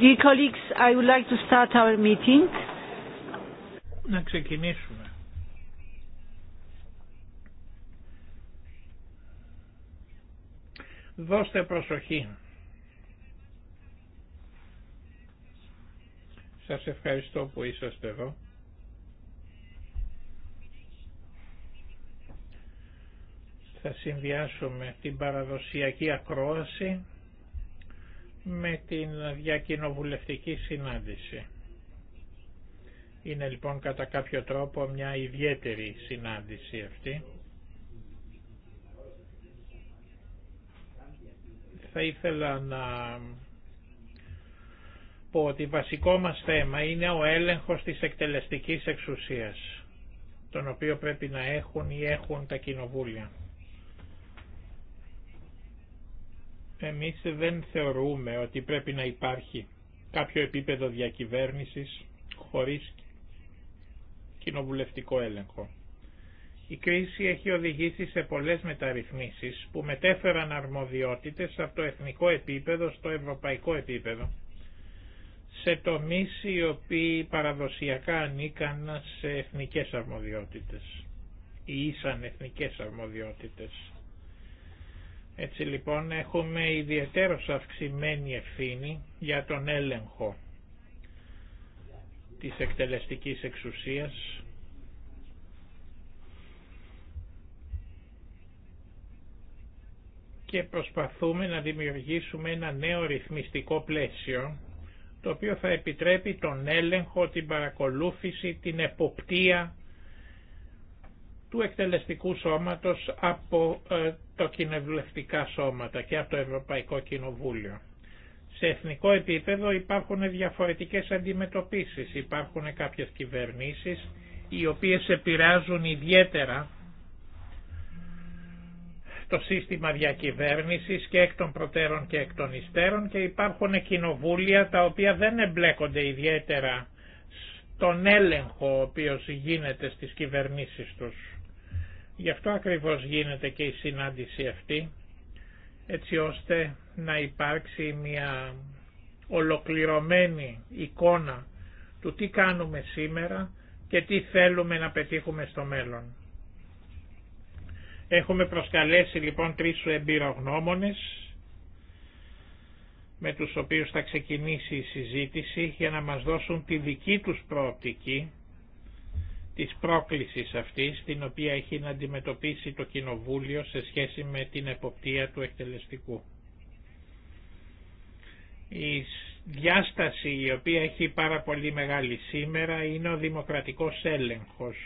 Dear colleagues, I would like to start our meeting. Να ξεκινήσουμε. Δώστε προσοχή. Σας ευχαριστώ που είσαστε εδώ. Θα συνδυάσουμε την παραδοσιακή ακρόαση με την διακοινοβουλευτική συνάντηση. Είναι λοιπόν κατά κάποιο τρόπο μια ιδιαίτερη συνάντηση αυτή. Θα ήθελα να πω ότι βασικό μας θέμα είναι ο έλεγχος της εκτελεστικής εξουσίας, τον οποίο πρέπει να έχουν ή έχουν τα κοινοβούλια. Εμείς δεν θεωρούμε ότι πρέπει να υπάρχει κάποιο επίπεδο διακυβέρνησης χωρίς κοινοβουλευτικό έλεγχο. Η κρίση έχει οδηγήσει σε πολλές μεταρρυθμίσεις που μετέφεραν αρμοδιότητες από το εθνικό επίπεδο στο ευρωπαϊκό επίπεδο σε τομείς οι οποίοι παραδοσιακά ανήκαν σε εθνικές αρμοδιότητες ή ήσαν εθνικές αρμοδιότητες. Έτσι λοιπόν έχουμε ιδιαίτερως αυξημένη ευθύνη για τον έλεγχο της εκτελεστικής εξουσίας και προσπαθούμε να δημιουργήσουμε ένα νέο ρυθμιστικό πλαίσιο το οποίο θα επιτρέπει τον έλεγχο, την παρακολούθηση, την εποπτεία του εκτελεστικού σώματος από ε, το κοινοβουλευτικά σώματα και από το Ευρωπαϊκό Κοινοβούλιο. Σε εθνικό επίπεδο υπάρχουν διαφορετικές αντιμετωπίσεις. Υπάρχουν κάποιες κυβερνήσεις οι οποίες επηρεάζουν ιδιαίτερα το σύστημα διακυβέρνησης και εκ των προτέρων και εκ των υστέρων και υπάρχουν κοινοβούλια τα οποία δεν εμπλέκονται ιδιαίτερα στον έλεγχο ο οποίος γίνεται στις κυβερνήσεις τους. Γι' αυτό ακριβώς γίνεται και η συνάντηση αυτή, έτσι ώστε να υπάρξει μια ολοκληρωμένη εικόνα του τι κάνουμε σήμερα και τι θέλουμε να πετύχουμε στο μέλλον. Έχουμε προσκαλέσει λοιπόν τρεις εμπειρογνώμονες με τους οποίους θα ξεκινήσει η συζήτηση για να μας δώσουν τη δική τους προοπτική της πρόκλησης αυτής την οποία έχει να αντιμετωπίσει το Κοινοβούλιο σε σχέση με την εποπτεία του εκτελεστικού. Η διάσταση η οποία έχει πάρα πολύ μεγάλη σήμερα είναι ο δημοκρατικός έλεγχος.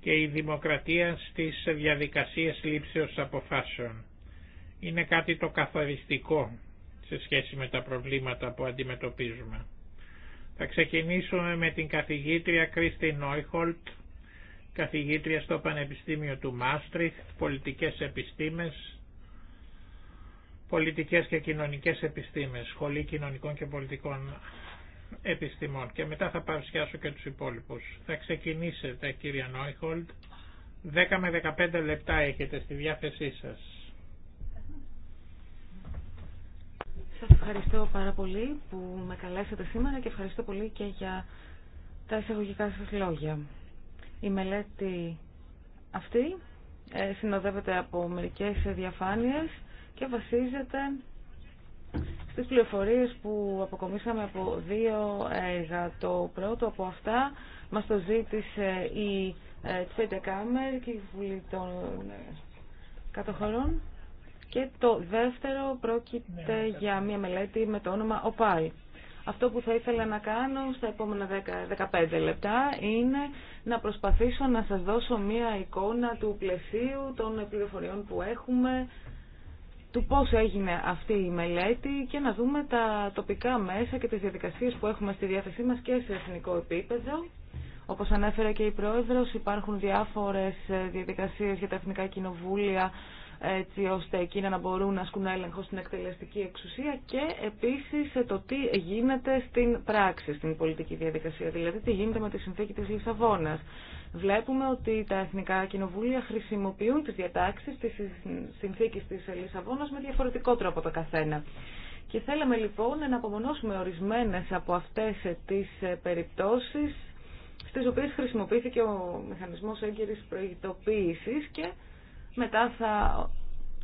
και η δημοκρατία στις διαδικασίες λήψεως αποφάσεων. Είναι κάτι το καθοριστικό σε σχέση με τα προβλήματα που αντιμετωπίζουμε. Θα ξεκινήσουμε με την καθηγήτρια Κρίστη Νόιχολτ, καθηγήτρια στο Πανεπιστήμιο του Μάστριχτ, πολιτικές επιστήμες, πολιτικές και κοινωνικές επιστήμες, σχολή κοινωνικών και πολιτικών επιστημών και μετά θα παρουσιάσω και τους υπόλοιπους. Θα ξεκινήσετε κύριε Νόιχολτ, 10 με 15 λεπτά έχετε στη διάθεσή σας. Σας ευχαριστώ πάρα πολύ που με καλέσατε σήμερα και ευχαριστώ πολύ και για τα εισαγωγικά σας λόγια. Η μελέτη αυτή ε, συνοδεύεται από μερικές διαφάνειες και βασίζεται στις πληροφορίες που αποκομίσαμε από δύο έργα. Το πρώτο από αυτά μας το ζήτησε η ε, Τσπέντε Κάμερ και η Βουλή των ε, Κατοχωρών. Και το δεύτερο πρόκειται ναι, για μια μελέτη με το όνομα ΟΠΑΙ. Αυτό που θα ήθελα να κάνω στα επόμενα 10-15 λεπτά είναι να προσπαθήσω να σας δώσω μια εικόνα του πλαισίου των πληροφοριών που έχουμε, του πώς έγινε αυτή η μελέτη και να δούμε τα τοπικά μέσα και τις διαδικασίες που έχουμε στη διάθεσή μας και σε εθνικό επίπεδο. Όπως ανέφερε και η Πρόεδρος, υπάρχουν διάφορες ε, διαδικασίες για τα εθνικά κοινοβούλια έτσι ώστε εκείνα να μπορούν να ασκούν έλεγχο στην εκτελεστική εξουσία και επίσης το τι γίνεται στην πράξη, στην πολιτική διαδικασία, δηλαδή τι γίνεται με τη συνθήκη της Λισαβόνας. Βλέπουμε ότι τα εθνικά κοινοβούλια χρησιμοποιούν τις διατάξεις της συνθήκης της Λισαβόνας με διαφορετικό τρόπο το καθένα. Και θέλαμε λοιπόν να απομονώσουμε ορισμένες από αυτές τις περιπτώσεις στις οποίες χρησιμοποιήθηκε ο μηχανισμός έγκαιρης προειδοποίησης και μετά θα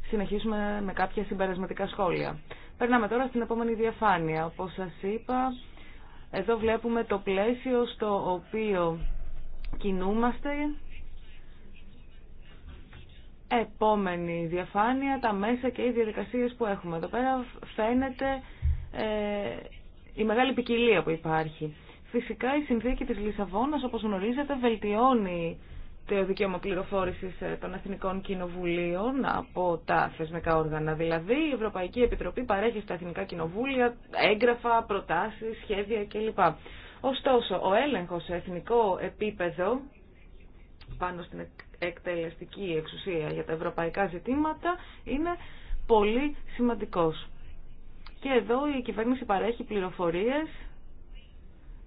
συνεχίσουμε με κάποια συμπερασματικά σχόλια. Περνάμε τώρα στην επόμενη διαφάνεια. Όπως σας είπα, εδώ βλέπουμε το πλαίσιο στο οποίο κινούμαστε. Επόμενη διαφάνεια, τα μέσα και οι διαδικασίες που έχουμε. Εδώ πέρα φαίνεται ε, η μεγάλη ποικιλία που υπάρχει. Φυσικά η συνθήκη της Λισαβόνας, όπως γνωρίζετε, βελτιώνει το δικαίωμα πληροφόρηση ε, των Εθνικών Κοινοβουλίων από τα θεσμικά όργανα. Δηλαδή, η Ευρωπαϊκή Επιτροπή παρέχει στα Εθνικά Κοινοβούλια έγγραφα, προτάσει, σχέδια κλπ. Ωστόσο, ο έλεγχο σε εθνικό επίπεδο πάνω στην εκτελεστική εξουσία για τα ευρωπαϊκά ζητήματα είναι πολύ σημαντικός. Και εδώ η κυβέρνηση παρέχει πληροφορίες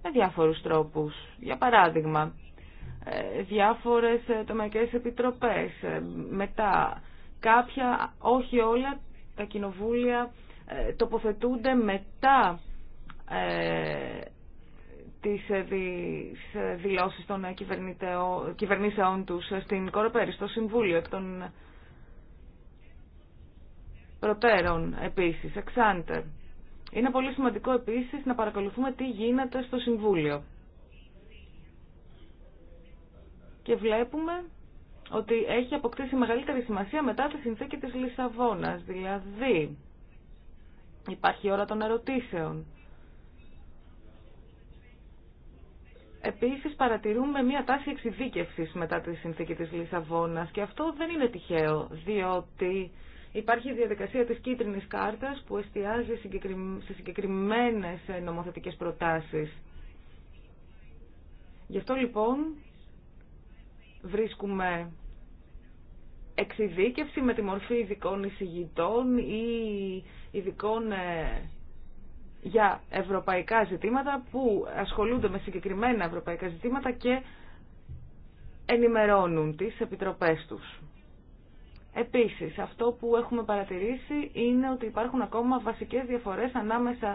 με διάφορους τρόπους. Για παράδειγμα, ε, διάφορες ε, τομαϊκές επιτροπές. Ε, μετά κάποια, όχι όλα, τα κοινοβούλια τοποθετούνται μετά ε, τις δηλώσεις των κυβερνήσεών τους στην Κοροπέρι, στο Συμβούλιο των Προτέρων επίσης, εξάντε. Είναι πολύ σημαντικό επίσης να παρακολουθούμε τι γίνεται στο Συμβούλιο. και βλέπουμε ότι έχει αποκτήσει μεγαλύτερη σημασία μετά τη συνθήκη της Λισαβόνας. Δηλαδή, υπάρχει ώρα των ερωτήσεων. Επίσης παρατηρούμε μια τάση εξειδίκευσης μετά τη συνθήκη της Λισαβόνας και αυτό δεν είναι τυχαίο, διότι υπάρχει η διαδικασία της κίτρινης κάρτας που εστιάζει σε συγκεκριμένες νομοθετικές προτάσεις. Γι' αυτό λοιπόν βρίσκουμε εξειδίκευση με τη μορφή ειδικών εισηγητών ή ειδικών ε, για ευρωπαϊκά ζητήματα που ασχολούνται με συγκεκριμένα ευρωπαϊκά ζητήματα και ενημερώνουν τις επιτροπές τους. Επίσης, αυτό που έχουμε παρατηρήσει είναι ότι υπάρχουν ακόμα βασικές διαφορές ανάμεσα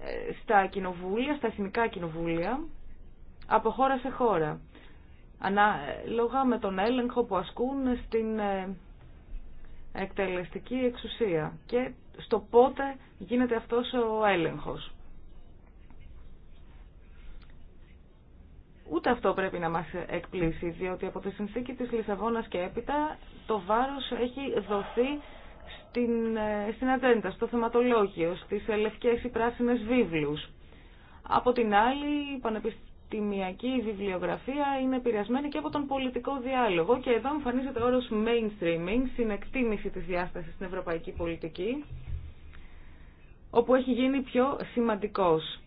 ε, στα κοινοβούλια, στα εθνικά κοινοβούλια, από χώρα σε χώρα ανάλογα με τον έλεγχο που ασκούν στην ε, εκτελεστική εξουσία και στο πότε γίνεται αυτός ο έλεγχος. Ούτε αυτό πρέπει να μας εκπλήσει, διότι από τη συνθήκη της Λισαβόνας και έπειτα το βάρος έχει δοθεί στην, ε, στην ατζέντα, στο θεματολόγιο, στις λευκές ή πράσινες βίβλους. Από την άλλη, πανεπιστημιακή βιβλιογραφία είναι επηρεασμένη και από τον πολιτικό διάλογο και εδώ εμφανίζεται ο όρος mainstreaming, συνεκτίμηση της διάστασης στην ευρωπαϊκή πολιτική, όπου έχει γίνει πιο σημαντικός.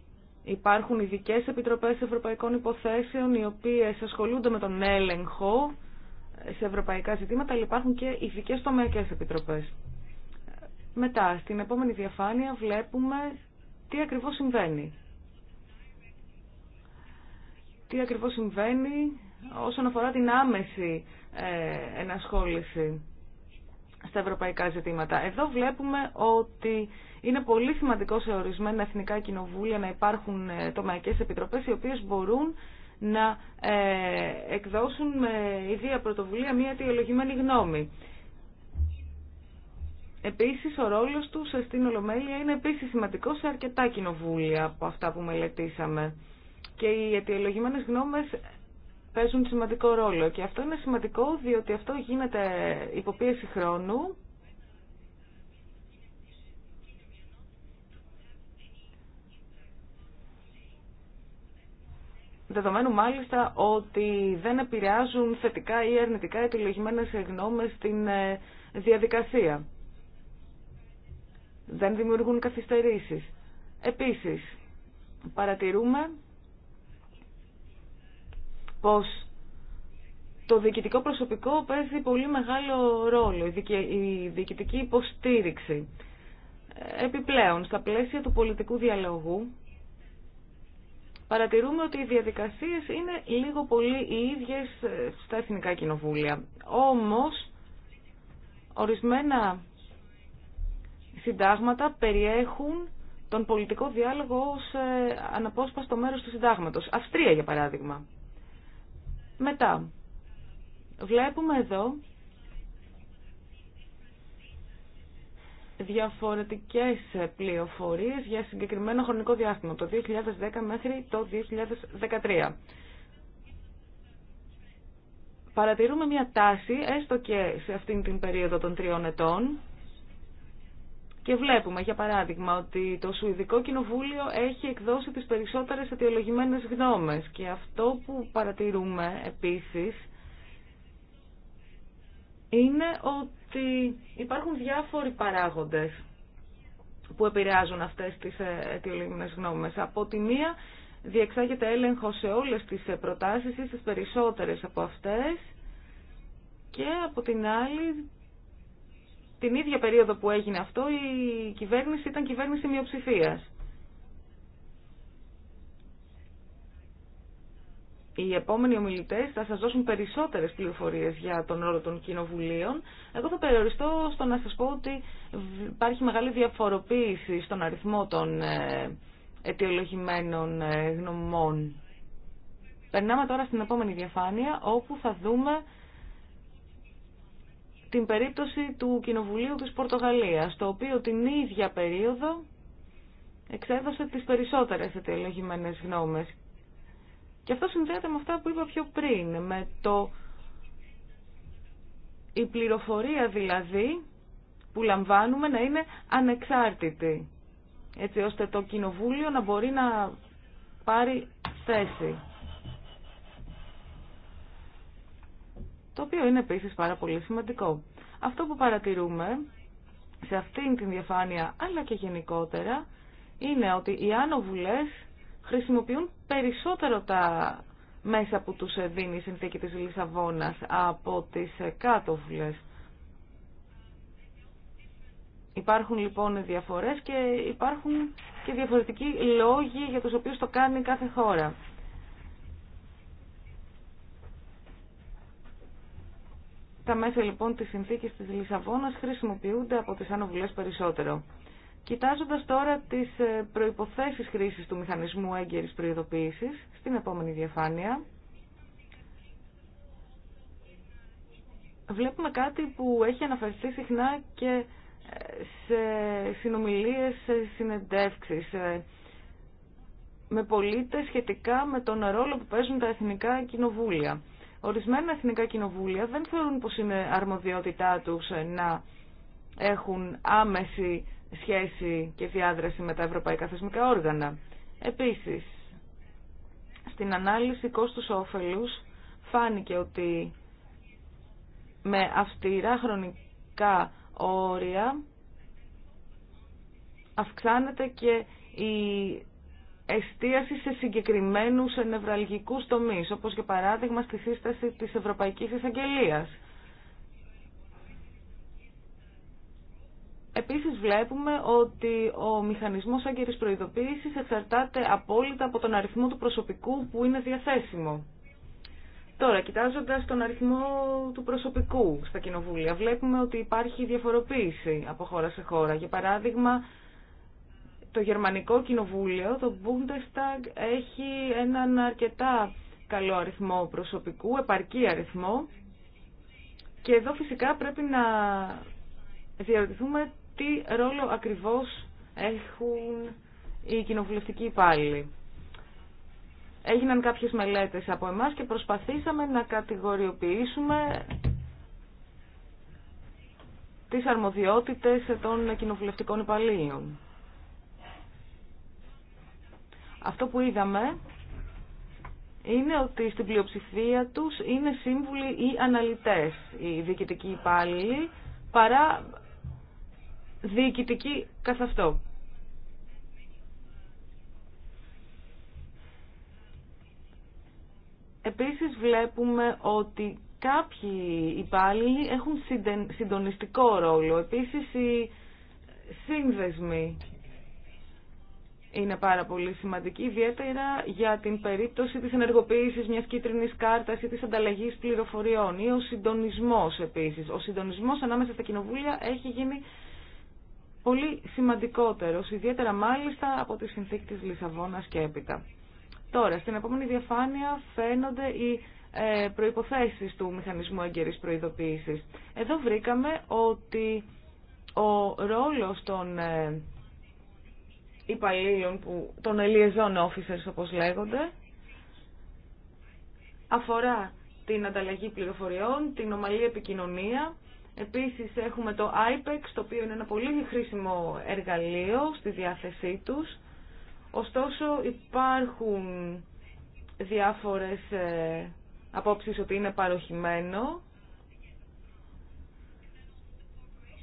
Υπάρχουν ειδικέ επιτροπές ευρωπαϊκών υποθέσεων οι οποίες ασχολούνται με τον έλεγχο σε ευρωπαϊκά ζητήματα, αλλά υπάρχουν και ειδικέ τομεακές επιτροπές. Μετά, στην επόμενη διαφάνεια βλέπουμε τι ακριβώς συμβαίνει τι ακριβώς συμβαίνει όσον αφορά την άμεση ε, ενασχόληση στα ευρωπαϊκά ζητήματα. Εδώ βλέπουμε ότι είναι πολύ σημαντικό σε ορισμένα εθνικά κοινοβούλια να υπάρχουν ε, τομεακές επιτροπές οι οποίες μπορούν να ε, εκδώσουν με ίδια πρωτοβουλία μία αιτιολογημένη γνώμη. Επίσης, ο ρόλος του στην Ολομέλεια είναι επίσης σημαντικό σε αρκετά κοινοβούλια από αυτά που μελετήσαμε και οι αιτιολογημένες γνώμες παίζουν σημαντικό ρόλο. Και αυτό είναι σημαντικό διότι αυτό γίνεται υποπίεση χρόνου δεδομένου μάλιστα ότι δεν επηρεάζουν θετικά ή αρνητικά επιλογημένες γνώμες στην ε, διαδικασία. Δεν δημιουργούν καθυστερήσεις. Επίσης, παρατηρούμε πως το διοικητικό προσωπικό παίζει πολύ μεγάλο ρόλο, η διοικητική υποστήριξη. Επιπλέον, στα πλαίσια του πολιτικού διαλογού, παρατηρούμε ότι οι διαδικασίες είναι λίγο πολύ οι ίδιες ε, στα εθνικά κοινοβούλια. Όμως, ορισμένα συντάγματα περιέχουν τον πολιτικό διάλογο ως ε, αναπόσπαστο μέρος του συντάγματος. Αυστρία, για παράδειγμα. Μετά, βλέπουμε εδώ διαφορετικές πληροφορίες για συγκεκριμένο χρονικό διάστημα, το 2010 μέχρι το 2013. Παρατηρούμε μια τάση, έστω και σε αυτήν την περίοδο των τριών ετών, και βλέπουμε, για παράδειγμα, ότι το Σουηδικό Κοινοβούλιο έχει εκδώσει τις περισσότερες αιτιολογημένες γνώμες και αυτό που παρατηρούμε επίσης είναι ότι υπάρχουν διάφοροι παράγοντες που επηρεάζουν αυτές τις ε, αιτιολογημένες γνώμες. Από τη μία διεξάγεται έλεγχο σε όλες τις ε, προτάσεις ή στις περισσότερες από αυτές και από την άλλη την ίδια περίοδο που έγινε αυτό η κυβέρνηση ήταν κυβέρνηση μειοψηφία. Οι επόμενοι ομιλητέ θα σα δώσουν περισσότερε πληροφορίε για τον όρο των κοινοβουλίων. Εγώ θα περιοριστώ στο να σα πω ότι υπάρχει μεγάλη διαφοροποίηση στον αριθμό των ε, αιτιολογημένων ε, γνωμών. Περνάμε τώρα στην επόμενη διαφάνεια όπου θα δούμε την περίπτωση του Κοινοβουλίου της Πορτογαλίας, το οποίο την ίδια περίοδο εξέδωσε τις περισσότερες αιτιολογημένες γνώμες. Και αυτό συνδέεται με αυτά που είπα πιο πριν, με το... η πληροφορία δηλαδή που λαμβάνουμε να είναι ανεξάρτητη, έτσι ώστε το Κοινοβούλιο να μπορεί να πάρει θέση. το οποίο είναι επίσης πάρα πολύ σημαντικό. Αυτό που παρατηρούμε σε αυτήν την διαφάνεια, αλλά και γενικότερα, είναι ότι οι άνοβουλες χρησιμοποιούν περισσότερο τα μέσα που τους δίνει η συνθήκη της Λισαβόνας από τις κάτω Υπάρχουν λοιπόν διαφορές και υπάρχουν και διαφορετικοί λόγοι για τους οποίους το κάνει κάθε χώρα. Τα μέσα λοιπόν της συνθήκης της Λισαβόνας χρησιμοποιούνται από τις άνοβουλες περισσότερο. Κοιτάζοντας τώρα τις ε, προϋποθέσεις χρήσης του μηχανισμού έγκαιρης προειδοποίησης, στην επόμενη διαφάνεια, βλέπουμε κάτι που έχει αναφερθεί συχνά και ε, σε συνομιλίες, σε συνεντεύξεις ε, με πολίτες σχετικά με τον ρόλο που παίζουν τα εθνικά κοινοβούλια. Ορισμένα εθνικά κοινοβούλια δεν θεωρούν πως είναι αρμοδιότητά τους να έχουν άμεση σχέση και διάδραση με τα ευρωπαϊκά θεσμικά όργανα. Επίσης, στην ανάλυση κόστους-όφελους φάνηκε ότι με αυστηρά χρονικά όρια αυξάνεται και η εστίαση σε συγκεκριμένους νευραλγικούς τομείς, όπως για παράδειγμα στη σύσταση της Ευρωπαϊκής Εισαγγελίας. Επίσης βλέπουμε ότι ο μηχανισμός άγκυρης προειδοποίησης εξαρτάται απόλυτα από τον αριθμό του προσωπικού που είναι διαθέσιμο. Τώρα, κοιτάζοντας τον αριθμό του προσωπικού στα κοινοβούλια, βλέπουμε ότι υπάρχει διαφοροποίηση από χώρα σε χώρα. Για παράδειγμα, το Γερμανικό Κοινοβούλιο, το Bundestag, έχει έναν αρκετά καλό αριθμό προσωπικού, επαρκή αριθμό. Και εδώ φυσικά πρέπει να διαρωτηθούμε τι ρόλο ακριβώς έχουν οι κοινοβουλευτικοί υπάλληλοι. Έγιναν κάποιες μελέτες από εμάς και προσπαθήσαμε να κατηγοριοποιήσουμε τις αρμοδιότητες των κοινοβουλευτικών υπαλλήλων. Αυτό που είδαμε είναι ότι στην πλειοψηφία τους είναι σύμβουλοι ή αναλυτές οι διοικητικοί υπάλληλοι παρά διοικητικοί καθ' αυτό. Επίσης βλέπουμε ότι κάποιοι υπάλληλοι έχουν συντονιστικό ρόλο. Επίσης οι σύνδεσμοι είναι πάρα πολύ σημαντική, ιδιαίτερα για την περίπτωση της ενεργοποίησης μιας κίτρινης κάρτας ή της ανταλλαγής πληροφοριών ή ο συντονισμός επίσης. Ο συντονισμός ανάμεσα στα κοινοβούλια έχει γίνει πολύ σημαντικότερος, ιδιαίτερα μάλιστα από τη συνθήκη της Λισαβόνας και έπειτα. Τώρα, στην επόμενη διαφάνεια φαίνονται οι ε, προϋποθέσεις του μηχανισμού έγκαιρης προειδοποίησης. Εδώ βρήκαμε ότι ο ρόλος των ε, υπαλλήλων, που, των ελιεζών officers όπως λέγονται, αφορά την ανταλλαγή πληροφοριών, την ομαλή επικοινωνία. Επίσης έχουμε το IPEX, το οποίο είναι ένα πολύ χρήσιμο εργαλείο στη διάθεσή τους. Ωστόσο υπάρχουν διάφορες ε, απόψεις ότι είναι παροχημένο.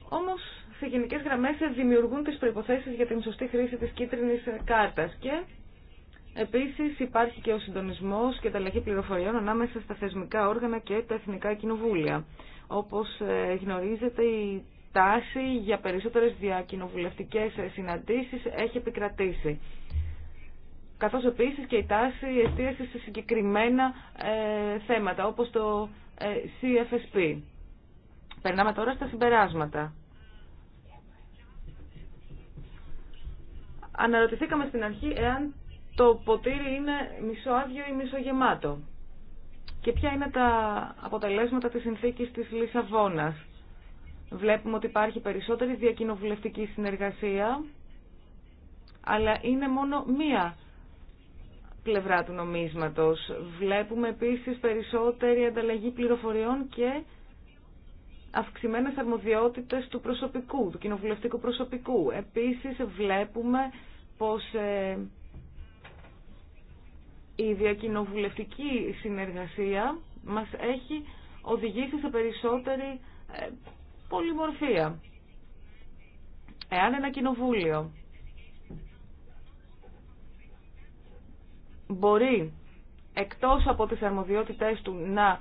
Όμως σε γενικές γραμμές δημιουργούν τις προϋποθέσεις για την σωστή χρήση της κίτρινης κάρτας και επίσης υπάρχει και ο συντονισμός και τα λαχή πληροφοριών ανάμεσα στα θεσμικά όργανα και τα εθνικά κοινοβούλια. Όπως ε, γνωρίζετε η τάση για περισσότερες διακοινοβουλευτικές συναντήσεις έχει επικρατήσει. Καθώς επίσης και η τάση εστίαση σε συγκεκριμένα ε, θέματα όπως το ε, CFSP. Περνάμε τώρα στα συμπεράσματα. αναρωτηθήκαμε στην αρχή εάν το ποτήρι είναι μισοάδιο ή μισογεμάτο και ποια είναι τα αποτελέσματα της συνθήκης της Λισαβόνας. Βλέπουμε ότι υπάρχει περισσότερη διακοινοβουλευτική συνεργασία, αλλά είναι μόνο μία πλευρά του νομίσματος. Βλέπουμε επίσης περισσότερη ανταλλαγή πληροφοριών και Αυξημένε αρμοδιότητε του προσωπικού, του κοινοβουλευτικού προσωπικού. Επίσης βλέπουμε πως ε, η διακοινοβουλευτική συνεργασία μας έχει οδηγήσει σε περισσότερη ε, πολυμορφία. Εάν ένα κοινοβούλιο μπορεί εκτός από τις αρμοδιότητές του να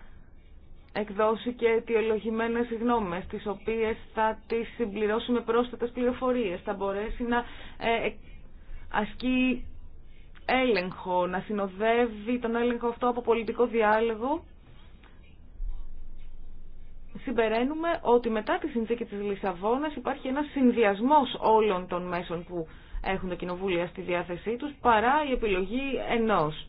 εκδώσει και αιτιολογημένες γνώμες, τις οποίες θα τις συμπληρώσουμε με πρόσθετες πληροφορίες. Θα μπορέσει να ε, ε, ασκεί έλεγχο, να συνοδεύει τον έλεγχο αυτό από πολιτικό διάλογο. Συμπεραίνουμε ότι μετά τη συνθήκη της Λισαβόνας υπάρχει ένας συνδυασμός όλων των μέσων που έχουν τα κοινοβούλια στη διάθεσή τους παρά η επιλογή ενός.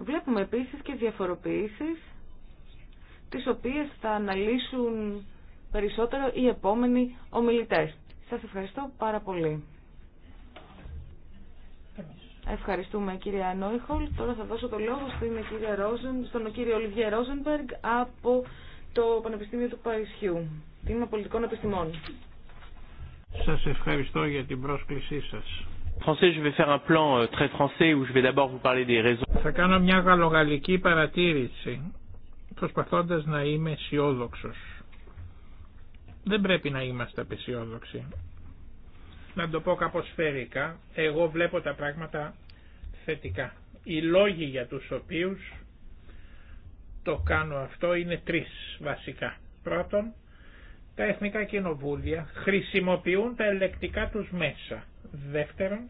Βλέπουμε επίσης και διαφοροποιήσεις τις οποίες θα αναλύσουν περισσότερο οι επόμενοι ομιλητές. Σας ευχαριστώ πάρα πολύ. Ευχαριστούμε κυρία Νόιχολ. Τώρα θα δώσω το λόγο στην κυρία Ρόζεν, στον κύριο Ολιβιέ Ρόζενμπεργκ από το Πανεπιστήμιο του Παρισιού, Τμήμα Πολιτικών Επιστημών. Σας ευχαριστώ για την πρόσκλησή σας. Θα κάνω μια γαλλογαλλική παρατήρηση, προσπαθώντας να είμαι αισιόδοξο. Δεν πρέπει να είμαστε απεσιόδοξοι. Να το πω κάπως εγώ βλέπω τα πράγματα θετικά. Οι λόγοι για τους οποίους το κάνω αυτό είναι τρεις βασικά. Πρώτον, τα εθνικά κοινοβούλια χρησιμοποιούν τα ελεκτικά τους μέσα Δεύτερον,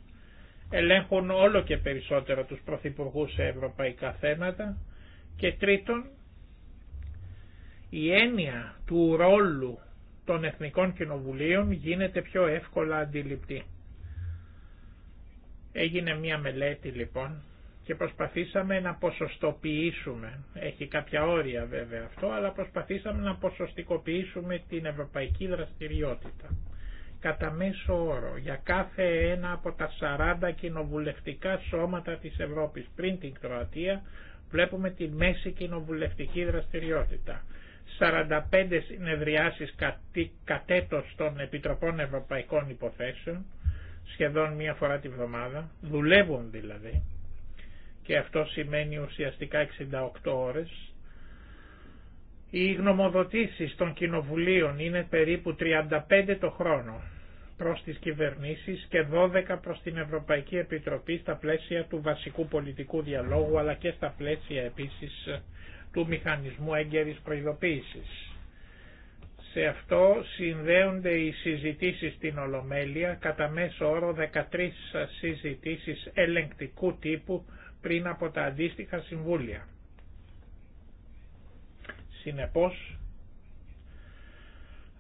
ελέγχουν όλο και περισσότερο τους πρωθυπουργούς σε ευρωπαϊκά θέματα. Και τρίτον, η έννοια του ρόλου των Εθνικών Κοινοβουλίων γίνεται πιο εύκολα αντιληπτή. Έγινε μια μελέτη λοιπόν και προσπαθήσαμε να ποσοστοποιήσουμε, έχει κάποια όρια βέβαια αυτό, αλλά προσπαθήσαμε να ποσοστικοποιήσουμε την ευρωπαϊκή δραστηριότητα κατά μέσο όρο για κάθε ένα από τα 40 κοινοβουλευτικά σώματα της Ευρώπης πριν την Κροατία βλέπουμε τη μέση κοινοβουλευτική δραστηριότητα. 45 συνεδριάσεις κατέτος των Επιτροπών Ευρωπαϊκών Υποθέσεων, σχεδόν μία φορά τη βδομάδα, δουλεύουν δηλαδή, και αυτό σημαίνει ουσιαστικά 68 ώρες, οι γνωμοδοτήσεις των κοινοβουλίων είναι περίπου 35 το χρόνο προς τις κυβερνήσεις και 12 προς την Ευρωπαϊκή Επιτροπή στα πλαίσια του βασικού πολιτικού διαλόγου αλλά και στα πλαίσια επίσης του μηχανισμού έγκαιρης προειδοποίησης. Σε αυτό συνδέονται οι συζητήσεις στην Ολομέλεια κατά μέσο όρο 13 συζητήσεις ελεγκτικού τύπου πριν από τα αντίστοιχα συμβούλια. Συνεπώς,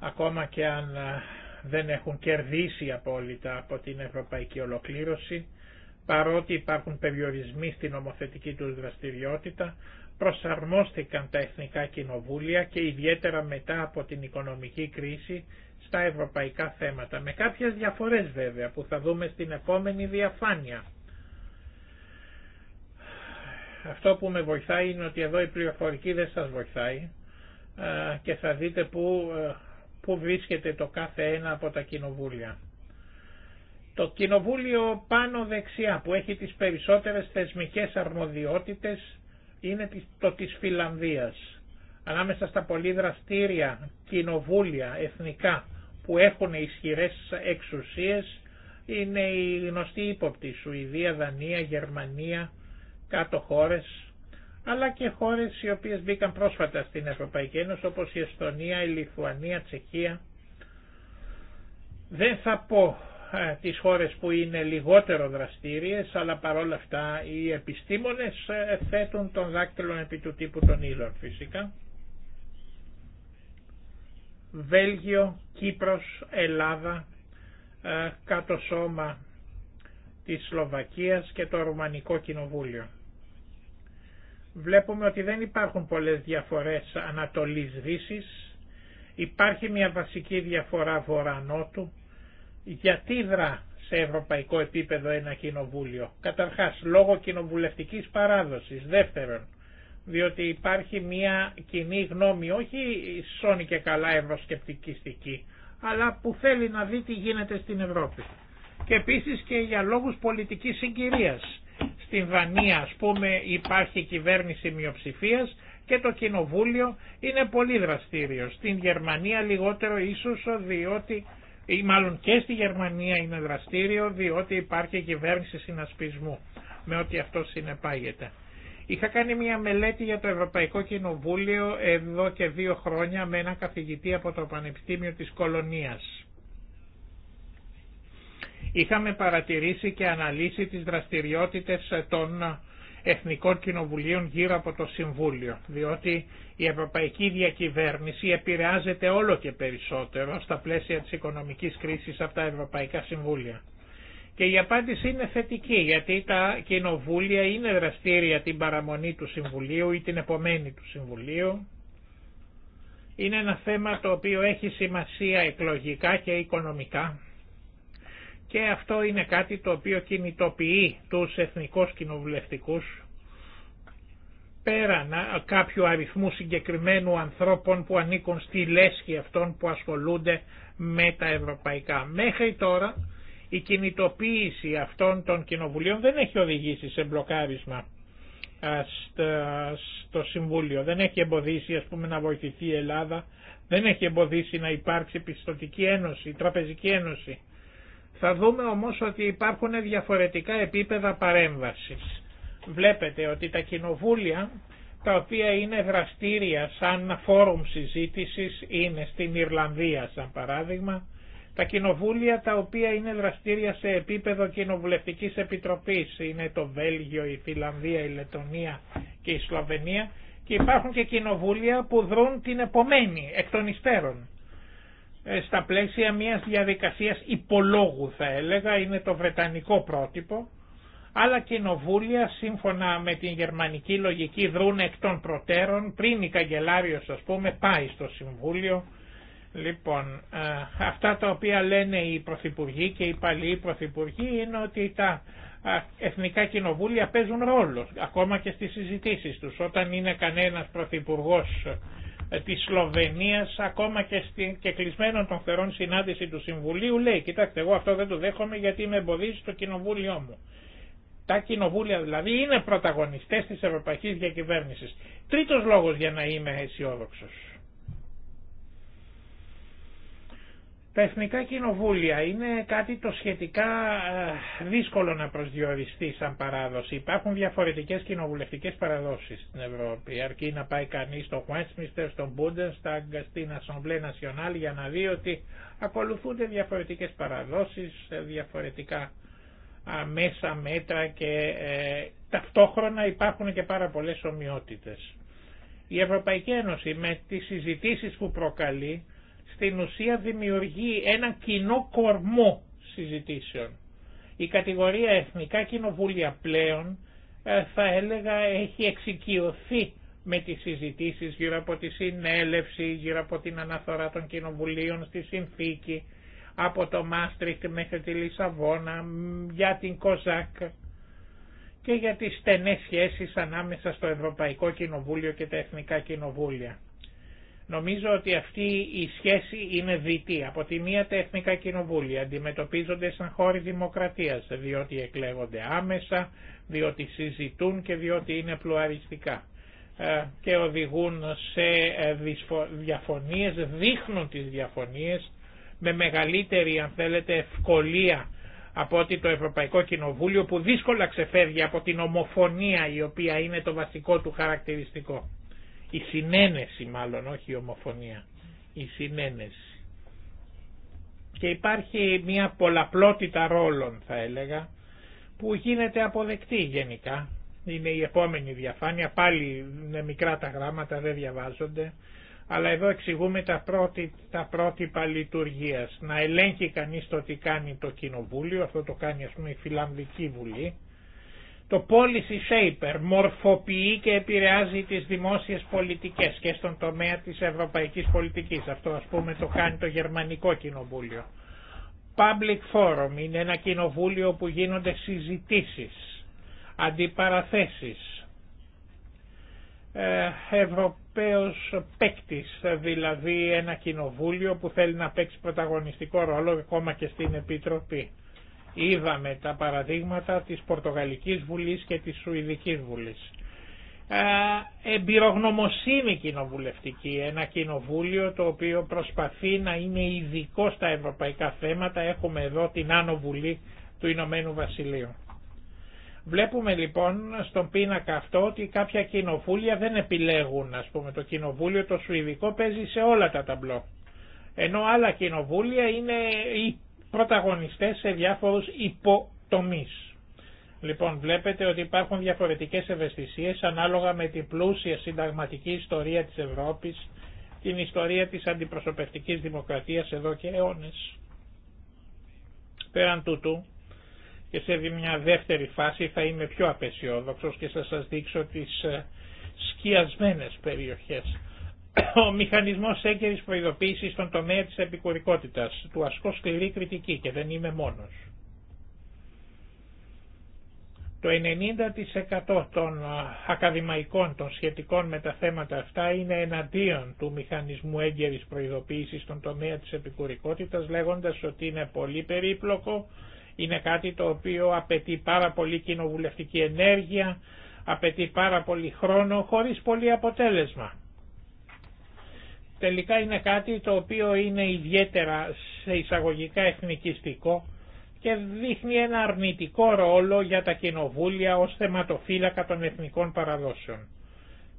ακόμα και αν ε, δεν έχουν κερδίσει απόλυτα από την ευρωπαϊκή ολοκλήρωση, παρότι υπάρχουν περιορισμοί στην ομοθετική τους δραστηριότητα, προσαρμόστηκαν τα εθνικά κοινοβούλια και ιδιαίτερα μετά από την οικονομική κρίση στα ευρωπαϊκά θέματα, με κάποιες διαφορές βέβαια που θα δούμε στην επόμενη διαφάνεια. Αυτό που με βοηθάει είναι ότι εδώ η πληροφορική δεν σας βοηθάει ε, και θα δείτε πού ε, που βρίσκεται το κάθε ένα από τα κοινοβούλια. Το κοινοβούλιο πάνω δεξιά που έχει τις περισσότερες θεσμικές αρμοδιότητες είναι το της Φιλανδίας. Ανάμεσα στα πολύ δραστήρια κοινοβούλια εθνικά που έχουν ισχυρές εξουσίες είναι η γνωστή ύποπτη Σουηδία, Δανία, Γερμανία, κάτω χώρες, αλλά και χώρες οι οποίες μπήκαν πρόσφατα στην Ευρωπαϊκή Ένωση, όπως η Εστονία, η Λιθουανία, Τσεχία. Δεν θα πω ε, τις χώρες που είναι λιγότερο δραστήριες, αλλά παρόλα αυτά οι επιστήμονες ε, θέτουν τον δάκτυλο επί του τύπου των ύλων φυσικά. Βέλγιο, Κύπρος, Ελλάδα, ε, κάτω σώμα της Σλοβακίας και το Ρουμανικό Κοινοβούλιο βλέπουμε ότι δεν υπάρχουν πολλές διαφορές ανατολής δύσης, υπάρχει μια βασική διαφορά βορρά-νότου. Γιατί δρά σε ευρωπαϊκό επίπεδο ένα κοινοβούλιο. Καταρχάς, λόγω κοινοβουλευτικής παράδοσης. Δεύτερον, διότι υπάρχει μια κοινή γνώμη, όχι σώνη και καλά ευρωσκεπτικιστική, αλλά που θέλει να δει τι γίνεται στην Ευρώπη. Και επίσης και για λόγους πολιτικής συγκυρίας στην Δανία ας πούμε υπάρχει κυβέρνηση μειοψηφία και το κοινοβούλιο είναι πολύ δραστήριο. Στην Γερμανία λιγότερο ίσως διότι ή μάλλον και στη Γερμανία είναι δραστήριο διότι υπάρχει κυβέρνηση συνασπισμού με ό,τι αυτό συνεπάγεται. Είχα κάνει μια μελέτη για το Ευρωπαϊκό Κοινοβούλιο εδώ και δύο χρόνια με έναν καθηγητή από το Πανεπιστήμιο της Κολονίας. Είχαμε παρατηρήσει και αναλύσει τις δραστηριότητες των Εθνικών Κοινοβουλίων γύρω από το Συμβούλιο, διότι η ευρωπαϊκή διακυβέρνηση επηρεάζεται όλο και περισσότερο στα πλαίσια της οικονομικής κρίσης από τα Ευρωπαϊκά Συμβούλια. Και η απάντηση είναι θετική, γιατί τα κοινοβούλια είναι δραστήρια την παραμονή του Συμβουλίου ή την επομένη του Συμβουλίου. Είναι ένα θέμα το οποίο έχει σημασία εκλογικά και οικονομικά και αυτό είναι κάτι το οποίο κινητοποιεί τους εθνικούς κοινοβουλευτικούς πέραν κάποιου αριθμού συγκεκριμένου ανθρώπων που ανήκουν στη λέσχη αυτών που ασχολούνται με τα ευρωπαϊκά. Μέχρι τώρα η κινητοποίηση αυτών των κοινοβουλίων δεν έχει οδηγήσει σε μπλοκάρισμα στο Συμβούλιο. Δεν έχει εμποδίσει ας πούμε να βοηθηθεί η Ελλάδα, δεν έχει εμποδίσει να υπάρξει πιστοτική ένωση, τραπεζική ένωση. Θα δούμε όμως ότι υπάρχουν διαφορετικά επίπεδα παρέμβασης. Βλέπετε ότι τα κοινοβούλια τα οποία είναι δραστήρια σαν φόρουμ συζήτησης είναι στην Ιρλανδία σαν παράδειγμα, τα κοινοβούλια τα οποία είναι δραστήρια σε επίπεδο κοινοβουλευτικής επιτροπής, είναι το Βέλγιο, η Φιλανδία, η Λετωνία και η Σλοβενία και υπάρχουν και κοινοβούλια που δρούν την επομένη εκ των υστέρων. Ε, στα πλαίσια μιας διαδικασίας υπολόγου θα έλεγα, είναι το βρετανικό πρότυπο, άλλα κοινοβούλια σύμφωνα με την γερμανική λογική δρούν εκ των προτέρων, πριν η καγκελάριος ας πούμε πάει στο Συμβούλιο, Λοιπόν, ε, αυτά τα οποία λένε οι πρωθυπουργοί και οι παλιοί πρωθυπουργοί είναι ότι τα ε, εθνικά κοινοβούλια παίζουν ρόλο, ακόμα και στις συζητήσεις τους. Όταν είναι κανένας πρωθυπουργός της Σλοβενία ακόμα και, στην, και κλεισμένων των θερών συνάντηση του Συμβουλίου λέει κοιτάξτε εγώ αυτό δεν το δέχομαι γιατί με εμποδίζει το κοινοβούλιο μου. Τα κοινοβούλια δηλαδή είναι πρωταγωνιστές της Ευρωπαϊκής Διακυβέρνησης. Τρίτος λόγος για να είμαι αισιόδοξο. Τα εθνικά κοινοβούλια είναι κάτι το σχετικά ε, δύσκολο να προσδιοριστεί σαν παράδοση. Υπάρχουν διαφορετικές κοινοβουλευτικές παραδόσεις στην Ευρώπη. Αρκεί να πάει κανείς στο Westminster, στο Bundestag, στην Assemblée Nationale για να δει ότι ακολουθούνται διαφορετικές παραδόσεις, ε, διαφορετικά μέσα μέτρα και ε, ταυτόχρονα υπάρχουν και πάρα πολλές ομοιότητες. Η Ευρωπαϊκή Ένωση με τις συζητήσεις που προκαλεί στην ουσία δημιουργεί ένα κοινό κορμό συζητήσεων. Η κατηγορία Εθνικά Κοινοβούλια πλέον ε, θα έλεγα έχει εξοικειωθεί με τις συζητήσεις γύρω από τη συνέλευση, γύρω από την αναφορά των κοινοβουλίων στη συνθήκη, από το Μάστριχτ μέχρι τη Λισαβόνα, για την Κοζάκ και για τις στενές σχέσεις ανάμεσα στο Ευρωπαϊκό Κοινοβούλιο και τα Εθνικά Κοινοβούλια. Νομίζω ότι αυτή η σχέση είναι δυτή. Από τη μία τα εθνικά κοινοβούλια αντιμετωπίζονται σαν χώροι δημοκρατίας, διότι εκλέγονται άμεσα, διότι συζητούν και διότι είναι πλουαριστικά ε, και οδηγούν σε ε, διαφωνίες, δείχνουν τις διαφωνίες με μεγαλύτερη αν θέλετε ευκολία από ότι το Ευρωπαϊκό Κοινοβούλιο που δύσκολα ξεφεύγει από την ομοφωνία η οποία είναι το βασικό του χαρακτηριστικό η συνένεση μάλλον, όχι η ομοφωνία, η συνένεση. Και υπάρχει μια πολλαπλότητα ρόλων θα έλεγα, που γίνεται αποδεκτή γενικά. Είναι η επόμενη διαφάνεια, πάλι είναι μικρά τα γράμματα, δεν διαβάζονται, αλλά εδώ εξηγούμε τα, πρώτη, τα πρότυπα λειτουργία. Να ελέγχει κανείς το τι κάνει το κοινοβούλιο, αυτό το κάνει ας πούμε η Φιλανδική Βουλή, το policy shaper μορφοποιεί και επηρεάζει τις δημόσιες πολιτικές και στον τομέα της ευρωπαϊκής πολιτικής. Αυτό ας πούμε το κάνει το γερμανικό κοινοβούλιο. Public forum είναι ένα κοινοβούλιο που γίνονται συζητήσεις, αντιπαραθέσεις. Ε, Ευρωπαίος παίκτη, δηλαδή ένα κοινοβούλιο που θέλει να παίξει πρωταγωνιστικό ρόλο ακόμα και στην Επιτροπή. Είδαμε τα παραδείγματα της Πορτογαλικής Βουλής και της Σουηδικής Βουλής. Ε, εμπειρογνωμοσύνη κοινοβουλευτική, ένα κοινοβούλιο το οποίο προσπαθεί να είναι ειδικό στα ευρωπαϊκά θέματα. Έχουμε εδώ την Άνω Βουλή του Ηνωμένου Βασιλείου. Βλέπουμε λοιπόν στον πίνακα αυτό ότι κάποια κοινοβούλια δεν επιλέγουν, ας πούμε, το κοινοβούλιο το Σουηδικό παίζει σε όλα τα ταμπλό. Ενώ άλλα κοινοβούλια είναι πρωταγωνιστές σε διάφορους υποτομείς. Λοιπόν, βλέπετε ότι υπάρχουν διαφορετικές ευαισθησίες ανάλογα με την πλούσια συνταγματική ιστορία της Ευρώπης, την ιστορία της αντιπροσωπευτικής δημοκρατίας εδώ και αιώνες. Πέραν τούτου, και σε μια δεύτερη φάση θα είμαι πιο απεσιόδοξος και θα σας δείξω τις ε, σκιασμένες περιοχές. Ο μηχανισμό έγκαιρη προειδοποίηση στον τομέα τη επικουρικότητας. Του ασκώ σκληρή κριτική και δεν είμαι μόνο. Το 90% των ακαδημαϊκών των σχετικών με τα θέματα αυτά είναι εναντίον του μηχανισμού έγκαιρης προειδοποίησης στον τομέα της επικουρικότητας λέγοντας ότι είναι πολύ περίπλοκο, είναι κάτι το οποίο απαιτεί πάρα πολύ κοινοβουλευτική ενέργεια, απαιτεί πάρα πολύ χρόνο χωρίς πολύ αποτέλεσμα τελικά είναι κάτι το οποίο είναι ιδιαίτερα σε εισαγωγικά εθνικιστικό και δείχνει ένα αρνητικό ρόλο για τα κοινοβούλια ως θεματοφύλακα των εθνικών παραδόσεων.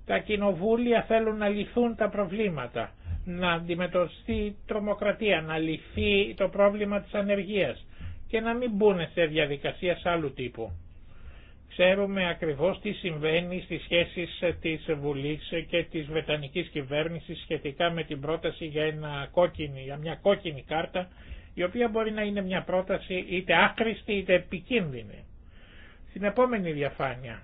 Τα κοινοβούλια θέλουν να λυθούν τα προβλήματα, να αντιμετωπιστεί τρομοκρατία, να λυθεί το πρόβλημα της ανεργίας και να μην μπουν σε διαδικασίες άλλου τύπου. Ξέρουμε ακριβώς τι συμβαίνει στις σχέσεις της Βουλής και της Βρετανικής κυβέρνησης σχετικά με την πρόταση για, ένα κόκκινη, για μια κόκκινη κάρτα η οποία μπορεί να είναι μια πρόταση είτε άχρηστη είτε επικίνδυνη. Στην επόμενη διαφάνεια.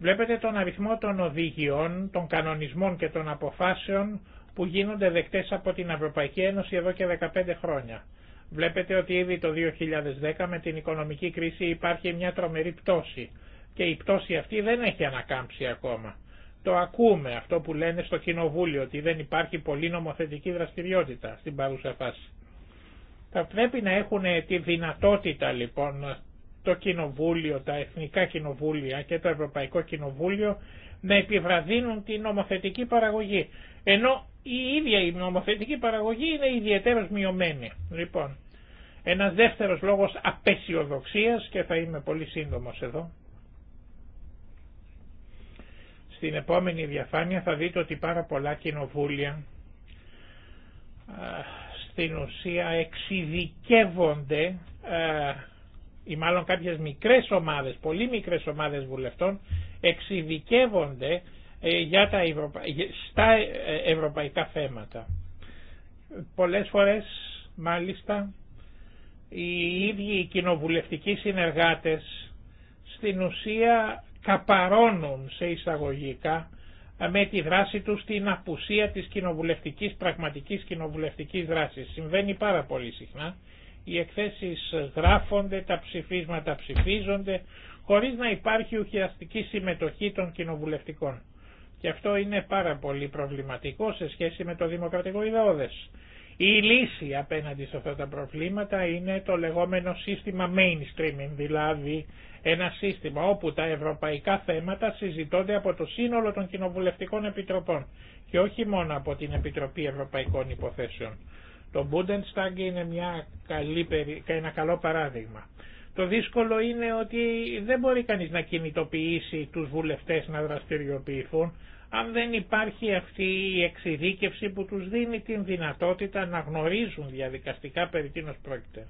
Βλέπετε τον αριθμό των οδηγιών, των κανονισμών και των αποφάσεων που γίνονται δεκτές από την Ευρωπαϊκή Ένωση εδώ και 15 χρόνια. Βλέπετε ότι ήδη το 2010 με την οικονομική κρίση υπάρχει μια τρομερή πτώση και η πτώση αυτή δεν έχει ανακάμψει ακόμα. Το ακούμε αυτό που λένε στο Κοινοβούλιο ότι δεν υπάρχει πολύ νομοθετική δραστηριότητα στην παρούσα φάση. Θα πρέπει να έχουν τη δυνατότητα λοιπόν το Κοινοβούλιο, τα Εθνικά Κοινοβούλια και το Ευρωπαϊκό Κοινοβούλιο να επιβραδύνουν την νομοθετική παραγωγή. Ενώ η ίδια η νομοθετική παραγωγή είναι ιδιαίτερα μειωμένη. Λοιπόν, ένα δεύτερος λόγος απεσιοδοξίας και θα είμαι πολύ σύντομο εδώ. Στην επόμενη διαφάνεια θα δείτε ότι πάρα πολλά κοινοβούλια στην ουσία εξειδικεύονται ή μάλλον κάποιες μικρές ομάδες, πολύ μικρές ομάδες βουλευτών εξειδικεύονται ε, για τα στα ε, ευρωπαϊκά θέματα. Πολλές φορές μάλιστα οι ίδιοι οι κοινοβουλευτικοί συνεργάτες στην ουσία καπαρώνουν σε εισαγωγικά ε, με τη δράση τους την απουσία της κοινοβουλευτικής, πραγματικής κοινοβουλευτικής δράσης. Συμβαίνει πάρα πολύ συχνά. Οι εκθέσεις γράφονται, τα ψηφίσματα ψηφίζονται, χωρίς να υπάρχει ουσιαστική συμμετοχή των κοινοβουλευτικών. Και αυτό είναι πάρα πολύ προβληματικό σε σχέση με το δημοκρατικό ιδεώδες. Η λύση απέναντι σε αυτά τα προβλήματα είναι το λεγόμενο σύστημα mainstreaming, δηλαδή ένα σύστημα όπου τα ευρωπαϊκά θέματα συζητώνται από το σύνολο των κοινοβουλευτικών επιτροπών και όχι μόνο από την Επιτροπή Ευρωπαϊκών Υποθέσεων. Το Bundestag είναι μια καλή, ένα καλό παράδειγμα. Το δύσκολο είναι ότι δεν μπορεί κανείς να κινητοποιήσει τους βουλευτές να δραστηριοποιηθούν αν δεν υπάρχει αυτή η εξειδίκευση που τους δίνει την δυνατότητα να γνωρίζουν διαδικαστικά περί τίνος πρόκειται.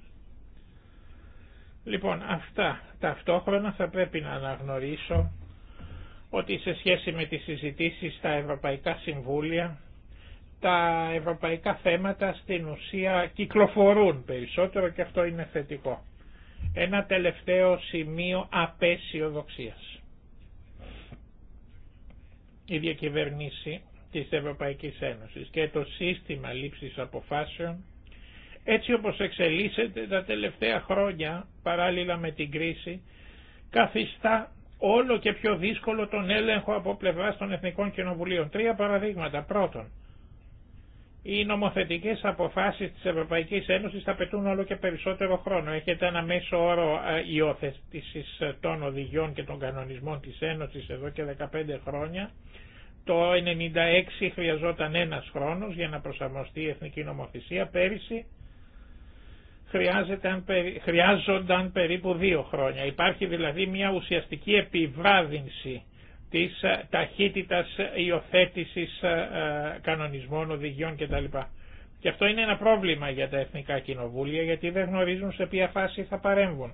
Λοιπόν, αυτά ταυτόχρονα θα πρέπει να αναγνωρίσω ότι σε σχέση με τις συζητήσεις στα Ευρωπαϊκά Συμβούλια τα ευρωπαϊκά θέματα στην ουσία κυκλοφορούν περισσότερο και αυτό είναι θετικό. Ένα τελευταίο σημείο απέσιοδοξίας. Η διακυβερνήση της Ευρωπαϊκής Ένωσης και το σύστημα λήψης αποφάσεων έτσι όπως εξελίσσεται τα τελευταία χρόνια παράλληλα με την κρίση καθιστά όλο και πιο δύσκολο τον έλεγχο από πλευράς των Εθνικών Κοινοβουλίων. Τρία παραδείγματα. Πρώτον, οι νομοθετικέ αποφάσει της Ευρωπαϊκή Ένωσης θα πετούν όλο και περισσότερο χρόνο. Έχετε ένα μέσο όρο ε, υιοθέτηση ε, των οδηγιών και των κανονισμών της Ένωσης εδώ και 15 χρόνια. Το 1996 χρειαζόταν ένα χρόνος για να προσαρμοστεί η εθνική νομοθεσία. Πέρυσι χρειάζονταν περίπου δύο χρόνια. Υπάρχει δηλαδή μια ουσιαστική επιβράδυνση της ε, ταχύτητας υιοθέτηση ε, ε, κανονισμών, οδηγιών κτλ. Και αυτό είναι ένα πρόβλημα για τα εθνικά κοινοβούλια γιατί δεν γνωρίζουν σε ποια φάση θα παρέμβουν.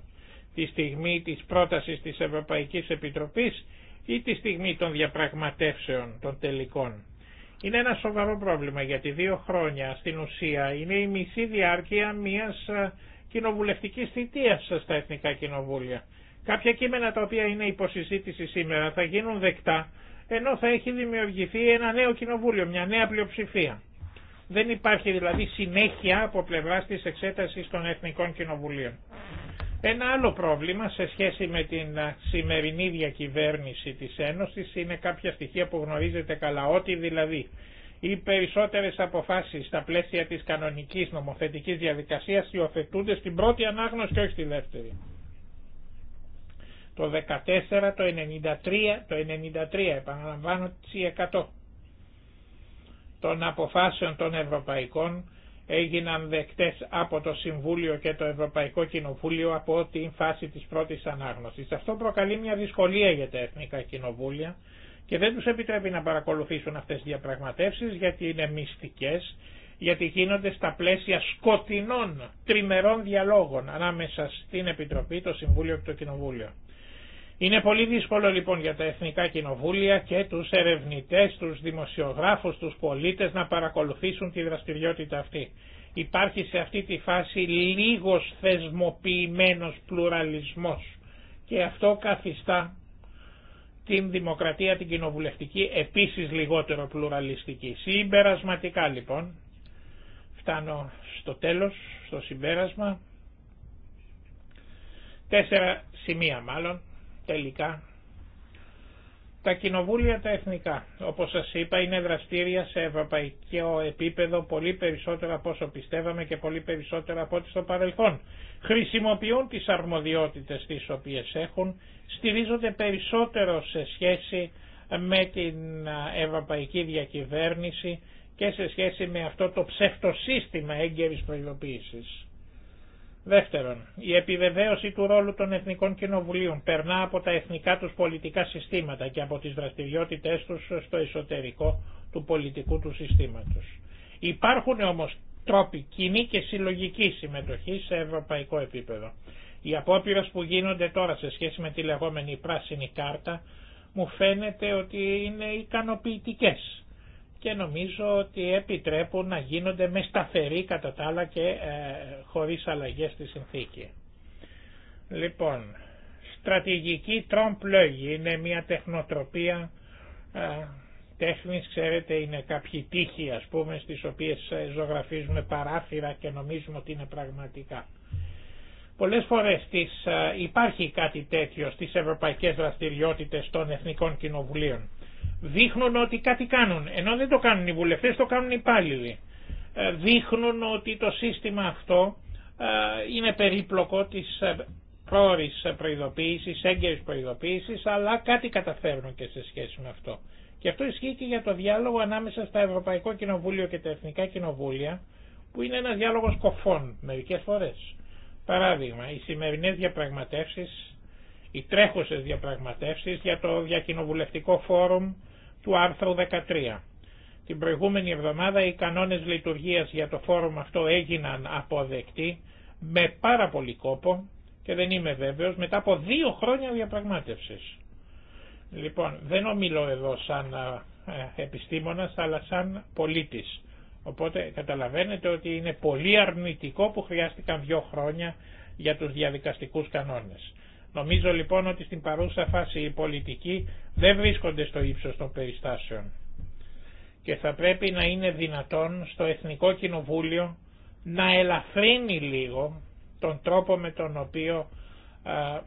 Τη στιγμή της πρότασης της Ευρωπαϊκής Επιτροπής ή τη στιγμή των διαπραγματεύσεων των τελικών. Είναι ένα σοβαρό πρόβλημα γιατί δύο χρόνια στην ουσία είναι η μισή διάρκεια μιας κοινοβουλευτικής θητείας στα εθνικά κοινοβούλια. Κάποια κείμενα τα οποία είναι υποσυζήτηση σήμερα θα γίνουν δεκτά ενώ θα έχει δημιουργηθεί ένα νέο κοινοβούλιο, μια νέα πλειοψηφία. Δεν υπάρχει δηλαδή συνέχεια από πλευρά τη εξέταση των εθνικών κοινοβουλίων. Ένα άλλο πρόβλημα σε σχέση με την σημερινή διακυβέρνηση της Ένωσης είναι κάποια στοιχεία που γνωρίζετε καλά, ότι δηλαδή οι περισσότερες αποφάσεις στα πλαίσια της κανονικής νομοθετικής διαδικασίας υιοθετούνται στην πρώτη ανάγνωση και όχι στη δεύτερη το 14, το 93, το 93 επαναλαμβάνω τις 100 των αποφάσεων των Ευρωπαϊκών έγιναν δεκτές από το Συμβούλιο και το Ευρωπαϊκό Κοινοβούλιο από την φάση της πρώτης ανάγνωσης. Αυτό προκαλεί μια δυσκολία για τα εθνικά κοινοβούλια και δεν τους επιτρέπει να παρακολουθήσουν αυτές τις διαπραγματεύσεις γιατί είναι μυστικές, γιατί γίνονται στα πλαίσια σκοτεινών τριμερών διαλόγων ανάμεσα στην Επιτροπή, το Συμβούλιο και το Κοινοβούλιο. Είναι πολύ δύσκολο λοιπόν για τα εθνικά κοινοβούλια και τους ερευνητές, τους δημοσιογράφους, τους πολίτες να παρακολουθήσουν τη δραστηριότητα αυτή. Υπάρχει σε αυτή τη φάση λίγος θεσμοποιημένος πλουραλισμός και αυτό καθιστά την δημοκρατία την κοινοβουλευτική επίσης λιγότερο πλουραλιστική. Συμπερασματικά λοιπόν, φτάνω στο τέλος, στο συμπέρασμα, τέσσερα σημεία μάλλον, Τελικά, τα κοινοβούλια τα εθνικά, όπως σας είπα, είναι δραστήρια σε ευρωπαϊκό επίπεδο πολύ περισσότερα από όσο πιστεύαμε και πολύ περισσότερα από ό,τι στο παρελθόν. Χρησιμοποιούν τις αρμοδιότητες τις οποίες έχουν, στηρίζονται περισσότερο σε σχέση με την ευρωπαϊκή διακυβέρνηση και σε σχέση με αυτό το ψευτοσύστημα έγκαιρης προειδοποίησης. Δεύτερον, η επιβεβαίωση του ρόλου των Εθνικών Κοινοβουλίων περνά από τα εθνικά τους πολιτικά συστήματα και από τις δραστηριότητές τους στο εσωτερικό του πολιτικού του συστήματος. Υπάρχουν όμως τρόποι κοινή και συλλογική συμμετοχή σε ευρωπαϊκό επίπεδο. Οι απόπειρε που γίνονται τώρα σε σχέση με τη λεγόμενη πράσινη κάρτα μου φαίνεται ότι είναι ικανοποιητικές και νομίζω ότι επιτρέπουν να γίνονται με σταθερή κατά τα άλλα και ε, χωρίς αλλαγές στη συνθήκη. Λοιπόν, στρατηγική τρόμπλογη είναι μια τεχνοτροπία ε, τέχνης, ξέρετε είναι κάποιοι τείχοι ας πούμε στις οποίες ε, ζωγραφίζουμε παράθυρα και νομίζουμε ότι είναι πραγματικά. Πολλές φορές ε, υπάρχει κάτι τέτοιο στις ευρωπαϊκές δραστηριότητες των εθνικών κοινοβουλίων δείχνουν ότι κάτι κάνουν. Ενώ δεν το κάνουν οι βουλευτές, το κάνουν οι υπάλληλοι. Ε, δείχνουν ότι το σύστημα αυτό ε, είναι περίπλοκο της ε, πρόορης προειδοποίησης, έγκαιρης προειδοποίησης, αλλά κάτι καταφέρνουν και σε σχέση με αυτό. Και αυτό ισχύει και για το διάλογο ανάμεσα στα Ευρωπαϊκό Κοινοβούλιο και τα Εθνικά Κοινοβούλια, που είναι ένας διάλογος κοφών μερικές φορές. Παράδειγμα, οι σημερινές διαπραγματεύσεις, οι τρέχουσες διαπραγματεύσεις για το διακοινοβουλευτικό φόρουμ του άρθρου 13. Την προηγούμενη εβδομάδα οι κανόνες λειτουργίας για το φόρουμ αυτό έγιναν αποδεκτοί με πάρα πολύ κόπο και δεν είμαι βέβαιος μετά από δύο χρόνια διαπραγμάτευσης. Λοιπόν, δεν ομιλώ εδώ σαν ε, επιστήμονας αλλά σαν πολίτης. Οπότε καταλαβαίνετε ότι είναι πολύ αρνητικό που χρειάστηκαν δύο χρόνια για τους διαδικαστικούς κανόνες. Νομίζω λοιπόν ότι στην παρούσα φάση οι πολιτικοί δεν βρίσκονται στο ύψος των περιστάσεων και θα πρέπει να είναι δυνατόν στο Εθνικό Κοινοβούλιο να ελαφρύνει λίγο τον τρόπο με τον οποίο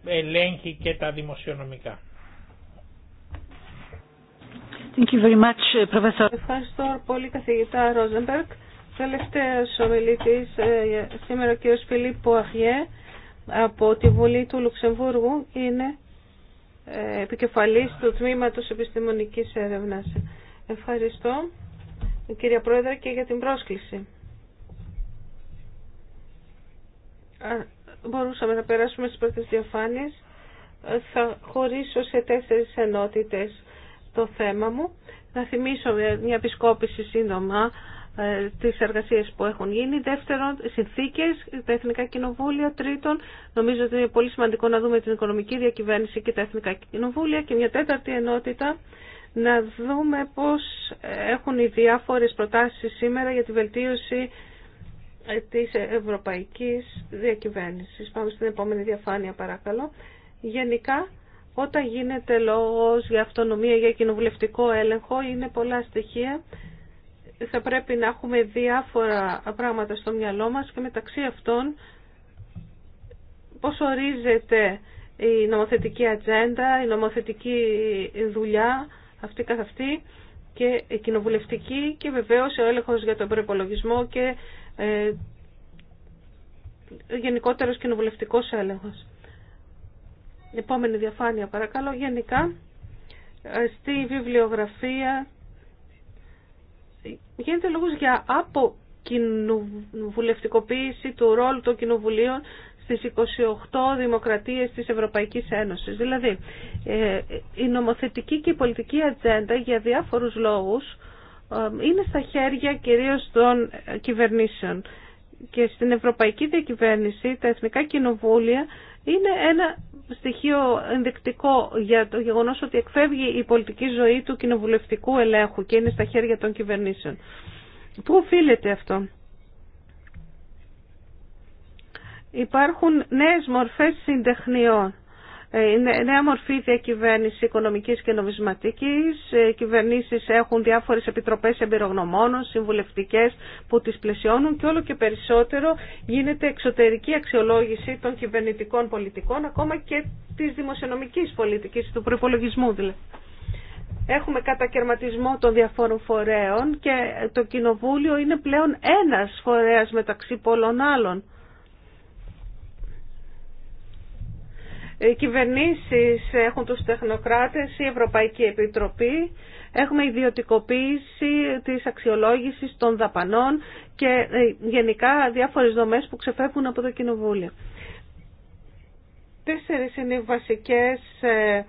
ελέγχει και τα δημοσιονομικά. Thank you very much, ε, Professor. Ευχαριστώ πολύ καθηγητά Ρόζενμπεργκ. Τελευταίος ομιλητής ε, σήμερα ο κ. Φιλίππο Αχιέ από τη Βουλή του Λουξεμβούργου είναι ε, επικεφαλής του Τμήματος Επιστημονικής Έρευνας. Ευχαριστώ, κυρία Πρόεδρε, και για την πρόσκληση. Μπορούσαμε να περάσουμε στις πρώτες διαφάνειες. Ε, θα χωρίσω σε τέσσερις ενότητες το θέμα μου. Να θυμίσω μια επισκόπηση σύντομα ε, τις εργασίες που έχουν γίνει. Δεύτερον, συνθήκες, τα εθνικά κοινοβούλια. Τρίτον, νομίζω ότι είναι πολύ σημαντικό να δούμε την οικονομική διακυβέρνηση και τα εθνικά κοινοβούλια. Και μια τέταρτη ενότητα, να δούμε πώς έχουν οι διάφορες προτάσεις σήμερα για τη βελτίωση ε, της ευρωπαϊκής διακυβέρνησης. Πάμε στην επόμενη διαφάνεια παρακαλώ. Γενικά, όταν γίνεται λόγος για αυτονομία, για κοινοβουλευτικό έλεγχο, είναι πολλά στοιχεία θα πρέπει να έχουμε διάφορα πράγματα στο μυαλό μας και μεταξύ αυτών πώς ορίζεται η νομοθετική ατζέντα, η νομοθετική δουλειά αυτή καθ' αυτή και η κοινοβουλευτική και βεβαίως ο έλεγχος για τον προπολογισμό και ε, γενικότερος κοινοβουλευτικός έλεγχος. Επόμενη διαφάνεια παρακαλώ. Γενικά ε, στη βιβλιογραφία γίνεται λόγος για αποκοινοβουλευτικοποίηση του ρόλου των κοινοβουλίων στις 28 δημοκρατίες της Ευρωπαϊκής Ένωσης. Δηλαδή, ε, η νομοθετική και η πολιτική ατζέντα για διάφορους λόγους ε, είναι στα χέρια κυρίως των κυβερνήσεων. Και στην Ευρωπαϊκή Διακυβέρνηση τα Εθνικά Κοινοβούλια είναι ένα στοιχείο ενδεικτικό για το γεγονός ότι εκφεύγει η πολιτική ζωή του κοινοβουλευτικού ελέγχου και είναι στα χέρια των κυβερνήσεων. Πού οφείλεται αυτό. Υπάρχουν νέες μορφές συντεχνιών ε, είναι νέα μορφή διακυβέρνηση οικονομικής και νομισματική. Οι ε, κυβερνήσεις έχουν διάφορες επιτροπές εμπειρογνωμόνων, συμβουλευτικές που τι πλαισιώνουν και όλο και περισσότερο γίνεται εξωτερική αξιολόγηση των κυβερνητικών πολιτικών, ακόμα και της δημοσιονομική πολιτική του προπολογισμού δηλαδή. Έχουμε κατακαιρματισμό των διαφόρων φορέων και το Κοινοβούλιο είναι πλέον ένας φορέας μεταξύ πολλών άλλων. οι ε, κυβερνήσεις έχουν τους τεχνοκράτες, η Ευρωπαϊκή Επιτροπή, έχουμε ιδιωτικοποίηση της αξιολόγησης των δαπανών και ε, γενικά διάφορες δομές που ξεφεύγουν από το Κοινοβούλιο. Τέσσερις είναι οι βασικές ε,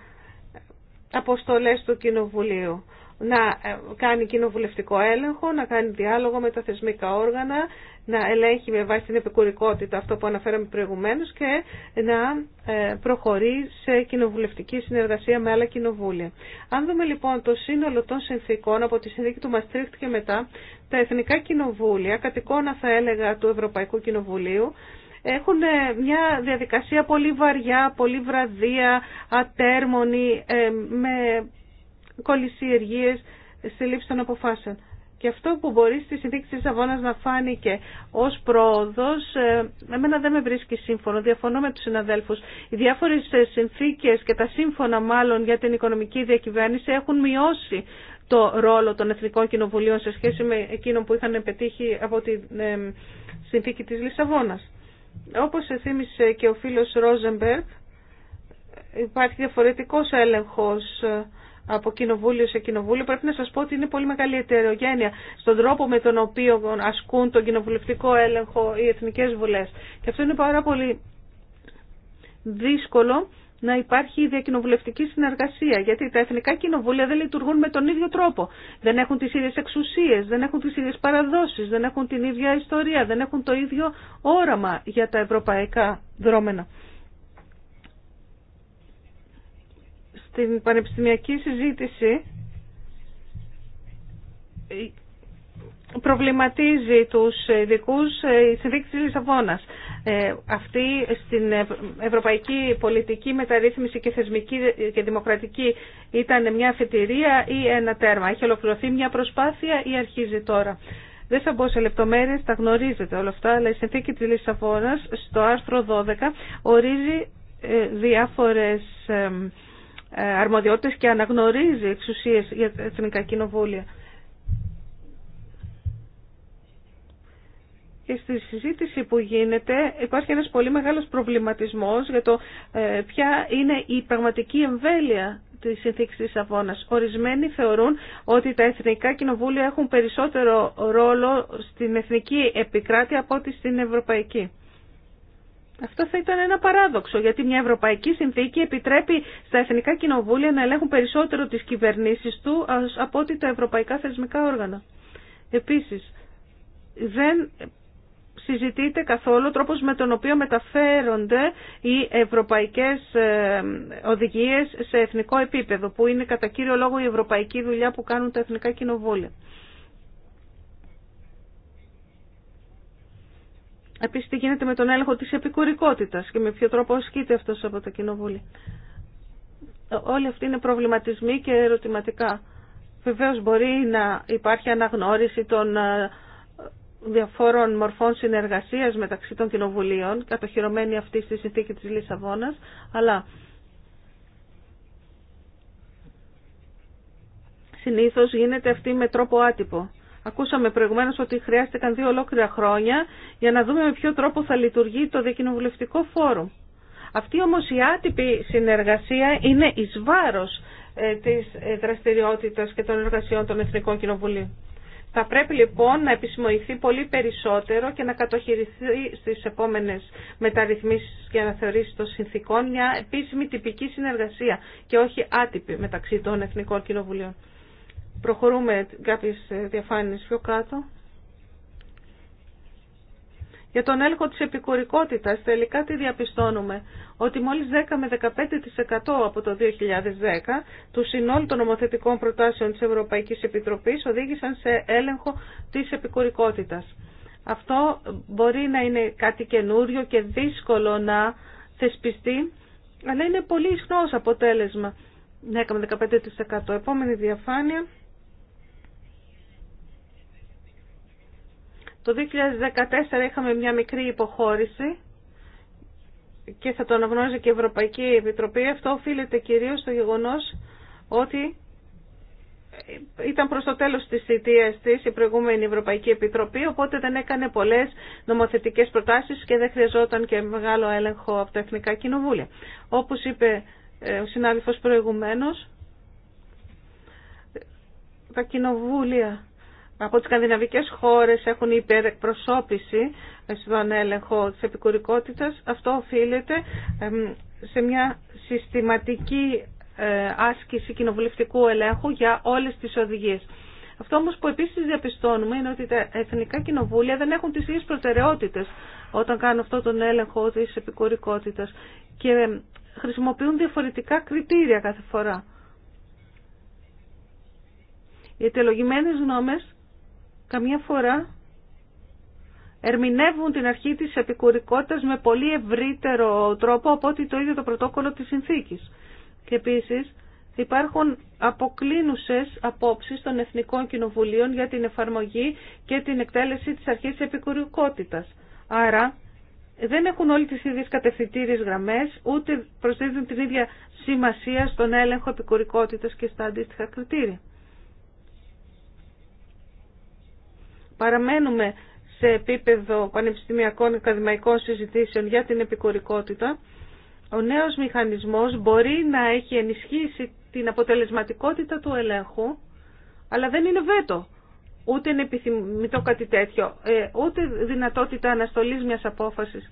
αποστολές του Κοινοβουλίου να ε, κάνει κοινοβουλευτικό έλεγχο, να κάνει διάλογο με τα θεσμικά όργανα, να ελέγχει με βάση την επικουρικότητα αυτό που αναφέραμε προηγουμένως και να ε, προχωρεί σε κοινοβουλευτική συνεργασία με άλλα κοινοβούλια. Αν δούμε λοιπόν το σύνολο των συνθήκων από τη συνθήκη του Μαστρίχτ και μετά, τα εθνικά κοινοβούλια, κατ' εικόνα θα έλεγα του Ευρωπαϊκού Κοινοβουλίου, έχουν ε, μια διαδικασία πολύ βαριά, πολύ βραδία, ατέρμονη, με κολυσίεργιες στη λήψη των αποφάσεων. Και αυτό που μπορεί στη συνθήκη της Λισαβόνας να φάνηκε ως πρόοδος, ε, εμένα δεν με βρίσκει σύμφωνο, διαφωνώ με τους συναδέλφους. Οι διάφορες ε, συνθήκες και τα σύμφωνα μάλλον για την οικονομική διακυβέρνηση έχουν μειώσει το ρόλο των Εθνικών Κοινοβουλίων σε σχέση με εκείνο που είχαν πετύχει από τη ε, συνθήκη της Λισαβόνας. Όπως θύμισε και ο φίλος Ρόζεμπεργκ, υπάρχει διαφορετικός έλεγχος από κοινοβούλιο σε κοινοβούλιο. Πρέπει να σας πω ότι είναι πολύ μεγάλη ετερογένεια στον τρόπο με τον οποίο ασκούν τον κοινοβουλευτικό έλεγχο οι εθνικές βουλές. Και αυτό είναι πάρα πολύ δύσκολο να υπάρχει διακοινοβουλευτική συνεργασία, γιατί τα εθνικά κοινοβούλια δεν λειτουργούν με τον ίδιο τρόπο. Δεν έχουν τι ίδιε εξουσίε, δεν έχουν τι ίδιες παραδόσεις, δεν έχουν την ίδια ιστορία, δεν έχουν το ίδιο όραμα για τα ευρωπαϊκά δρόμενα. στην πανεπιστημιακή συζήτηση προβληματίζει τους ειδικού ε, η συνδίκη της Λισαβόνας. Ε, αυτή στην ευρωπαϊκή πολιτική μεταρρύθμιση και θεσμική και δημοκρατική ήταν μια αφετηρία ή ένα τέρμα. Έχει ολοκληρωθεί μια προσπάθεια ή αρχίζει τώρα. Δεν θα μπω σε λεπτομέρειες, τα γνωρίζετε όλα αυτά, αλλά η συνθήκη της Λισαβόνας στο άρθρο 12 ορίζει ε, διάφορες ε, ε, αρμοδιότητες και αναγνωρίζει εξουσίες για τα εθνικά κοινοβούλια. Και στη συζήτηση που γίνεται υπάρχει ένας πολύ μεγάλος προβληματισμός για το ε, ποια είναι η πραγματική εμβέλεια της συνθήκη της Αβώνα. Ορισμένοι θεωρούν ότι τα εθνικά κοινοβούλια έχουν περισσότερο ρόλο στην εθνική επικράτεια από ότι στην ευρωπαϊκή. Αυτό θα ήταν ένα παράδοξο, γιατί μια Ευρωπαϊκή Συνθήκη επιτρέπει στα Εθνικά Κοινοβούλια να ελέγχουν περισσότερο τις κυβερνήσεις του από ότι τα ευρωπαϊκά θεσμικά όργανα. Επίσης, δεν συζητείται καθόλου τρόπος με τον οποίο μεταφέρονται οι ευρωπαϊκές ε, οδηγίες σε εθνικό επίπεδο, που είναι κατά κύριο λόγο η ευρωπαϊκή δουλειά που κάνουν τα Εθνικά Κοινοβούλια. Επίση, τι γίνεται με τον έλεγχο τη επικούρικότητα και με ποιο τρόπο ασκείται αυτό από το κοινοβούλια. Όλοι αυτοί είναι προβληματισμοί και ερωτηματικά. Βεβαίω μπορεί να υπάρχει αναγνώριση των ε, διαφόρων μορφών συνεργασίας μεταξύ των κοινοβουλίων, κατοχυρωμένη αυτή στη συνθήκη της Λισαβόνα, αλλά συνήθως γίνεται αυτή με τρόπο άτυπο. Ακούσαμε προηγουμένως ότι χρειάστηκαν δύο ολόκληρα χρόνια για να δούμε με ποιο τρόπο θα λειτουργεί το διακοινοβουλευτικό φόρουμ. Αυτή όμως η άτυπη συνεργασία είναι εις βάρος ε, της ε, δραστηριότητας και των εργασιών των Εθνικών Κοινοβουλίων. Θα πρέπει λοιπόν να επισημοηθεί πολύ περισσότερο και να κατοχυρηθεί στις επόμενες μεταρρυθμίσεις και να θεωρήσει των συνθήκων μια επίσημη τυπική συνεργασία και όχι άτυπη μεταξύ των Εθνικών Κοινοβουλίων. Προχωρούμε κάποιες ε, διαφάνειες πιο κάτω. Για τον έλεγχο της επικουρικότητας τελικά τι διαπιστώνουμε. Ότι μόλις 10 με 15% από το 2010 του συνόλου των νομοθετικών προτάσεων της Ευρωπαϊκής Επιτροπής οδήγησαν σε έλεγχο της επικουρικότητας. Αυτό μπορεί να είναι κάτι καινούριο και δύσκολο να θεσπιστεί, αλλά είναι πολύ ισχνός αποτέλεσμα. 10 με 15%. Επόμενη διαφάνεια. Το 2014 είχαμε μια μικρή υποχώρηση και θα το αναγνώριζε και η Ευρωπαϊκή Επιτροπή. Αυτό οφείλεται κυρίως στο γεγονός ότι ήταν προς το τέλος της θητείας της η προηγούμενη Ευρωπαϊκή Επιτροπή, οπότε δεν έκανε πολλές νομοθετικές προτάσεις και δεν χρειαζόταν και μεγάλο έλεγχο από τα Εθνικά Κοινοβούλια. Όπως είπε ε, ο συνάδελφος προηγουμένως, τα κοινοβούλια από τις σκανδιναβικές χώρες έχουν υπερεκπροσώπηση στον έλεγχο της επικουρικότητας. Αυτό οφείλεται σε μια συστηματική ε, άσκηση κοινοβουλευτικού ελέγχου για όλες τις οδηγίες. Αυτό όμως που επίσης διαπιστώνουμε είναι ότι τα εθνικά κοινοβούλια δεν έχουν τις ίδιες προτεραιότητες όταν κάνουν αυτό τον έλεγχο της επικουρικότητας και χρησιμοποιούν διαφορετικά κριτήρια κάθε φορά. Οι ετελογημένες νόμες καμιά φορά ερμηνεύουν την αρχή της επικουρικότητας με πολύ ευρύτερο τρόπο από ότι το ίδιο το πρωτόκολλο της συνθήκης. Και επίσης υπάρχουν αποκλίνουσες απόψεις των Εθνικών Κοινοβουλίων για την εφαρμογή και την εκτέλεση της αρχής της επικουρικότητας. Άρα δεν έχουν όλοι τις ίδιες κατευθυντήριες γραμμές, ούτε προσθέτουν την ίδια σημασία στον έλεγχο επικουρικότητας και στα αντίστοιχα κριτήρια. παραμένουμε σε επίπεδο πανεπιστημιακών ακαδημαϊκών συζητήσεων για την επικουρικότητα, ο νέος μηχανισμός μπορεί να έχει ενισχύσει την αποτελεσματικότητα του ελέγχου, αλλά δεν είναι βέτο. Ούτε είναι επιθυμητό κάτι τέτοιο, ε, ούτε δυνατότητα αναστολής μιας απόφασης.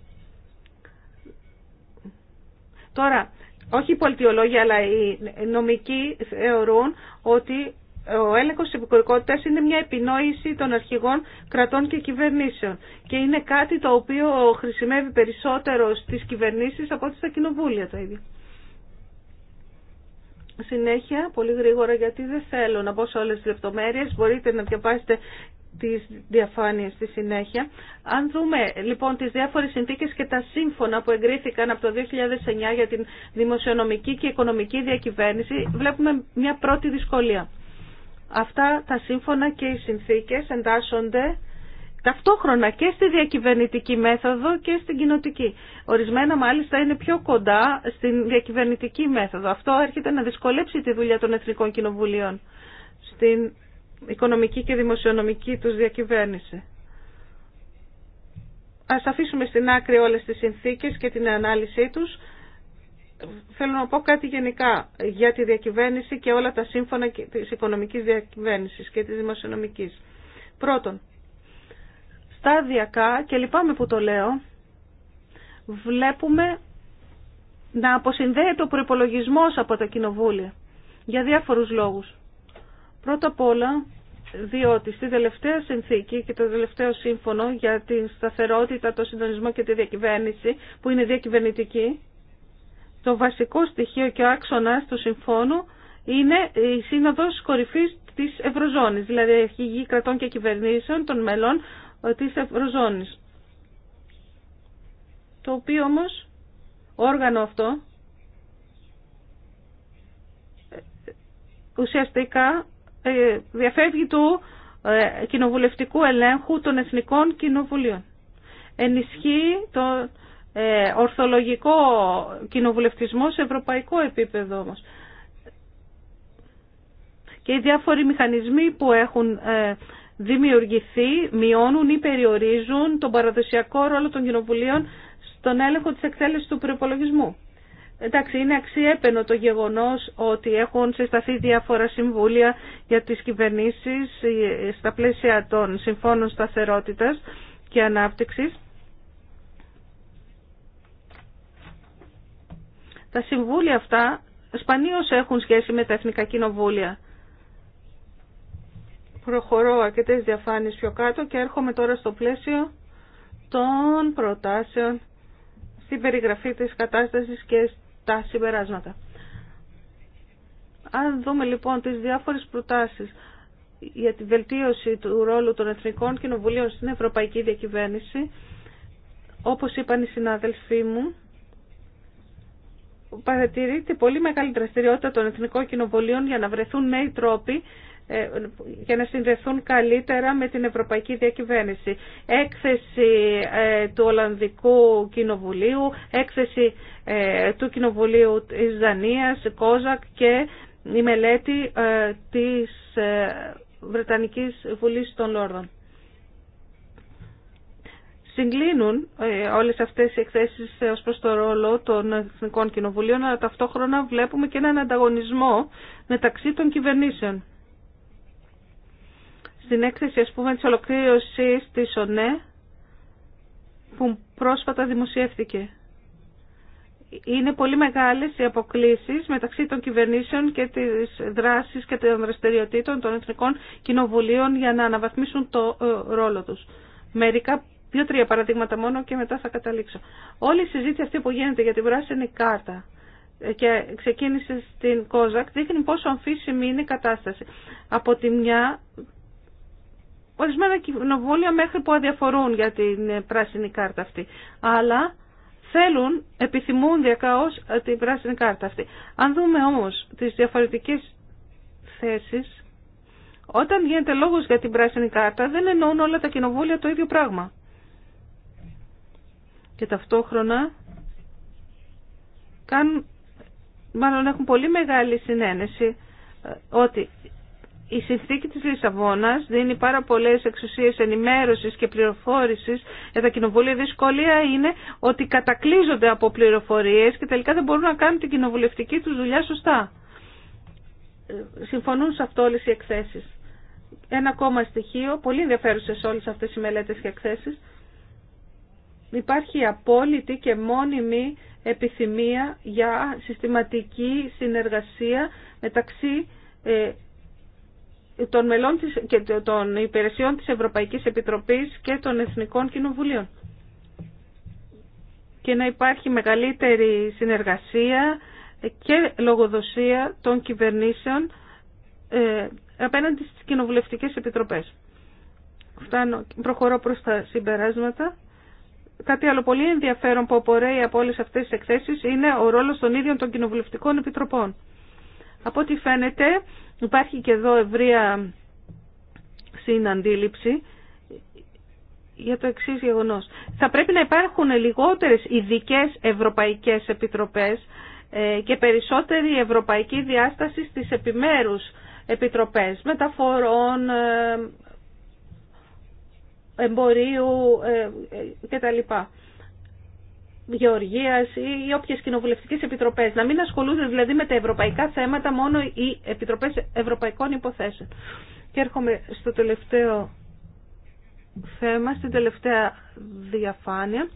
Τώρα, όχι οι πολιτιολόγοι, αλλά οι νομικοί θεωρούν ότι ο έλεγχο τη υποκριτικότητα είναι μια επινόηση των αρχηγών κρατών και κυβερνήσεων και είναι κάτι το οποίο χρησιμεύει περισσότερο στι κυβερνήσει από ό,τι στα κοινοβούλια τα ίδια. Συνέχεια, πολύ γρήγορα, γιατί δεν θέλω να μπω σε όλε τι λεπτομέρειε. Μπορείτε να διαβάσετε τις διαφάνειες στη συνέχεια. Αν δούμε λοιπόν τις διάφορες συνθήκες και τα σύμφωνα που εγκρίθηκαν από το 2009 για την δημοσιονομική και οικονομική διακυβέρνηση, βλέπουμε μια πρώτη δυσκολία. Αυτά τα σύμφωνα και οι συνθήκες εντάσσονται ταυτόχρονα και στη διακυβερνητική μέθοδο και στην κοινοτική. Ορισμένα μάλιστα είναι πιο κοντά στην διακυβερνητική μέθοδο. Αυτό έρχεται να δυσκολέψει τη δουλειά των Εθνικών Κοινοβουλίων στην οικονομική και δημοσιονομική τους διακυβέρνηση. Ας αφήσουμε στην άκρη όλες τις συνθήκες και την ανάλυση τους θέλω να πω κάτι γενικά για τη διακυβέρνηση και όλα τα σύμφωνα της οικονομικής διακυβέρνησης και της δημοσιονομικής. Πρώτον, σταδιακά, και λυπάμαι που το λέω, βλέπουμε να αποσυνδέεται ο προπολογισμό από τα κοινοβούλια για διάφορους λόγους. Πρώτα απ' όλα, διότι στη τελευταία συνθήκη και το τελευταίο σύμφωνο για την σταθερότητα, το συντονισμό και τη διακυβέρνηση, που είναι διακυβερνητική, το βασικό στοιχείο και ο άξονας του συμφώνου είναι η σύνοδο κορυφή της Ευρωζώνης, δηλαδή η αρχηγή κρατών και κυβερνήσεων των μελών ε, της Ευρωζώνης. Το οποίο όμως, όργανο αυτό, ε, ουσιαστικά ε, διαφεύγει του κοινοβουλευτικού ελέγχου των εθνικών κοινοβουλίων. Ενισχύει το ε, ορθολογικό κοινοβουλευτισμό σε ευρωπαϊκό επίπεδο όμως. Και οι διάφοροι μηχανισμοί που έχουν ε, δημιουργηθεί μειώνουν ή περιορίζουν τον παραδοσιακό ρόλο των κοινοβουλίων στον έλεγχο της εκτέλεσης του προπολογισμού. Εντάξει, είναι αξιέπαινο το γεγονός ότι έχουν συσταθεί διάφορα συμβούλια για τις κυβερνήσεις ε, στα πλαίσια των συμφώνων σταθερότητας και ανάπτυξης Τα συμβούλια αυτά σπανίως έχουν σχέση με τα εθνικά κοινοβούλια. Προχωρώ αρκετές διαφάνειες πιο κάτω και έρχομαι τώρα στο πλαίσιο των προτάσεων στην περιγραφή της κατάστασης και στα συμπεράσματα. Αν δούμε λοιπόν τις διάφορες προτάσεις για τη βελτίωση του ρόλου των Εθνικών Κοινοβουλίων στην Ευρωπαϊκή Διακυβέρνηση, όπως είπαν οι συνάδελφοί μου, παρατηρείται πολύ μεγάλη δραστηριότητα των Εθνικών Κοινοβουλίων για να βρεθούν νέοι τρόποι ε, για να συνδεθούν καλύτερα με την Ευρωπαϊκή Διακυβέρνηση. Έκθεση ε, του Ολλανδικού Κοινοβουλίου, έκθεση ε, του Κοινοβουλίου της Δανίας, Κόζακ και η μελέτη της Βρετανικής Βουλής των Λόρδων συγκλίνουν ε, όλες αυτές οι εκθέσεις ως προς το ρόλο των Εθνικών Κοινοβουλίων, αλλά ταυτόχρονα βλέπουμε και έναν ανταγωνισμό μεταξύ των κυβερνήσεων. Στην έκθεση, ας πούμε, της ολοκλήρωσης της ΟΝΕ, που πρόσφατα δημοσιεύτηκε. Είναι πολύ μεγάλες οι αποκλήσεις μεταξύ των κυβερνήσεων και της δράσης και των δραστηριοτήτων των Εθνικών Κοινοβουλίων για να αναβαθμίσουν το ε, ρόλο τους. Μερικά Δύο-τρία παραδείγματα μόνο και μετά θα καταλήξω. Όλη η συζήτηση αυτή που γίνεται για την πράσινη κάρτα ε, και ξεκίνησε στην Κόζακ δείχνει πόσο αμφίσιμη είναι η κατάσταση. Από τη μια, ορισμένα κοινοβούλια μέχρι που αδιαφορούν για την ε, πράσινη κάρτα αυτή. Αλλά θέλουν, επιθυμούν διακαώς ε, την πράσινη κάρτα αυτή. Αν δούμε όμως τις διαφορετικές θέσεις, όταν γίνεται λόγος για την πράσινη κάρτα δεν εννοούν όλα τα κοινοβούλια το ίδιο πράγμα και ταυτόχρονα κάνουν, μάλλον έχουν πολύ μεγάλη συνένεση ε, ότι η συνθήκη της Λισαβόνας δίνει πάρα πολλές εξουσίες ενημέρωσης και πληροφόρησης για τα κοινοβούλια. δυσκολία είναι ότι κατακλείζονται από πληροφορίες και τελικά δεν μπορούν να κάνουν την κοινοβουλευτική τους δουλειά σωστά. Ε, συμφωνούν σε αυτό όλες οι εκθέσεις. Ένα ακόμα στοιχείο, πολύ ενδιαφέρουσε όλες αυτές οι μελέτες και εκθέσεις, υπάρχει απόλυτη και μόνιμη επιθυμία για συστηματική συνεργασία μεταξύ ε, των μελών της, και των υπηρεσιών της Ευρωπαϊκής Επιτροπής και των Εθνικών Κοινοβουλίων. Και να υπάρχει μεγαλύτερη συνεργασία και λογοδοσία των κυβερνήσεων ε, απέναντι στις κοινοβουλευτικές επιτροπές. Φτάνω, προχωρώ προς τα συμπεράσματα. Κάτι άλλο πολύ ενδιαφέρον που απορρέει από όλε αυτές τις εκθέσει είναι ο ρόλος των ίδιων των κοινοβουλευτικών επιτροπών. Από ό,τι φαίνεται υπάρχει και εδώ ευρεία συναντήληψη για το εξή γεγονό. Θα πρέπει να υπάρχουν λιγότερε ειδικέ ευρωπαϊκές επιτροπές ε, και περισσότερη ευρωπαϊκή διάσταση στι επιμέρου επιτροπέ, μεταφορών, ε, εμπορίου ε, ε, κτλ. Γεωργίας ή όποιες κοινοβουλευτικές επιτροπές. Να μην ασχολούνται δηλαδή με τα ευρωπαϊκά θέματα μόνο οι επιτροπές ευρωπαϊκών υποθέσεων. Και έρχομαι στο τελευταίο θέμα, στην τελευταία διαφάνεια.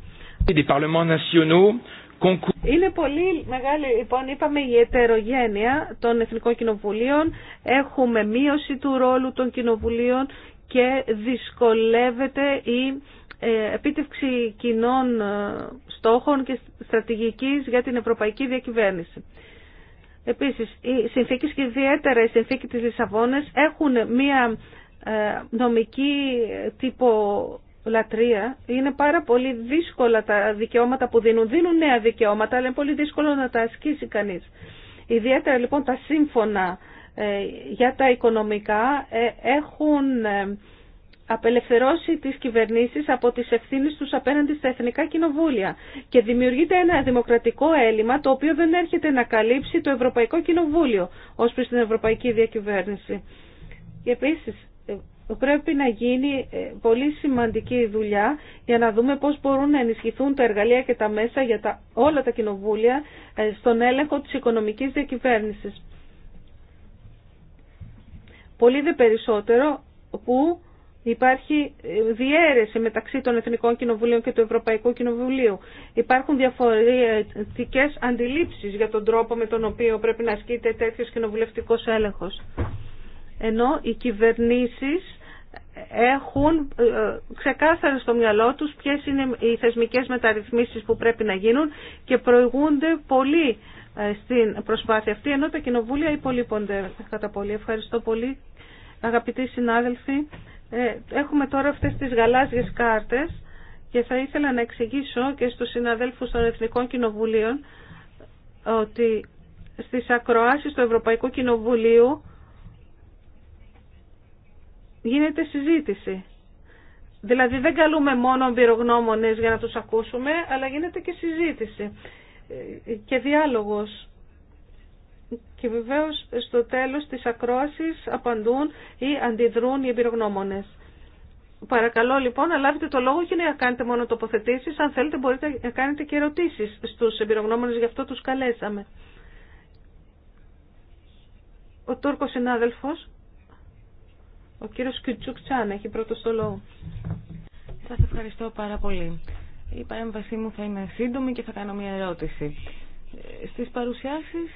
Είναι πολύ μεγάλη, λοιπόν, είπαμε η ετερογένεια των Εθνικών Κοινοβουλίων. Έχουμε μείωση του ρόλου των κοινοβουλίων και δυσκολεύεται η ε, επίτευξη κοινών ε, στόχων και στρατηγικής για την ευρωπαϊκή διακυβέρνηση. Επίσης, οι συνθήκες και ιδιαίτερα οι συνθήκη της Λισαβόνας έχουν μία ε, νομική τύπο λατρεία. Είναι πάρα πολύ δύσκολα τα δικαιώματα που δίνουν. Δίνουν νέα δικαιώματα, αλλά είναι πολύ δύσκολο να τα ασκήσει κανείς. Ιδιαίτερα λοιπόν τα σύμφωνα ε, για τα οικονομικά ε, έχουν ε, απελευθερώσει τις κυβερνήσεις από τις ευθύνες τους απέναντι στα εθνικά κοινοβούλια και δημιουργείται ένα δημοκρατικό έλλειμμα το οποίο δεν έρχεται να καλύψει το Ευρωπαϊκό Κοινοβούλιο ως προς την Ευρωπαϊκή Διακυβέρνηση. Και επίσης πρέπει να γίνει πολύ σημαντική δουλειά για να δούμε πώς μπορούν να ενισχυθούν τα εργαλεία και τα μέσα για τα, όλα τα κοινοβούλια στον έλεγχο της οικονομικής διακυβέρνησης. Πολύ δε περισσότερο που υπάρχει ε, διαίρεση μεταξύ των Εθνικών Κοινοβουλίων και του Ευρωπαϊκού Κοινοβουλίου. Υπάρχουν διαφορετικές αντιλήψεις για τον τρόπο με τον οποίο πρέπει να ασκείται τέτοιος κοινοβουλευτικός έλεγχος. Ενώ οι κυβερνήσεις έχουν ε, ε, ξεκάθαρα στο μυαλό τους ποιες είναι οι θεσμικές μεταρρυθμίσεις που πρέπει να γίνουν και προηγούνται πολύ στην προσπάθεια αυτή, ενώ τα κοινοβούλια υπολείπονται κατά πολύ. Ευχαριστώ πολύ αγαπητοί συνάδελφοι, ε, έχουμε τώρα αυτές τις γαλάζιες κάρτες και θα ήθελα να εξηγήσω και στους συναδέλφους των Εθνικών Κοινοβουλίων ότι στις ακροάσεις του Ευρωπαϊκού Κοινοβουλίου γίνεται συζήτηση. Δηλαδή δεν καλούμε μόνο εμπειρογνώμονες για να τους ακούσουμε, αλλά γίνεται και συζήτηση ε, και διάλογος και βεβαίως στο τέλος της ακρόασης απαντούν ή αντιδρούν οι εμπειρογνώμονες. Παρακαλώ λοιπόν να λάβετε το λόγο και να κάνετε μόνο τοποθετήσεις. Αν θέλετε μπορείτε να κάνετε και ερωτήσεις στους εμπειρογνώμονες, γι' αυτό τους καλέσαμε. Ο Τούρκος συνάδελφος, ο κύριος Κιουτσούκ Τσάν, έχει πρώτο το λόγο. Σας ευχαριστώ πάρα πολύ. Η παρέμβασή μου θα είναι σύντομη και θα κάνω μια ερώτηση. Ε, στις παρουσιάσεις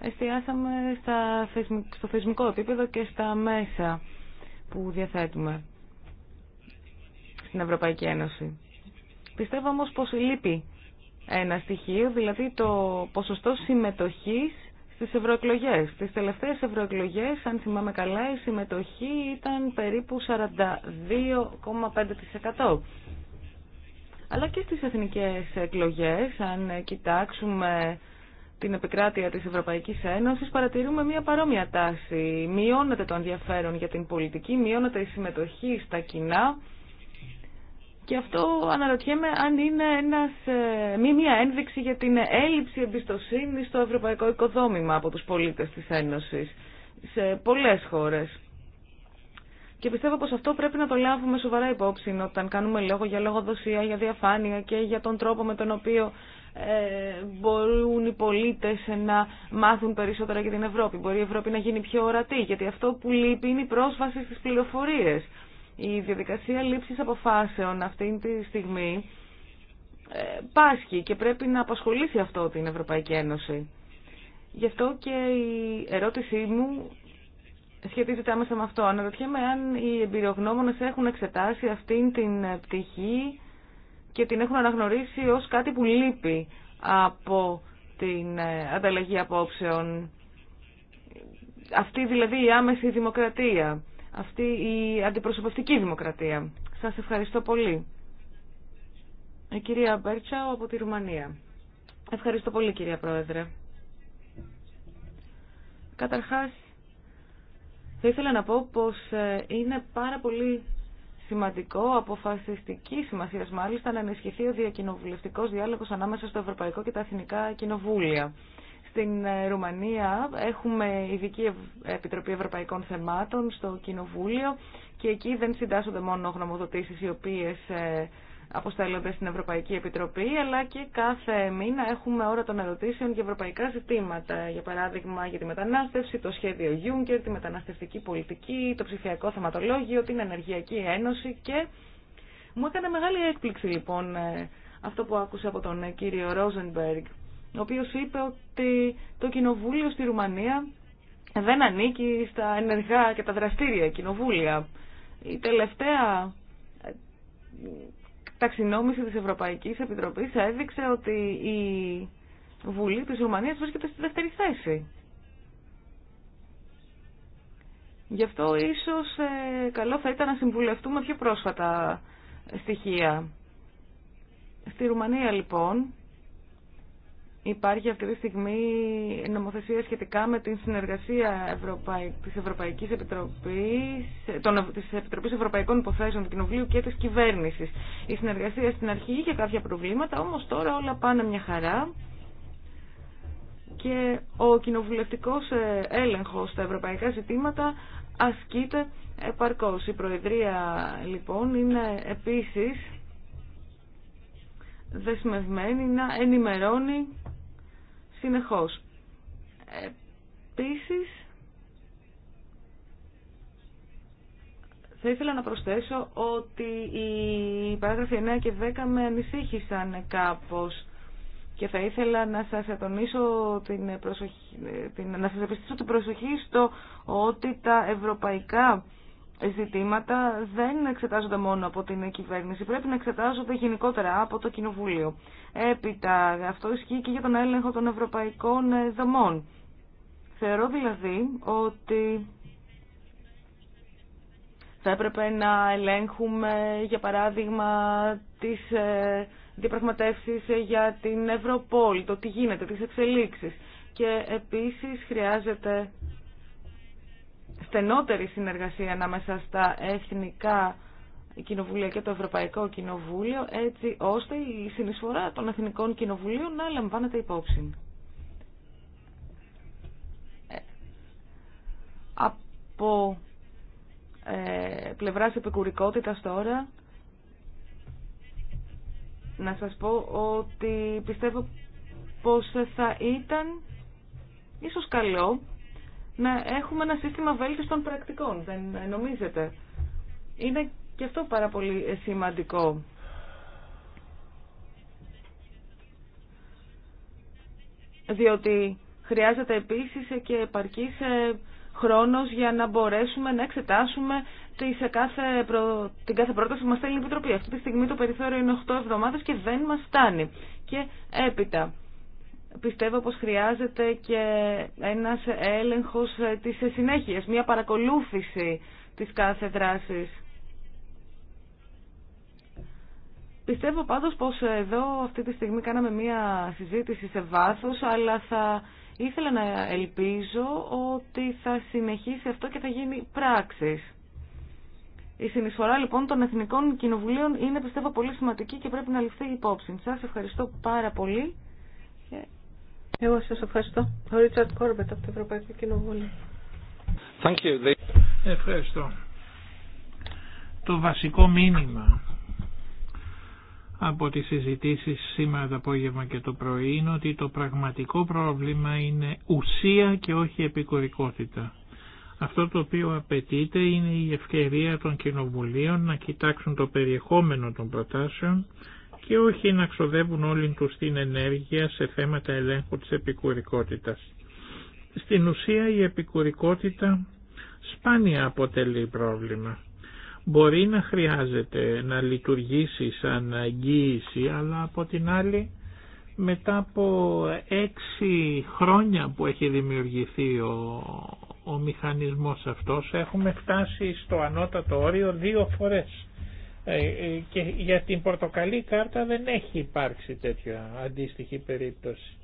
εστιάσαμε στα, στο θεσμικό επίπεδο και στα μέσα που διαθέτουμε στην Ευρωπαϊκή Ένωση. Πιστεύω όμως πως λείπει ένα στοιχείο, δηλαδή το ποσοστό συμμετοχής στις ευρωεκλογέ. Στις τελευταίες ευρωεκλογέ, αν θυμάμαι καλά, η συμμετοχή ήταν περίπου 42,5%. Αλλά και στις εθνικές εκλογές, αν κοιτάξουμε την επικράτεια της Ευρωπαϊκής Ένωσης παρατηρούμε μια παρόμοια τάση. Μειώνεται το ενδιαφέρον για την πολιτική, μειώνεται η συμμετοχή στα κοινά και αυτό αναρωτιέμαι αν είναι ένας, ε, μια ένδειξη για την έλλειψη εμπιστοσύνη στο ευρωπαϊκό οικοδόμημα από τους πολίτες της Ένωσης σε πολλές χώρες. Και πιστεύω πως αυτό πρέπει να το λάβουμε σοβαρά υπόψη όταν κάνουμε λόγο για λογοδοσία, για διαφάνεια και για τον τρόπο με τον οποίο ε, μπορούν οι πολίτες να μάθουν περισσότερα για την Ευρώπη. Μπορεί η Ευρώπη να γίνει πιο ορατή, γιατί αυτό που λείπει είναι η πρόσβαση στις πληροφορίες. Η διαδικασία λήψης αποφάσεων αυτή τη στιγμή ε, πάσχει και πρέπει να απασχολήσει αυτό την Ευρωπαϊκή Ένωση. Γι' αυτό και η ερώτησή μου σχετίζεται άμεσα με αυτό. Αναρωτιέμαι αν οι εμπειρογνώμονες έχουν εξετάσει αυτήν την πτυχή και την έχουν αναγνωρίσει ως κάτι που λείπει από την ε, ανταλλαγή απόψεων. Αυτή δηλαδή η άμεση δημοκρατία, αυτή η αντιπροσωπευτική δημοκρατία. Σας ευχαριστώ πολύ. Η ε, κυρία Μπέρτσαου από τη Ρουμανία. Ευχαριστώ πολύ κυρία Πρόεδρε. Καταρχάς, θα ήθελα να πω πως ε, είναι πάρα πολύ σημαντικό, αποφασιστική σημασία μάλιστα, να ενισχυθεί ο διακοινοβουλευτικό διάλογο ανάμεσα στο Ευρωπαϊκό και τα Εθνικά Κοινοβούλια. Στην ε, Ρουμανία έχουμε ειδική Επιτροπή Ευρωπαϊκών Θεμάτων στο Κοινοβούλιο και εκεί δεν συντάσσονται μόνο γνωμοδοτήσει οι οποίες ε, αποστέλλονται στην Ευρωπαϊκή Επιτροπή, αλλά και κάθε μήνα έχουμε ώρα των ερωτήσεων για ευρωπαϊκά ζητήματα. Για παράδειγμα, για τη μετανάστευση, το σχέδιο Juncker, τη μεταναστευτική πολιτική, το ψηφιακό θεματολόγιο, την Ενεργειακή Ένωση και μου έκανε μεγάλη έκπληξη λοιπόν ε, αυτό που άκουσα από τον ε, κύριο Ρόζενμπεργκ, ο οποίος είπε ότι το κοινοβούλιο στη Ρουμανία δεν ανήκει στα ενεργά και τα δραστήρια κοινοβούλια. Η τελευταία ε, ταξινόμηση της Ευρωπαϊκής Επιτροπής έδειξε ότι η Βουλή της Ρουμανίας βρίσκεται στη δεύτερη θέση. Γι' αυτό ίσως ε, καλό θα ήταν να συμβουλευτούμε πιο πρόσφατα στοιχεία. Στη Ρουμανία λοιπόν Υπάρχει αυτή τη στιγμή νομοθεσία σχετικά με την συνεργασία Ευρωπαϊ... της Ευρωπαϊκής Επιτροπής, της Επιτροπής Ευρωπαϊκών Υποθέσεων του Κοινοβουλίου και της Κυβέρνησης. Η συνεργασία στην αρχή είχε κάποια προβλήματα, όμως τώρα όλα πάνε μια χαρά και ο κοινοβουλευτικός ε, έλεγχος στα ευρωπαϊκά ζητήματα ασκείται επαρκώς. Η Προεδρία λοιπόν είναι επίσης δεσμευμένη να ενημερώνει συνεχώς. Επίσης, θα ήθελα να προσθέσω ότι οι παράγραφοι 9 και 10 με ανησύχησαν κάπως και θα ήθελα να σας ατονίσω την προσοχή, την, να σας επιστήσω την προσοχή στο ότι τα ευρωπαϊκά ζητήματα δεν εξετάζονται μόνο από την κυβέρνηση, πρέπει να εξετάζονται γενικότερα από το Κοινοβούλιο. Έπειτα, αυτό ισχύει και για τον έλεγχο των ευρωπαϊκών ε, δομών. Θεωρώ δηλαδή ότι θα έπρεπε να ελέγχουμε, για παράδειγμα, τις ε, διαπραγματεύσεις ε, για την Ευρωπόλη, το τι γίνεται, τις εξελίξεις. Και επίσης χρειάζεται στενότερη συνεργασία ανάμεσα στα εθνικά κοινοβούλια και το Ευρωπαϊκό Κοινοβούλιο, έτσι ώστε η συνεισφορά των εθνικών κοινοβουλίων να λαμβάνεται υπόψη. Ε, από ε, πλευράς επικουρικότητας τώρα, να σας πω ότι πιστεύω πως θα ήταν ίσως καλό να έχουμε ένα σύστημα βέλτιστων πρακτικών, δεν νομίζετε. Είναι και αυτό πάρα πολύ σημαντικό. Διότι χρειάζεται επίσης και επαρκής ε, χρόνος για να μπορέσουμε να εξετάσουμε σε κάθε την κάθε πρόταση που μας θέλει η Επιτροπή. Αυτή τη στιγμή το περιθώριο είναι 8 εβδομάδες και δεν μας φτάνει. Και έπειτα, πιστεύω πως χρειάζεται και ένας έλεγχος της συνέχειας, μια παρακολούθηση της κάθε δράσης. Πιστεύω πάντως πως εδώ αυτή τη στιγμή κάναμε μια συζήτηση σε βάθος, αλλά θα ήθελα να ελπίζω ότι θα συνεχίσει αυτό και θα γίνει πράξη. Η συνεισφορά λοιπόν των Εθνικών Κοινοβουλίων είναι πιστεύω πολύ σημαντική και πρέπει να ληφθεί υπόψη. Σας ευχαριστώ πάρα πολύ. Εγώ σας ευχαριστώ. Ο Ρίτσαρτ Κόρμπετ από το Ευρωπαϊκό Κοινοβούλιο. Ευχαριστώ. Το βασικό μήνυμα από τις συζητήσει σήμερα το απόγευμα και το πρωί είναι ότι το πραγματικό πρόβλημα είναι ουσία και όχι επικορικότητα. Αυτό το οποίο απαιτείται είναι η ευκαιρία των κοινοβουλίων να κοιτάξουν το περιεχόμενο των προτάσεων και όχι να ξοδεύουν όλοι τους την ενέργεια σε θέματα ελέγχου της επικουρικότητας. Στην ουσία η επικουρικότητα σπάνια αποτελεί πρόβλημα. Μπορεί να χρειάζεται να λειτουργήσει σαν αγγίηση, αλλά από την άλλη μετά από έξι χρόνια που έχει δημιουργηθεί ο, ο μηχανισμός αυτός έχουμε φτάσει στο ανώτατο όριο δύο φορές ε, ε, και για την πορτοκαλί κάρτα δεν έχει υπάρξει τέτοια αντίστοιχη περίπτωση.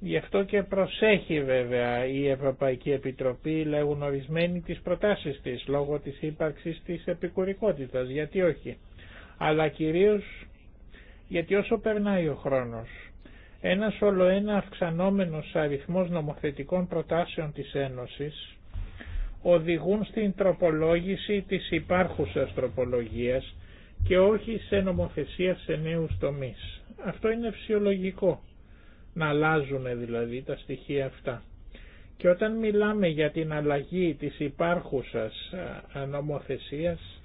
Γι' αυτό και προσέχει βέβαια η Ευρωπαϊκή Επιτροπή λέγουν ορισμένοι τις προτάσεις της λόγω της ύπαρξης της επικουρικότητας, γιατί όχι. Αλλά κυρίως γιατί όσο περνάει ο χρόνος, ένας ένα αυξανόμενος αριθμός νομοθετικών προτάσεων της Ένωσης οδηγούν στην τροπολόγηση της υπάρχουσας τροπολογίας και όχι σε νομοθεσία σε νέους τομείς. Αυτό είναι φυσιολογικό, να αλλάζουν δηλαδή τα στοιχεία αυτά. Και όταν μιλάμε για την αλλαγή της υπάρχουσας νομοθεσίας,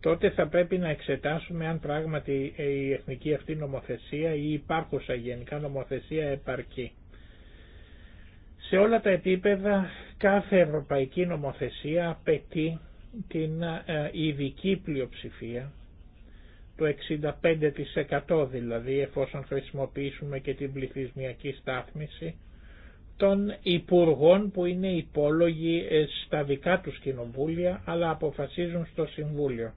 τότε θα πρέπει να εξετάσουμε αν πράγματι η εθνική αυτή νομοθεσία ή η υπάρχουσα γενικά νομοθεσία επαρκεί. Σε όλα τα επίπεδα κάθε ευρωπαϊκή νομοθεσία απαιτεί την ε, ειδική πλειοψηφία, το 65% δηλαδή εφόσον χρησιμοποιήσουμε και την πληθυσμιακή στάθμιση, των υπουργών που είναι υπόλογοι ε, στα δικά τους κοινοβούλια αλλά αποφασίζουν στο Συμβούλιο.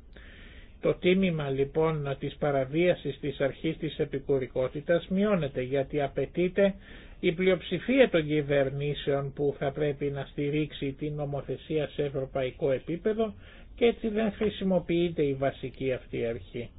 Το τίμημα λοιπόν της παραβίασης της αρχής της επικουρικότητας μειώνεται γιατί απαιτείται η πλειοψηφία των κυβερνήσεων που θα πρέπει να στηρίξει την νομοθεσία σε ευρωπαϊκό επίπεδο και έτσι δεν χρησιμοποιείται η βασική αυτή αρχή.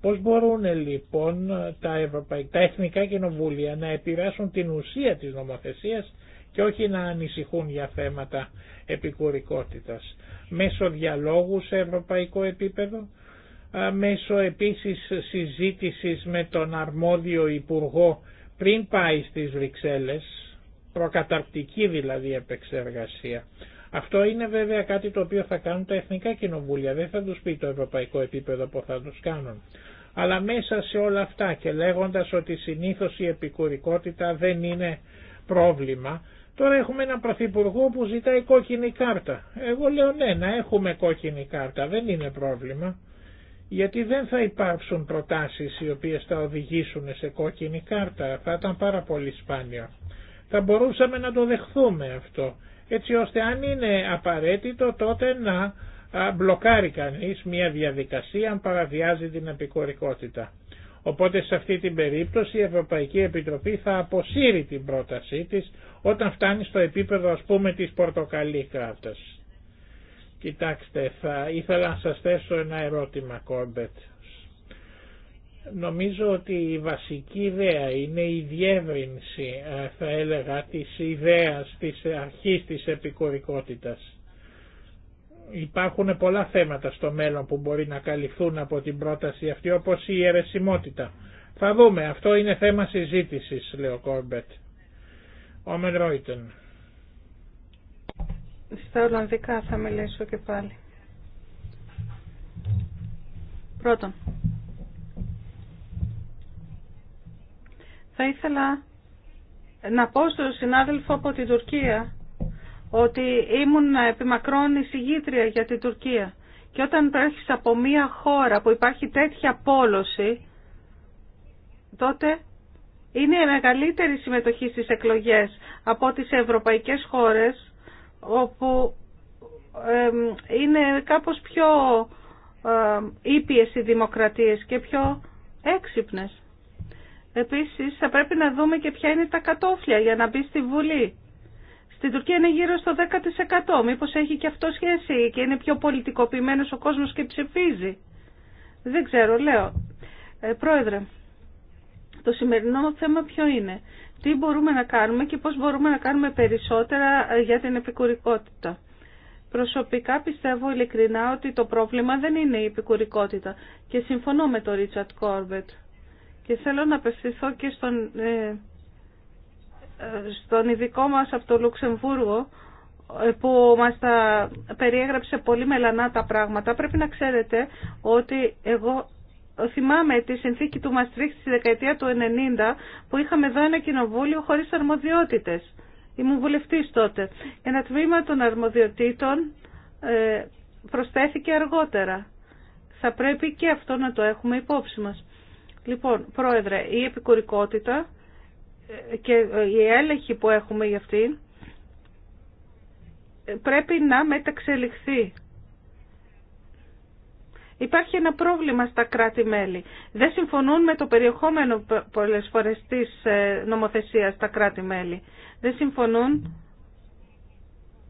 Πώς μπορούν λοιπόν τα, ευρωπαϊκά, τα εθνικά κοινοβούλια να επηρεάσουν την ουσία της νομοθεσίας και όχι να ανησυχούν για θέματα επικουρικότητας. Μέσω διαλόγου σε ευρωπαϊκό επίπεδο, μέσω επίσης συζήτησης με τον αρμόδιο υπουργό πριν πάει στις Βρυξέλλες, προκαταρπτική δηλαδή επεξεργασία. Αυτό είναι βέβαια κάτι το οποίο θα κάνουν τα εθνικά κοινοβούλια, δεν θα τους πει το ευρωπαϊκό επίπεδο που θα τους κάνουν. Αλλά μέσα σε όλα αυτά και λέγοντας ότι συνήθως η επικουρικότητα δεν είναι πρόβλημα, Τώρα έχουμε έναν πρωθυπουργό που ζητάει κόκκινη κάρτα. Εγώ λέω ναι, να έχουμε κόκκινη κάρτα, δεν είναι πρόβλημα γιατί δεν θα υπάρξουν προτάσεις οι οποίες θα οδηγήσουν σε κόκκινη κάρτα, θα ήταν πάρα πολύ σπάνιο. Θα μπορούσαμε να το δεχθούμε αυτό, έτσι ώστε αν είναι απαραίτητο τότε να μπλοκάρει κανείς μια διαδικασία αν παραβιάζει την επικορικότητα. Οπότε σε αυτή την περίπτωση η Ευρωπαϊκή Επιτροπή θα αποσύρει την πρότασή της όταν φτάνει στο επίπεδο ας πούμε της πορτοκαλί κράτας. Κοιτάξτε, θα ήθελα να σας θέσω ένα ερώτημα, Κόρμπετ. Νομίζω ότι η βασική ιδέα είναι η διεύρυνση, ε, θα έλεγα, της ιδέας, της αρχής της επικουρικότητας. Υπάρχουν πολλά θέματα στο μέλλον που μπορεί να καλυφθούν από την πρόταση αυτή, όπως η αιρεσιμότητα. Θα δούμε, αυτό είναι θέμα συζήτησης, λέει ο Κόρμπετ. Στα Ολλανδικά θα μιλήσω και πάλι. Πρώτον, θα ήθελα να πω στον συνάδελφο από την Τουρκία ότι ήμουν επιμακρών εισηγήτρια για την Τουρκία. Και όταν πρέχεις από μία χώρα που υπάρχει τέτοια πόλωση, τότε είναι η μεγαλύτερη συμμετοχή στις εκλογές από τις ευρωπαϊκές χώρες όπου είναι κάπως πιο ήπιες οι δημοκρατίες και πιο έξυπνες. Επίσης θα πρέπει να δούμε και ποια είναι τα κατόφλια για να μπει στη Βουλή. Στην Τουρκία είναι γύρω στο 10%. Μήπως έχει και αυτό σχέση και είναι πιο πολιτικοποιημένος ο κόσμος και ψηφίζει. Δεν ξέρω, λέω. Ε, πρόεδρε, το σημερινό θέμα ποιο είναι τι μπορούμε να κάνουμε και πώς μπορούμε να κάνουμε περισσότερα ε, για την επικουρικότητα. Προσωπικά πιστεύω ειλικρινά ότι το πρόβλημα δεν είναι η επικουρικότητα και συμφωνώ με τον Ρίτσαρτ Κόρμπετ και θέλω να απευθυνθώ και στον, ε, ε, στον ειδικό μας από το Λουξεμβούργο που μας τα περιέγραψε πολύ μελανά τα πράγματα. Πρέπει να ξέρετε ότι εγώ θυμάμαι τη συνθήκη του Μαστρίχ στη δεκαετία του 90 που είχαμε εδώ ένα κοινοβούλιο χωρίς αρμοδιότητες. Ήμουν βουλευτής τότε. Ένα τμήμα των αρμοδιοτήτων ε, προσθέθηκε αργότερα. Θα πρέπει και αυτό να το έχουμε υπόψη μας. Λοιπόν, Πρόεδρε, η επικουρικότητα ε, και ε, η έλεγχη που έχουμε για αυτήν πρέπει να μεταξελιχθεί Υπάρχει ένα πρόβλημα στα κράτη-μέλη. Δεν συμφωνούν με το περιεχόμενο πολλές φορές της ε, νομοθεσίας στα κράτη-μέλη. Δεν συμφωνούν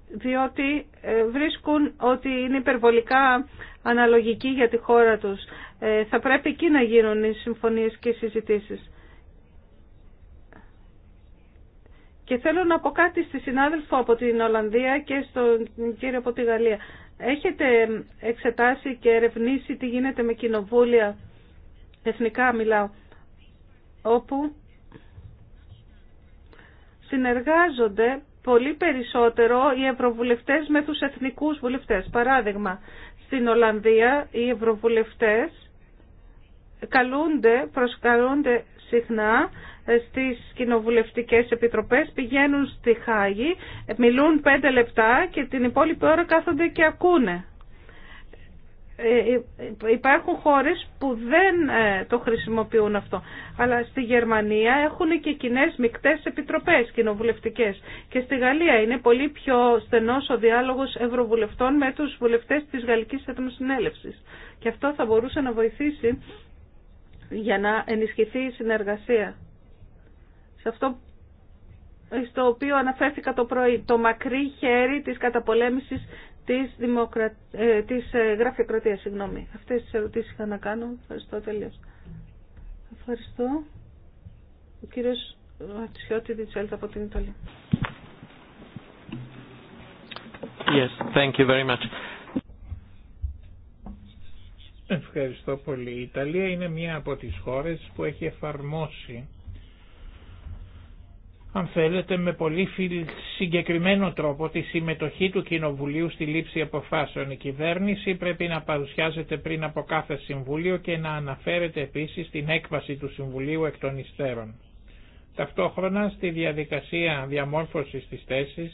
διότι ε, βρίσκουν ότι είναι υπερβολικά αναλογική για τη χώρα τους. Ε, θα πρέπει εκεί να γίνουν οι συμφωνίες και οι συζητήσεις. Και θέλω να πω κάτι στη συνάδελφο από την Ολλανδία και στον κύριο από τη Γαλλία. Έχετε εξετάσει και ερευνήσει τι γίνεται με κοινοβούλια, εθνικά μιλάω, όπου συνεργάζονται πολύ περισσότερο οι ευρωβουλευτές με τους εθνικούς βουλευτές. Παράδειγμα, στην Ολλανδία οι ευρωβουλευτές καλούνται, προσκαλούνται συχνά στις κοινοβουλευτικές επιτροπές, πηγαίνουν στη Χάγη, μιλούν πέντε λεπτά και την υπόλοιπη ώρα κάθονται και ακούνε. Ε, υπάρχουν χώρες που δεν ε, το χρησιμοποιούν αυτό, αλλά στη Γερμανία έχουν και κοινέ μικτές επιτροπές κοινοβουλευτικές και στη Γαλλία είναι πολύ πιο στενός ο διάλογος ευρωβουλευτών με τους βουλευτές της Γαλλικής Συνέλευσης. και αυτό θα μπορούσε να βοηθήσει για να ενισχυθεί η συνεργασία σε αυτό στο οποίο αναφέρθηκα το πρωί, το μακρύ χέρι της καταπολέμησης της, δημοκρα... ε, της ε, γραφειοκρατίας. Συγγνώμη. Αυτές τις ερωτήσεις είχα να κάνω. Ευχαριστώ τελείως. Ευχαριστώ. Ο κύριος Ατσιώτη Διτσέλτα από την Ιταλία. Yes, thank you very much. Ευχαριστώ πολύ. Η Ιταλία είναι μία από τις χώρες που έχει εφαρμόσει αν θέλετε με πολύ συγκεκριμένο τρόπο τη συμμετοχή του Κοινοβουλίου στη λήψη αποφάσεων. Η κυβέρνηση πρέπει να παρουσιάζεται πριν από κάθε Συμβούλιο και να αναφέρεται επίσης στην έκβαση του Συμβουλίου εκ των υστέρων. Ταυτόχρονα στη διαδικασία διαμόρφωσης της θέσης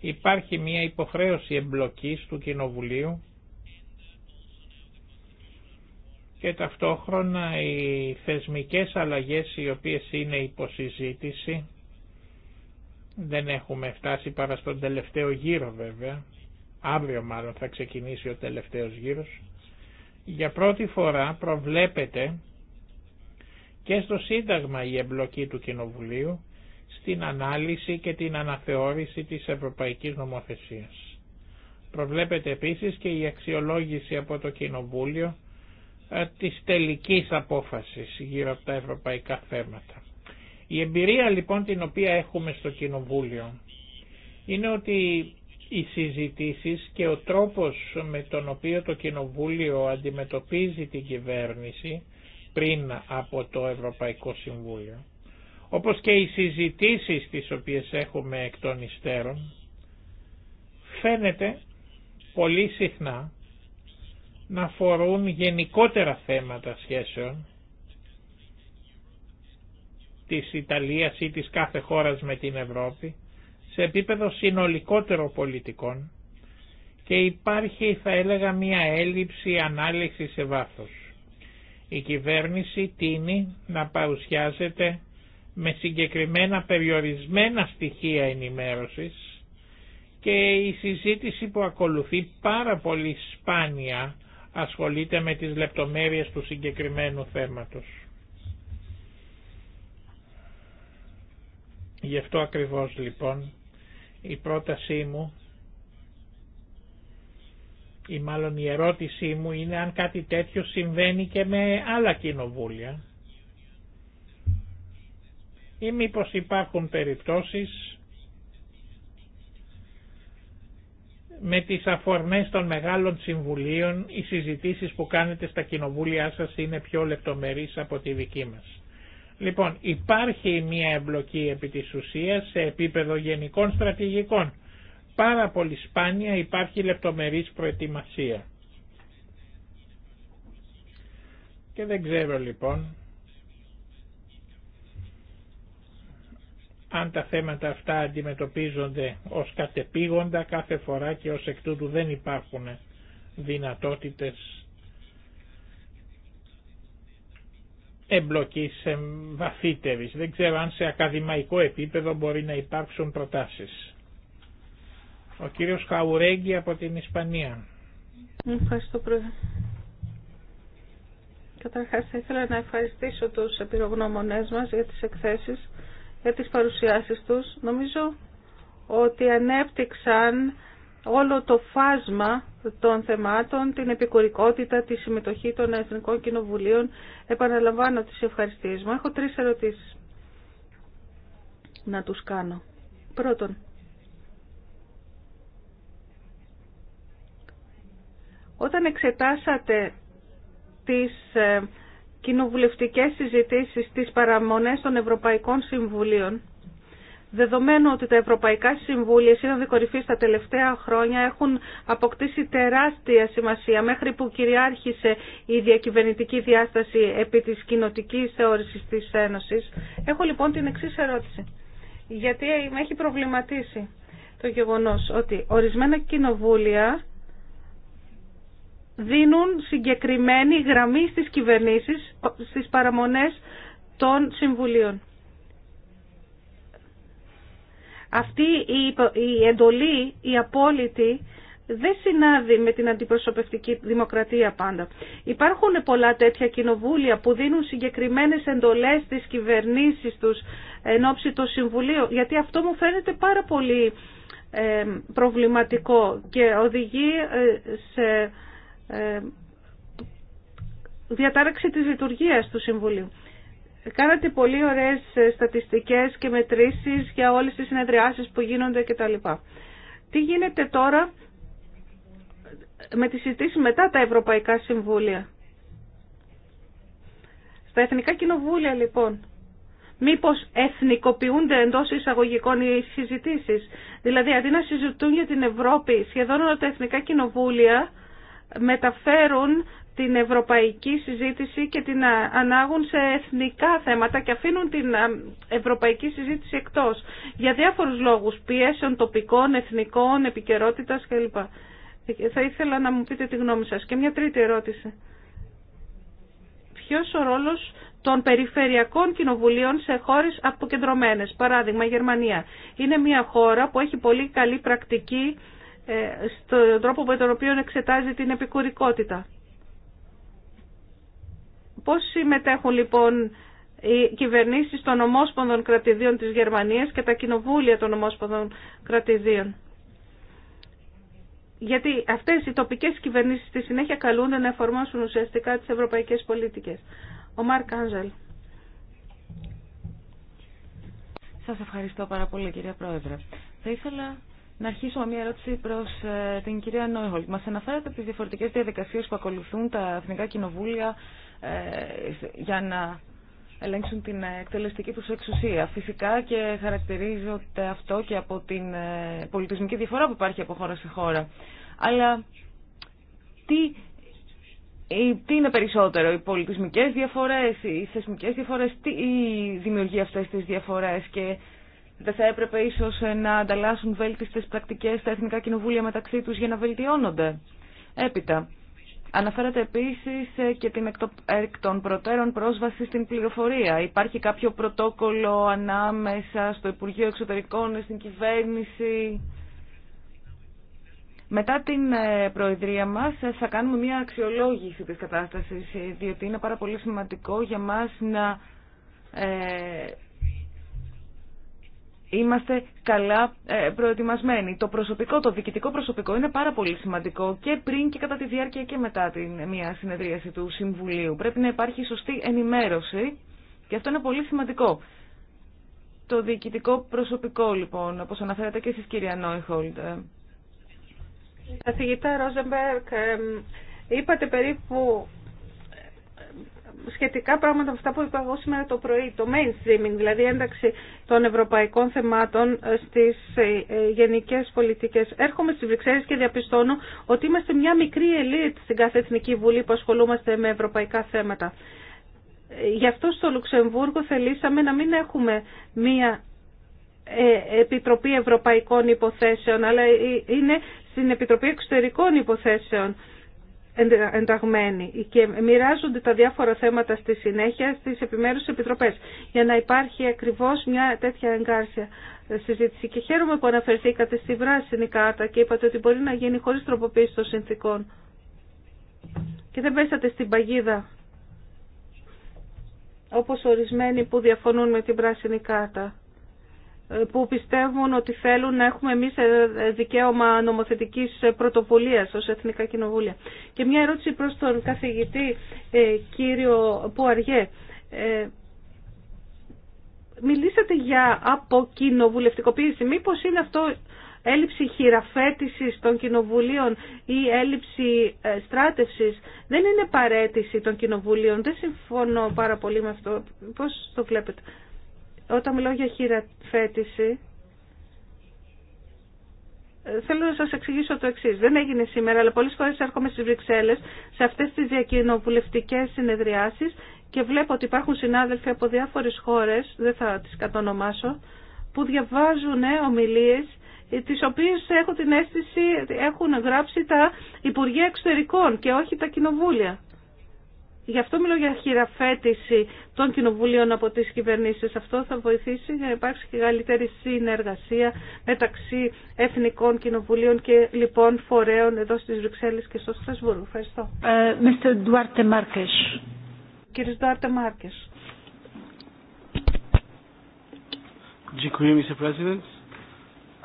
υπάρχει μια υποχρέωση εμπλοκής του Κοινοβουλίου και ταυτόχρονα οι θεσμικές αλλαγές οι οποίες είναι υποσυζήτηση δεν έχουμε φτάσει παρά στον τελευταίο γύρο βέβαια αύριο μάλλον θα ξεκινήσει ο τελευταίος γύρος για πρώτη φορά προβλέπεται και στο Σύνταγμα η εμπλοκή του Κοινοβουλίου στην ανάλυση και την αναθεώρηση της Ευρωπαϊκής Νομοθεσίας. Προβλέπεται επίσης και η αξιολόγηση από το Κοινοβούλιο ε, της τελικής απόφασης γύρω από τα ευρωπαϊκά θέματα. Η εμπειρία λοιπόν την οποία έχουμε στο Κοινοβούλιο είναι ότι οι συζητήσεις και ο τρόπος με τον οποίο το Κοινοβούλιο αντιμετωπίζει την κυβέρνηση πριν από το Ευρωπαϊκό Συμβούλιο, όπως και οι συζητήσεις τις οποίες έχουμε εκ των υστέρων, φαίνεται πολύ συχνά να φορούν γενικότερα θέματα σχέσεων της Ιταλίας ή της κάθε χώρας με την Ευρώπη σε επίπεδο συνολικότερο πολιτικών και υπάρχει θα έλεγα μία έλλειψη ανάλυση σε βάθος. Η κυβέρνηση τίνει να παρουσιάζεται με συγκεκριμένα περιορισμένα στοιχεία ενημέρωσης και η συζήτηση που ακολουθεί πάρα πολύ σπάνια ασχολείται με τις λεπτομέρειες του συγκεκριμένου θέματος. Γι' αυτό ακριβώς λοιπόν η πρότασή μου ή μάλλον η ερώτησή μου είναι αν κάτι τέτοιο συμβαίνει και με άλλα κοινοβούλια ή μήπως υπάρχουν περιπτώσεις με τις αφορμές των μεγάλων συμβουλίων οι συζητήσεις που κάνετε στα κοινοβούλια σας είναι πιο λεπτομερείς από τη δική μας. Λοιπόν, υπάρχει μια εμπλοκή επί της ουσίας σε επίπεδο γενικών στρατηγικών. Πάρα πολύ σπάνια υπάρχει λεπτομερής προετοιμασία. Και δεν ξέρω λοιπόν αν τα θέματα αυτά αντιμετωπίζονται ως κατεπήγοντα κάθε φορά και ως εκ τούτου δεν υπάρχουν δυνατότητες εμπλοκής βαθύτερης. Δεν ξέρω αν σε ακαδημαϊκό επίπεδο μπορεί να υπάρξουν προτάσεις. Ο κύριος Χαουρέγγι από την Ισπανία. Ευχαριστώ πρόεδρε. Καταρχάς θα ήθελα να ευχαριστήσω τους επιρρογνώμονές μας για τις εκθέσεις για τις παρουσιάσεις τους. Νομίζω ότι ανέπτυξαν όλο το φάσμα των θεμάτων, την επικουρικότητα, τη συμμετοχή των Εθνικών Κοινοβουλίων. Επαναλαμβάνω τις ευχαριστίες μου. Έχω τρεις ερωτήσεις να τους κάνω. Πρώτον, όταν εξετάσατε τις ε, κοινοβουλευτικές συζητήσεις στις παραμονές των Ευρωπαϊκών Συμβουλίων. Δεδομένου ότι τα Ευρωπαϊκά Συμβούλια Σύνοδοι Κορυφή τα τελευταία χρόνια έχουν αποκτήσει τεράστια σημασία μέχρι που κυριάρχησε η διακυβερνητική διάσταση επί της κοινοτικής θεώρησης της Ένωσης. Έχω λοιπόν την εξή ερώτηση. Γιατί με έχει προβληματίσει το γεγονός ότι ορισμένα κοινοβούλια δίνουν συγκεκριμένη γραμμή στις κυβερνήσεις, στις παραμονές των συμβουλίων. Αυτή η εντολή, η απόλυτη, δεν συνάδει με την αντιπροσωπευτική δημοκρατία πάντα. Υπάρχουν πολλά τέτοια κοινοβούλια που δίνουν συγκεκριμένες εντολές στις κυβερνήσεις τους εν ώψη το Συμβουλίο, γιατί αυτό μου φαίνεται πάρα πολύ ε, προβληματικό και οδηγεί ε, σε ε, διατάραξη της λειτουργίας του Συμβουλίου. Κάνατε πολύ ωραίες ε, στατιστικές και μετρήσεις για όλες τις συνεδριάσεις που γίνονται κτλ. Τι γίνεται τώρα με τις συζήτηση μετά τα Ευρωπαϊκά Συμβούλια. Στα Εθνικά Κοινοβούλια λοιπόν. Μήπως εθνικοποιούνται εντός εισαγωγικών οι συζητήσεις. Δηλαδή αντί να συζητούν για την Ευρώπη σχεδόν όλα τα Εθνικά Κοινοβούλια μεταφέρουν την ευρωπαϊκή συζήτηση και την ανάγουν σε εθνικά θέματα και αφήνουν την ευρωπαϊκή συζήτηση εκτός για διάφορους λόγους πιέσεων τοπικών, εθνικών, επικαιρότητα κλπ. Ε, θα ήθελα να μου πείτε τη γνώμη σας. Και μια τρίτη ερώτηση. Ποιος ο ρόλος των περιφερειακών κοινοβουλίων σε χώρες αποκεντρωμένες. Παράδειγμα, η Γερμανία είναι μια χώρα που έχει πολύ καλή πρακτική ε, στον τρόπο με τον οποίο εξετάζει την επικουρικότητα. Πώς συμμετέχουν λοιπόν οι κυβερνήσεις των ομόσπονδων κρατηδίων της Γερμανίας και τα κοινοβούλια των ομόσπονδων κρατηδίων. Γιατί αυτές οι τοπικές κυβερνήσεις στη συνέχεια καλούνται να εφαρμόσουν ουσιαστικά τις ευρωπαϊκές πολιτικές. Ο Μάρκ Άνζελ. Σας ευχαριστώ πάρα πολύ κυρία Πρόεδρε. Θα ήθελα να αρχίσω με μια ερώτηση προ ε, την κυρία Νόιχολτ. Μα αναφέρατε τι διαφορετικέ διαδικασίε που ακολουθούν τα εθνικά κοινοβούλια ε, για να ελέγξουν την εκτελεστική του εξουσία. Φυσικά και χαρακτηρίζεται αυτό και από την ε, πολιτισμική διαφορά που υπάρχει από χώρα σε χώρα. Αλλά τι, τι είναι περισσότερο, οι πολιτισμικές διαφορέ, οι θεσμικέ διαφορέ, τι δημιουργεί αυτέ τι διαφορέ. και δεν θα έπρεπε ίσω να ανταλλάσσουν βέλτιστες πρακτικές στα εθνικά κοινοβούλια μεταξύ τους για να βελτιώνονται. Έπειτα, Αναφέρατε επίσης ε, και την εκ των προτέρων πρόσβαση στην πληροφορία. Υπάρχει κάποιο πρωτόκολλο ανάμεσα στο Υπουργείο Εξωτερικών, στην κυβέρνηση. Μετά την ε, Προεδρία μας ε, θα κάνουμε μια αξιολόγηση της κατάστασης, διότι είναι πάρα πολύ σημαντικό για μας να είμαστε καλά ε, προετοιμασμένοι. Το προσωπικό, το διοικητικό προσωπικό είναι πάρα πολύ σημαντικό και πριν και κατά τη διάρκεια και μετά την μια συνεδρίαση του Συμβουλίου. Πρέπει να υπάρχει σωστή ενημέρωση και αυτό είναι πολύ σημαντικό. Το διοικητικό προσωπικό λοιπόν, όπως αναφέρατε και εσείς κυρία Νόιχολτ. Ε. Καθηγητά Ρόζεμπερκ, ε, είπατε περίπου σχετικά πράγματα με αυτά που είπα εγώ σήμερα το πρωί, το mainstreaming, δηλαδή ένταξη των ευρωπαϊκών θεμάτων ε, στι ε, ε, γενικέ πολιτικέ. Έρχομαι στι Βρυξέλλε και διαπιστώνω ότι είμαστε μια μικρή ελίτ στην κάθε Εθνική Βουλή που ασχολούμαστε με ευρωπαϊκά θέματα. Γι' αυτό στο Λουξεμβούργο θελήσαμε να μην έχουμε μία Επιτροπή Ευρωπαϊκών Υποθέσεων, αλλά είναι στην Επιτροπή Εξωτερικών Υποθέσεων ενταγμένοι και μοιράζονται τα διάφορα θέματα στη συνέχεια στις επιμέρους επιτροπές για να υπάρχει ακριβώς μια τέτοια εγκάρσια συζήτηση. Και χαίρομαι που αναφερθήκατε στη βράσινη κάρτα και είπατε ότι μπορεί να γίνει χωρίς τροποποίηση των συνθήκων. Και δεν πέσατε στην παγίδα όπως ορισμένοι που διαφωνούν με την πράσινη κάρτα που πιστεύουν ότι θέλουν να έχουμε εμείς ε, δικαίωμα νομοθετικής πρωτοβουλίας ως Εθνικά Κοινοβούλια. Και μια ερώτηση προς τον καθηγητή ε, κύριο Πουαριέ. Ε, μιλήσατε για αποκοινοβουλευτικοποίηση. Μήπως είναι αυτό έλλειψη χειραφέτησης των κοινοβουλίων ή έλλειψη στράτευσης. Δεν είναι παρέτηση των κοινοβουλίων. Δεν συμφωνώ πάρα πολύ με αυτό. Πώς το βλέπετε. Όταν μιλάω για χειραφέτηση, ε, θέλω να σας εξηγήσω το εξή. Δεν έγινε σήμερα, αλλά πολλέ φορέ έρχομαι στις Βρυξέλλες σε αυτές τις διακοινοβουλευτικέ συνεδριάσεις και βλέπω ότι υπάρχουν συνάδελφοι από διάφορες χώρες, δεν θα τις κατονομάσω, που διαβάζουν ε, ομιλίες ε, τις οποίες έχω την αίσθηση έχουν γράψει τα Υπουργεία Εξωτερικών και όχι τα κοινοβούλια. Γι' αυτό μιλώ για χειραφέτηση των κοινοβουλίων από τις κυβερνήσεις. Αυτό θα βοηθήσει για να υπάρξει και καλύτερη συνεργασία μεταξύ εθνικών κοινοβουλίων και λοιπόν φορέων εδώ στις Βρυξέλλες και στο Στρασβούργο. Ευχαριστώ. Ε, Κύριε Mr. Duarte Κύριε Δουάρτε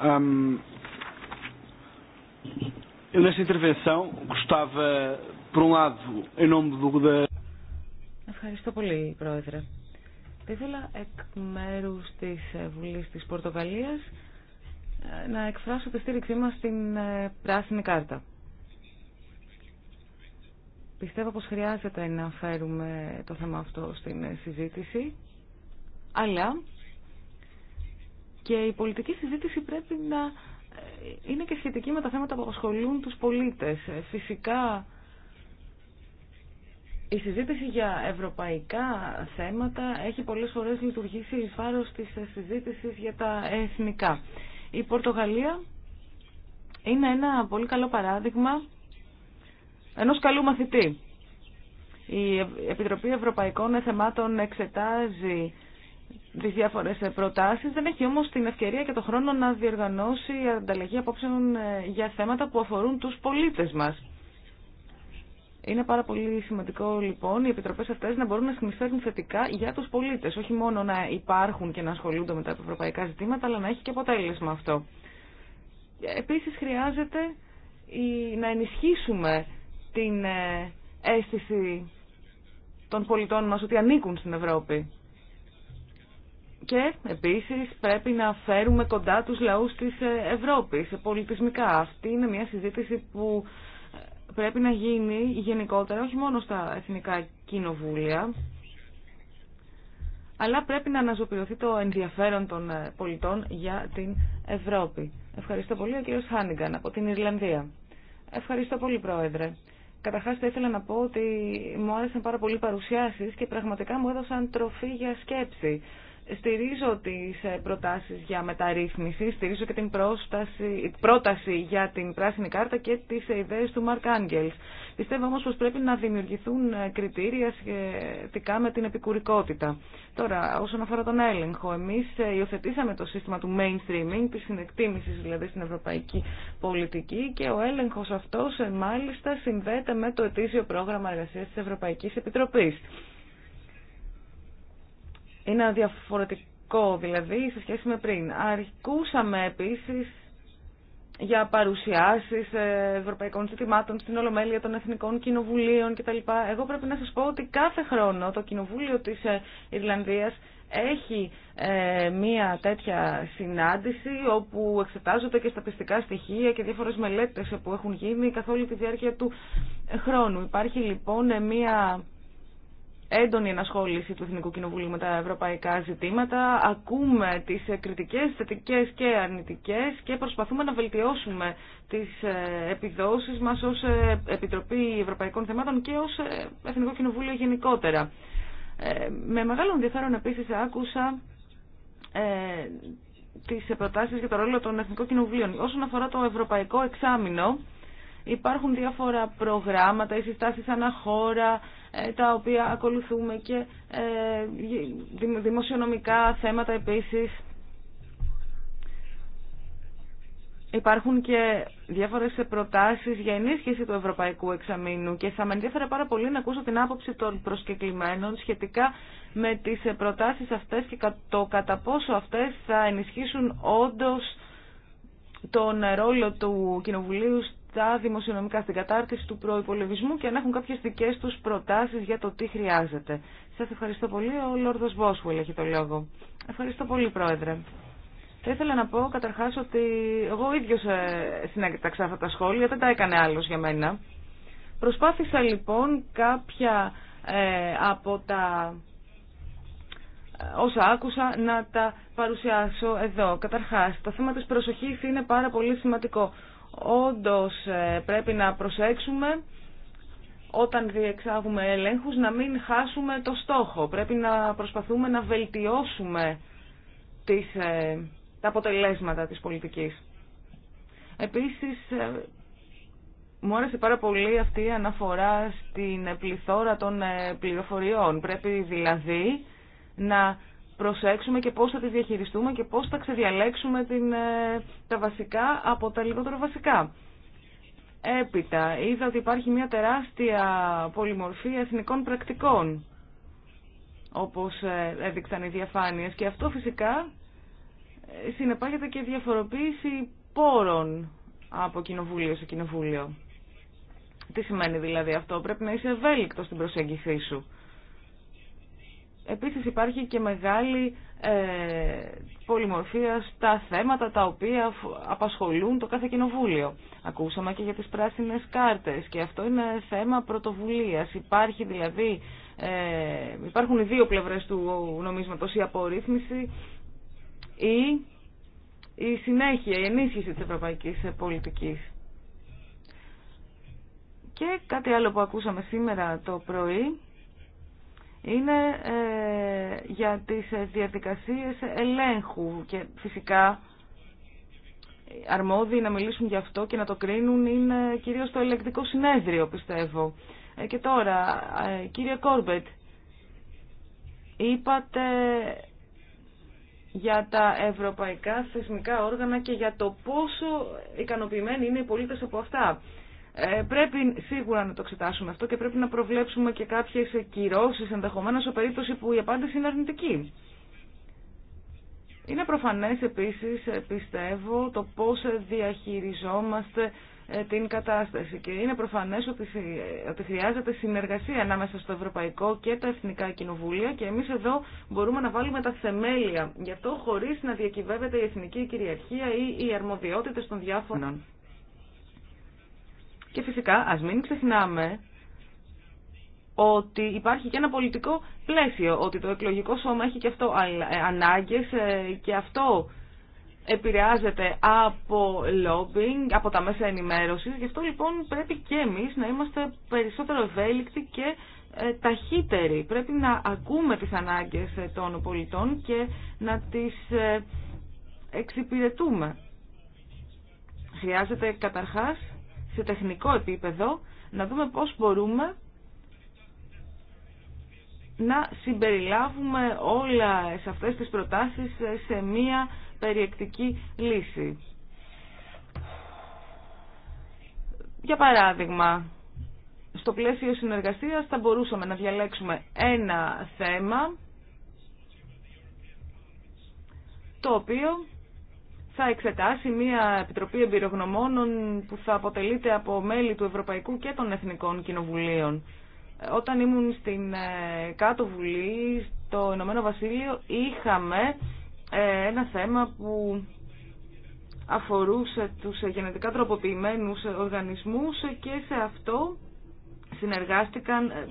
Duarte nesta intervenção gostava Ευχαριστώ πολύ, Πρόεδρε. Θα ήθελα εκ μέρου τη ε, Βουλή τη Πορτογαλία ε, να εκφράσω τη στήριξή μα στην ε, πράσινη κάρτα. Πιστεύω πως χρειάζεται να φέρουμε το θέμα αυτό στην συζήτηση, αλλά και η πολιτική συζήτηση πρέπει να είναι και σχετική με τα θέματα που απασχολούν τους πολίτες. Φυσικά η συζήτηση για ευρωπαϊκά θέματα έχει πολλές φορές λειτουργήσει εις βάρος της συζήτησης για τα εθνικά. Η Πορτογαλία είναι ένα πολύ καλό παράδειγμα ενός καλού μαθητή. Η Επιτροπή Ευρωπαϊκών Θεμάτων εξετάζει τις διάφορες προτάσεις, δεν έχει όμως την ευκαιρία και το χρόνο να διοργανώσει ανταλλαγή απόψεων ε, για θέματα που αφορούν τους πολίτες μας. Είναι πάρα πολύ σημαντικό λοιπόν οι επιτροπέ αυτέ να μπορούν να συνεισφέρουν θετικά για του πολίτε. Όχι μόνο να υπάρχουν και να ασχολούνται με τα ευρωπαϊκά ζητήματα, αλλά να έχει και αποτέλεσμα αυτό. Επίση χρειάζεται να ενισχύσουμε την ε, αίσθηση των πολιτών μας ότι ανήκουν στην Ευρώπη. Και επίσης πρέπει να φέρουμε κοντά τους λαούς της ε, Ευρώπης ε, πολιτισμικά. Αυτή είναι μια συζήτηση που πρέπει να γίνει γενικότερα, όχι μόνο στα εθνικά κοινοβούλια, αλλά πρέπει να αναζωοποιηθεί το ενδιαφέρον των ε, πολιτών για την Ευρώπη. Ευχαριστώ πολύ ο κύριος Χάνιγκαν από την Ιρλανδία. Ευχαριστώ πολύ Πρόεδρε. Καταρχά θα ήθελα να πω ότι μου άρεσαν πάρα πολύ παρουσιάσεις και πραγματικά μου έδωσαν τροφή για σκέψη. Στηρίζω τις ε, προτάσεις για μεταρρύθμιση, στηρίζω και την πρόταση για την πράσινη κάρτα και τις ιδέες του Μαρκ Άγγελς. Πιστεύω όμως πως πρέπει να δημιουργηθούν ε, κριτήρια σχετικά με την επικουρικότητα. Τώρα, όσον αφορά τον έλεγχο, εμείς ε, υιοθετήσαμε το σύστημα του mainstreaming, της συνεκτίμησης δηλαδή στην ευρωπαϊκή πολιτική και ο έλεγχος αυτός μάλιστα συνδέεται με το ετήσιο πρόγραμμα εργασίας της Ευρωπαϊκής Επιτροπής. Είναι διαφορετικό δηλαδή σε σχέση με πριν. Αρχικούσαμε, επίσης για παρουσιάσεις ε, ευρωπαϊκών ζητημάτων στην Ολομέλεια των Εθνικών Κοινοβουλίων κτλ. Εγώ πρέπει να σας πω ότι κάθε χρόνο το Κοινοβούλιο της ε, Ιρλανδίας έχει ε, μία τέτοια συνάντηση όπου εξετάζονται και στατιστικά στοιχεία και διάφορες μελέτες που έχουν γίνει καθ' όλη τη διάρκεια του χρόνου. Υπάρχει λοιπόν μία έντονη ενασχόληση του Εθνικού Κοινοβουλίου με τα ευρωπαϊκά ζητήματα. Ακούμε τις ε, κριτικές, θετικέ και αρνητικέ και προσπαθούμε να βελτιώσουμε τις ε, επιδόσεις μας ως ε, Επιτροπή Ευρωπαϊκών Θεμάτων και ως Εθνικό Κοινοβούλιο γενικότερα. Με μεγάλο ενδιαφέρον επίσης άκουσα τις προτάσεις για το ρόλο των Εθνικών Κοινοβουλίων. Όσον αφορά το Ευρωπαϊκό Εξάμεινο, υπάρχουν διάφορα προγράμματα ή ανά αναχώρα, ε, τα οποία ακολουθούμε και ε, δημοσιονομικά θέματα επίσης. Υπάρχουν και διάφορες προτάσεις για ενίσχυση του Ευρωπαϊκού Εξαμήνου και θα με ενδιαφέρε πάρα πολύ να ακούσω την άποψη των προσκεκλημένων σχετικά με τις προτάσεις αυτές και το κατά πόσο αυτές θα ενισχύσουν όντως τον ρόλο του Κοινοβουλίου τα δημοσιονομικά, στην κατάρτιση του προπολογισμού και να έχουν κάποιε δικέ του προτάσει για το τι χρειάζεται. Σα ευχαριστώ πολύ. Ο Λόρδο Μπόσουελ έχει το λόγο. Ευχαριστώ πολύ, Πρόεδρε. Θα ήθελα να πω καταρχά ότι εγώ ίδιος ε, συνέταξα αυτά τα σχόλια, δεν τα έκανε άλλο για μένα. Προσπάθησα λοιπόν κάποια ε, από τα ε, όσα άκουσα να τα παρουσιάσω εδώ. Καταρχάς, το θέμα της προσοχής είναι πάρα πολύ σημαντικό όντως ε, πρέπει να προσέξουμε όταν διεξάγουμε ελέγχους να μην χάσουμε το στόχο. Πρέπει να προσπαθούμε να βελτιώσουμε τις, ε, τα αποτελέσματα της πολιτικής. Επίσης, ε, μου άρεσε πάρα πολύ αυτή η αναφορά στην πληθώρα των πληροφοριών. Πρέπει δηλαδή να προσέξουμε και πώς θα τη διαχειριστούμε και πώς θα ξεδιαλέξουμε την, ε, τα βασικά από τα λιγότερο βασικά. Έπειτα, είδα ότι υπάρχει μια τεράστια πολυμορφία εθνικών πρακτικών, όπως ε, έδειξαν οι διαφάνειες. Και αυτό φυσικά ε, συνεπάγεται και διαφοροποίηση πόρων από κοινοβούλιο σε κοινοβούλιο. Τι σημαίνει δηλαδή αυτό, πρέπει να είσαι ευέλικτο στην προσέγγιση σου. Επίσης υπάρχει και μεγάλη ε, πολυμορφία στα θέματα τα οποία απασχολούν το κάθε κοινοβούλιο. Ακούσαμε και για τις πράσινες κάρτες και αυτό είναι θέμα πρωτοβουλίας. Υπάρχει δηλαδή, ε, υπάρχουν οι δύο πλευρές του νομίσματος, η απορρίθμιση ή η συνέχεια, η ενίσχυση της ευρωπαϊκής πολιτικής. Και κάτι άλλο που ακούσαμε σήμερα το πρωί είναι ε, για τις ε, διαδικασίες ελέγχου και φυσικά αρμόδιοι να μιλήσουν γι' αυτό και να το κρίνουν είναι κυρίως το ελεγκτικό συνέδριο πιστεύω. Ε, και τώρα, κύριε Κόρμπετ, είπατε για τα ευρωπαϊκά θεσμικά όργανα και για το πόσο ικανοποιημένοι είναι οι πολίτες από αυτά. Ε, πρέπει σίγουρα να το εξετάσουμε αυτό και πρέπει να προβλέψουμε και κάποιε κυρώσει ενδεχομένω σε περίπτωση που η απάντηση είναι αρνητική. Είναι προφανέ επίση, ε, πιστεύω, το πώ διαχειριζόμαστε ε, την κατάσταση και είναι προφανές ότι, ότι χρειάζεται συνεργασία ανάμεσα στο Ευρωπαϊκό και τα Εθνικά Κοινοβούλια και εμείς εδώ μπορούμε να βάλουμε τα θεμέλια γι' αυτό χωρίς να διακυβεύεται η εθνική κυριαρχία ή οι αρμοδιότητες των διάφορων και φυσικά α μην ξεχνάμε ότι υπάρχει και ένα πολιτικό πλαίσιο, ότι το εκλογικό σώμα έχει και αυτό ε, ανάγκες ε, και αυτό επηρεάζεται από lobbying, από τα μέσα ενημέρωσης. Γι' αυτό λοιπόν πρέπει και εμείς να είμαστε περισσότερο ευέλικτοι και ε, ταχύτεροι. Πρέπει να ακούμε τις ανάγκες των πολιτών και να τις εξυπηρετούμε. Χρειάζεται καταρχάς σε τεχνικό επίπεδο να δούμε πώς μπορούμε να συμπεριλάβουμε όλα σε αυτές τις προτάσεις σε μία περιεκτική λύση. Για παράδειγμα, στο πλαίσιο συνεργασίας θα μπορούσαμε να διαλέξουμε ένα θέμα το οποίο θα εξετάσει μια επιτροπή εμπειρογνωμόνων που θα αποτελείται από μέλη του Ευρωπαϊκού και των Εθνικών Κοινοβουλίων. Όταν ήμουν στην ε, Κάτω Βουλή, στο Ηνωμένο Βασίλειο, είχαμε ε, ένα θέμα που αφορούσε τους γενετικά τροποποιημένους οργανισμούς και σε αυτό συνεργάστηκαν ε,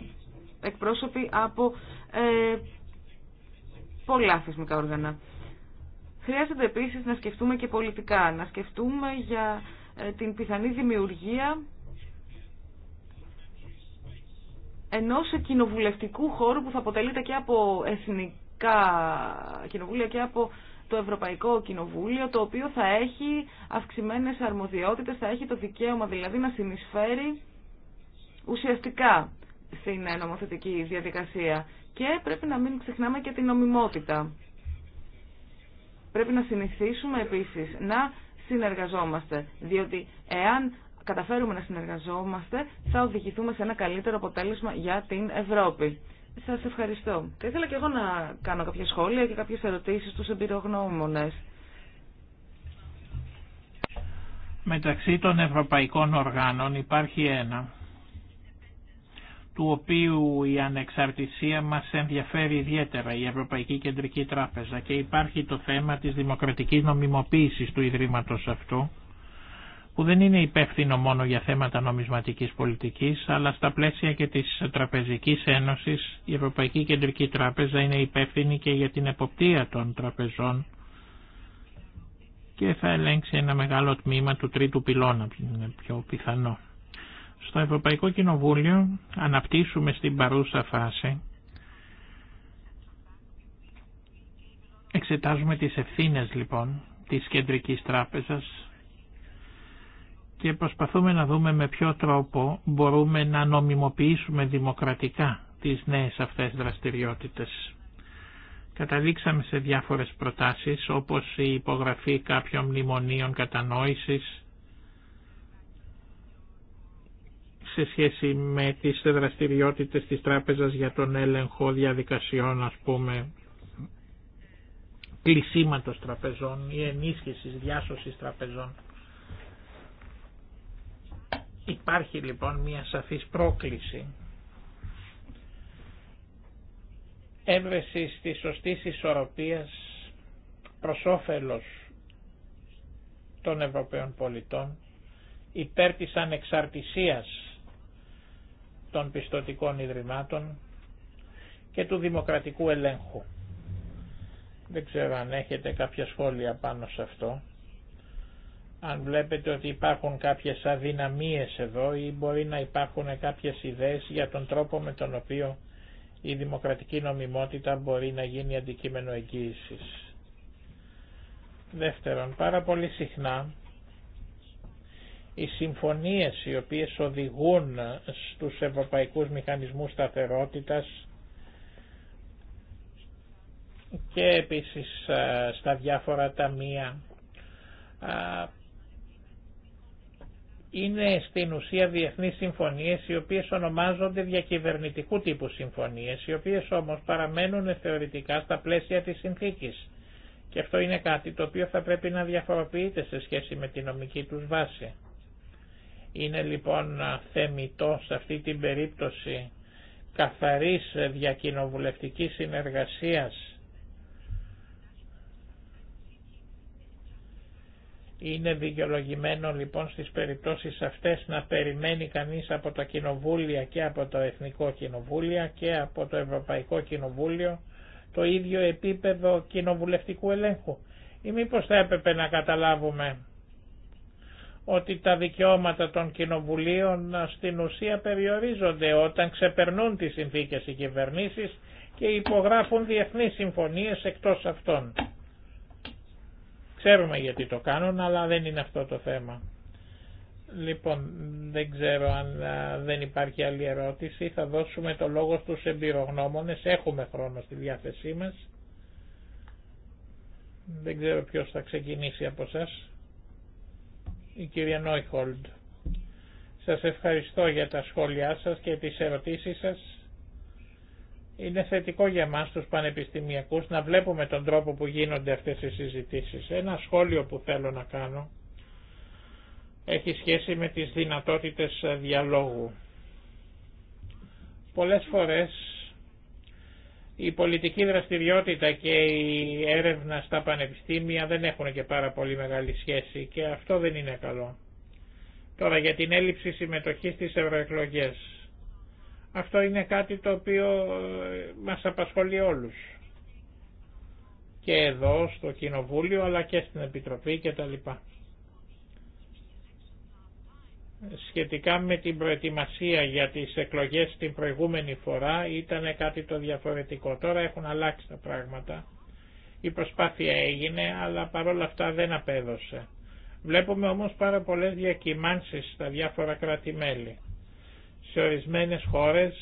εκπρόσωποι από πολλά θεσμικά όργανα. Χρειάζεται επίσης να σκεφτούμε και πολιτικά, να σκεφτούμε για ε, την πιθανή δημιουργία ενός κοινοβουλευτικού χώρου που θα αποτελείται και από εθνικά κοινοβούλια και από το Ευρωπαϊκό Κοινοβούλιο, το οποίο θα έχει αυξημένες αρμοδιότητες, θα έχει το δικαίωμα δηλαδή να συνεισφέρει ουσιαστικά στην νομοθετική διαδικασία. Και πρέπει να μην ξεχνάμε και την νομιμότητα. Πρέπει να συνηθίσουμε επίσης να συνεργαζόμαστε, διότι εάν καταφέρουμε να συνεργαζόμαστε θα οδηγηθούμε σε ένα καλύτερο αποτέλεσμα για την Ευρώπη. Σας ευχαριστώ. Θα ήθελα και εγώ να κάνω κάποια σχόλια και κάποιες ερωτήσεις στους εμπειρογνώμονες. Μεταξύ των ευρωπαϊκών οργάνων υπάρχει ένα του οποίου η ανεξαρτησία μας ενδιαφέρει ιδιαίτερα η Ευρωπαϊκή Κεντρική Τράπεζα και υπάρχει το θέμα της δημοκρατικής νομιμοποίησης του Ιδρύματος αυτού που δεν είναι υπεύθυνο μόνο για θέματα νομισματικής πολιτικής αλλά στα πλαίσια και της Τραπεζικής Ένωσης η Ευρωπαϊκή Κεντρική Τράπεζα είναι υπεύθυνη και για την εποπτεία των τραπεζών και θα ελέγξει ένα μεγάλο τμήμα του τρίτου πυλώνα, πιο πιθανό. Στο Ευρωπαϊκό Κοινοβούλιο αναπτύσσουμε στην παρούσα φάση Εξετάζουμε τις ευθύνες λοιπόν της Κεντρικής Τράπεζας και προσπαθούμε να δούμε με ποιο τρόπο μπορούμε να νομιμοποιήσουμε δημοκρατικά τις νέες αυτές δραστηριότητες. Καταλήξαμε σε διάφορες προτάσεις όπως η υπογραφή κάποιων μνημονίων κατανόησης, σε σχέση με τις δραστηριότητες της τράπεζας για τον έλεγχο διαδικασιών ας πούμε κλεισίματος τραπεζών ή ενίσχυσης διάσωσης τραπεζών. Υπάρχει λοιπόν μια σαφής πρόκληση έβρεση της σωστή ισορροπίας προς όφελος των Ευρωπαίων πολιτών υπέρ της ανεξαρτησίας των πιστοτικών ιδρυμάτων και του δημοκρατικού ελέγχου. Δεν ξέρω αν έχετε κάποια σχόλια πάνω σε αυτό. Αν βλέπετε ότι υπάρχουν κάποιες αδυναμίες εδώ ή μπορεί να υπάρχουν κάποιες ιδέες για τον τρόπο με τον οποίο η δημοκρατική νομιμότητα μπορεί να γίνει αντικείμενο εγγύησης. Δεύτερον, πάρα πολύ συχνά οι συμφωνίες οι οποίες οδηγούν στους ευρωπαϊκούς μηχανισμούς σταθερότητας και επίσης στα διάφορα ταμεία είναι στην ουσία διεθνείς συμφωνίες οι οποίες ονομάζονται διακυβερνητικού τύπου συμφωνίες οι οποίες όμως παραμένουν θεωρητικά στα πλαίσια της συνθήκης και αυτό είναι κάτι το οποίο θα πρέπει να διαφοροποιείται σε σχέση με τη νομική τους βάση. Είναι λοιπόν θεμητό σε αυτή την περίπτωση καθαρής διακοινοβουλευτικής συνεργασίας Είναι δικαιολογημένο λοιπόν στις περιπτώσεις αυτές να περιμένει κανείς από τα κοινοβούλια και από το Εθνικό Κοινοβούλιο και από το Ευρωπαϊκό Κοινοβούλιο το ίδιο επίπεδο κοινοβουλευτικού ελέγχου. Ή μήπως θα έπρεπε να καταλάβουμε ότι τα δικαιώματα των κοινοβουλίων στην ουσία περιορίζονται όταν ξεπερνούν τις συνθήκες οι κυβερνήσεις και υπογράφουν διεθνείς συμφωνίες εκτός αυτών. Ξέρουμε γιατί το κάνουν, αλλά δεν είναι αυτό το θέμα. Λοιπόν, δεν ξέρω αν δεν υπάρχει άλλη ερώτηση. Θα δώσουμε το λόγο στους εμπειρογνώμονες. Έχουμε χρόνο στη διάθεσή μας. Δεν ξέρω ποιος θα ξεκινήσει από σας. Η κυρία Νόιχολντ. Σας ευχαριστώ για τα σχόλιά σας και τις ερωτήσεις σας. Είναι θετικό για μας τους πανεπιστημιακούς να βλέπουμε τον τρόπο που γίνονται αυτές οι συζητήσεις. Ένα σχόλιο που θέλω να κάνω έχει σχέση με τις δυνατότητες διαλόγου. Πολλές φορές η πολιτική δραστηριότητα και η έρευνα στα πανεπιστήμια δεν έχουν και πάρα πολύ μεγάλη σχέση και αυτό δεν είναι καλό. Τώρα για την έλλειψη συμμετοχής στις ευρωεκλογέ. Αυτό είναι κάτι το οποίο ε, μας απασχολεί όλους. Και εδώ στο Κοινοβούλιο αλλά και στην Επιτροπή κτλ σχετικά με την προετοιμασία για τις εκλογές την προηγούμενη φορά ήταν κάτι το διαφορετικό. Τώρα έχουν αλλάξει τα πράγματα. Η προσπάθεια έγινε αλλά παρόλα αυτά δεν απέδωσε. Βλέπουμε όμως πάρα πολλές διακυμάνσεις στα διάφορα κράτη-μέλη. Σε ορισμένες χώρες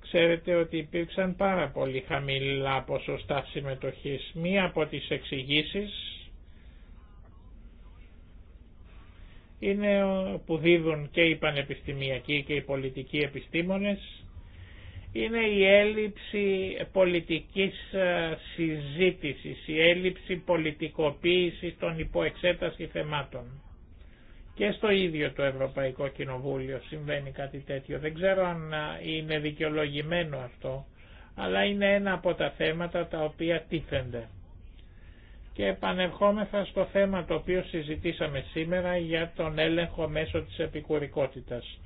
ξέρετε ότι υπήρξαν πάρα πολύ χαμηλά ποσοστά συμμετοχής. Μία από τις εξηγήσεις είναι που δίδουν και οι πανεπιστημιακοί και οι πολιτικοί επιστήμονες είναι η έλλειψη πολιτικής ε, συζήτησης, η έλλειψη πολιτικοποίησης των υποεξέταση θεμάτων. Και στο ίδιο το Ευρωπαϊκό Κοινοβούλιο συμβαίνει κάτι τέτοιο. Δεν ξέρω αν ε, είναι δικαιολογημένο αυτό, αλλά είναι ένα από τα θέματα τα οποία τίθενται. Και επανερχόμεθα στο θέμα το οποίο συζητήσαμε σήμερα για τον έλεγχο μέσω της επικουρικότητας.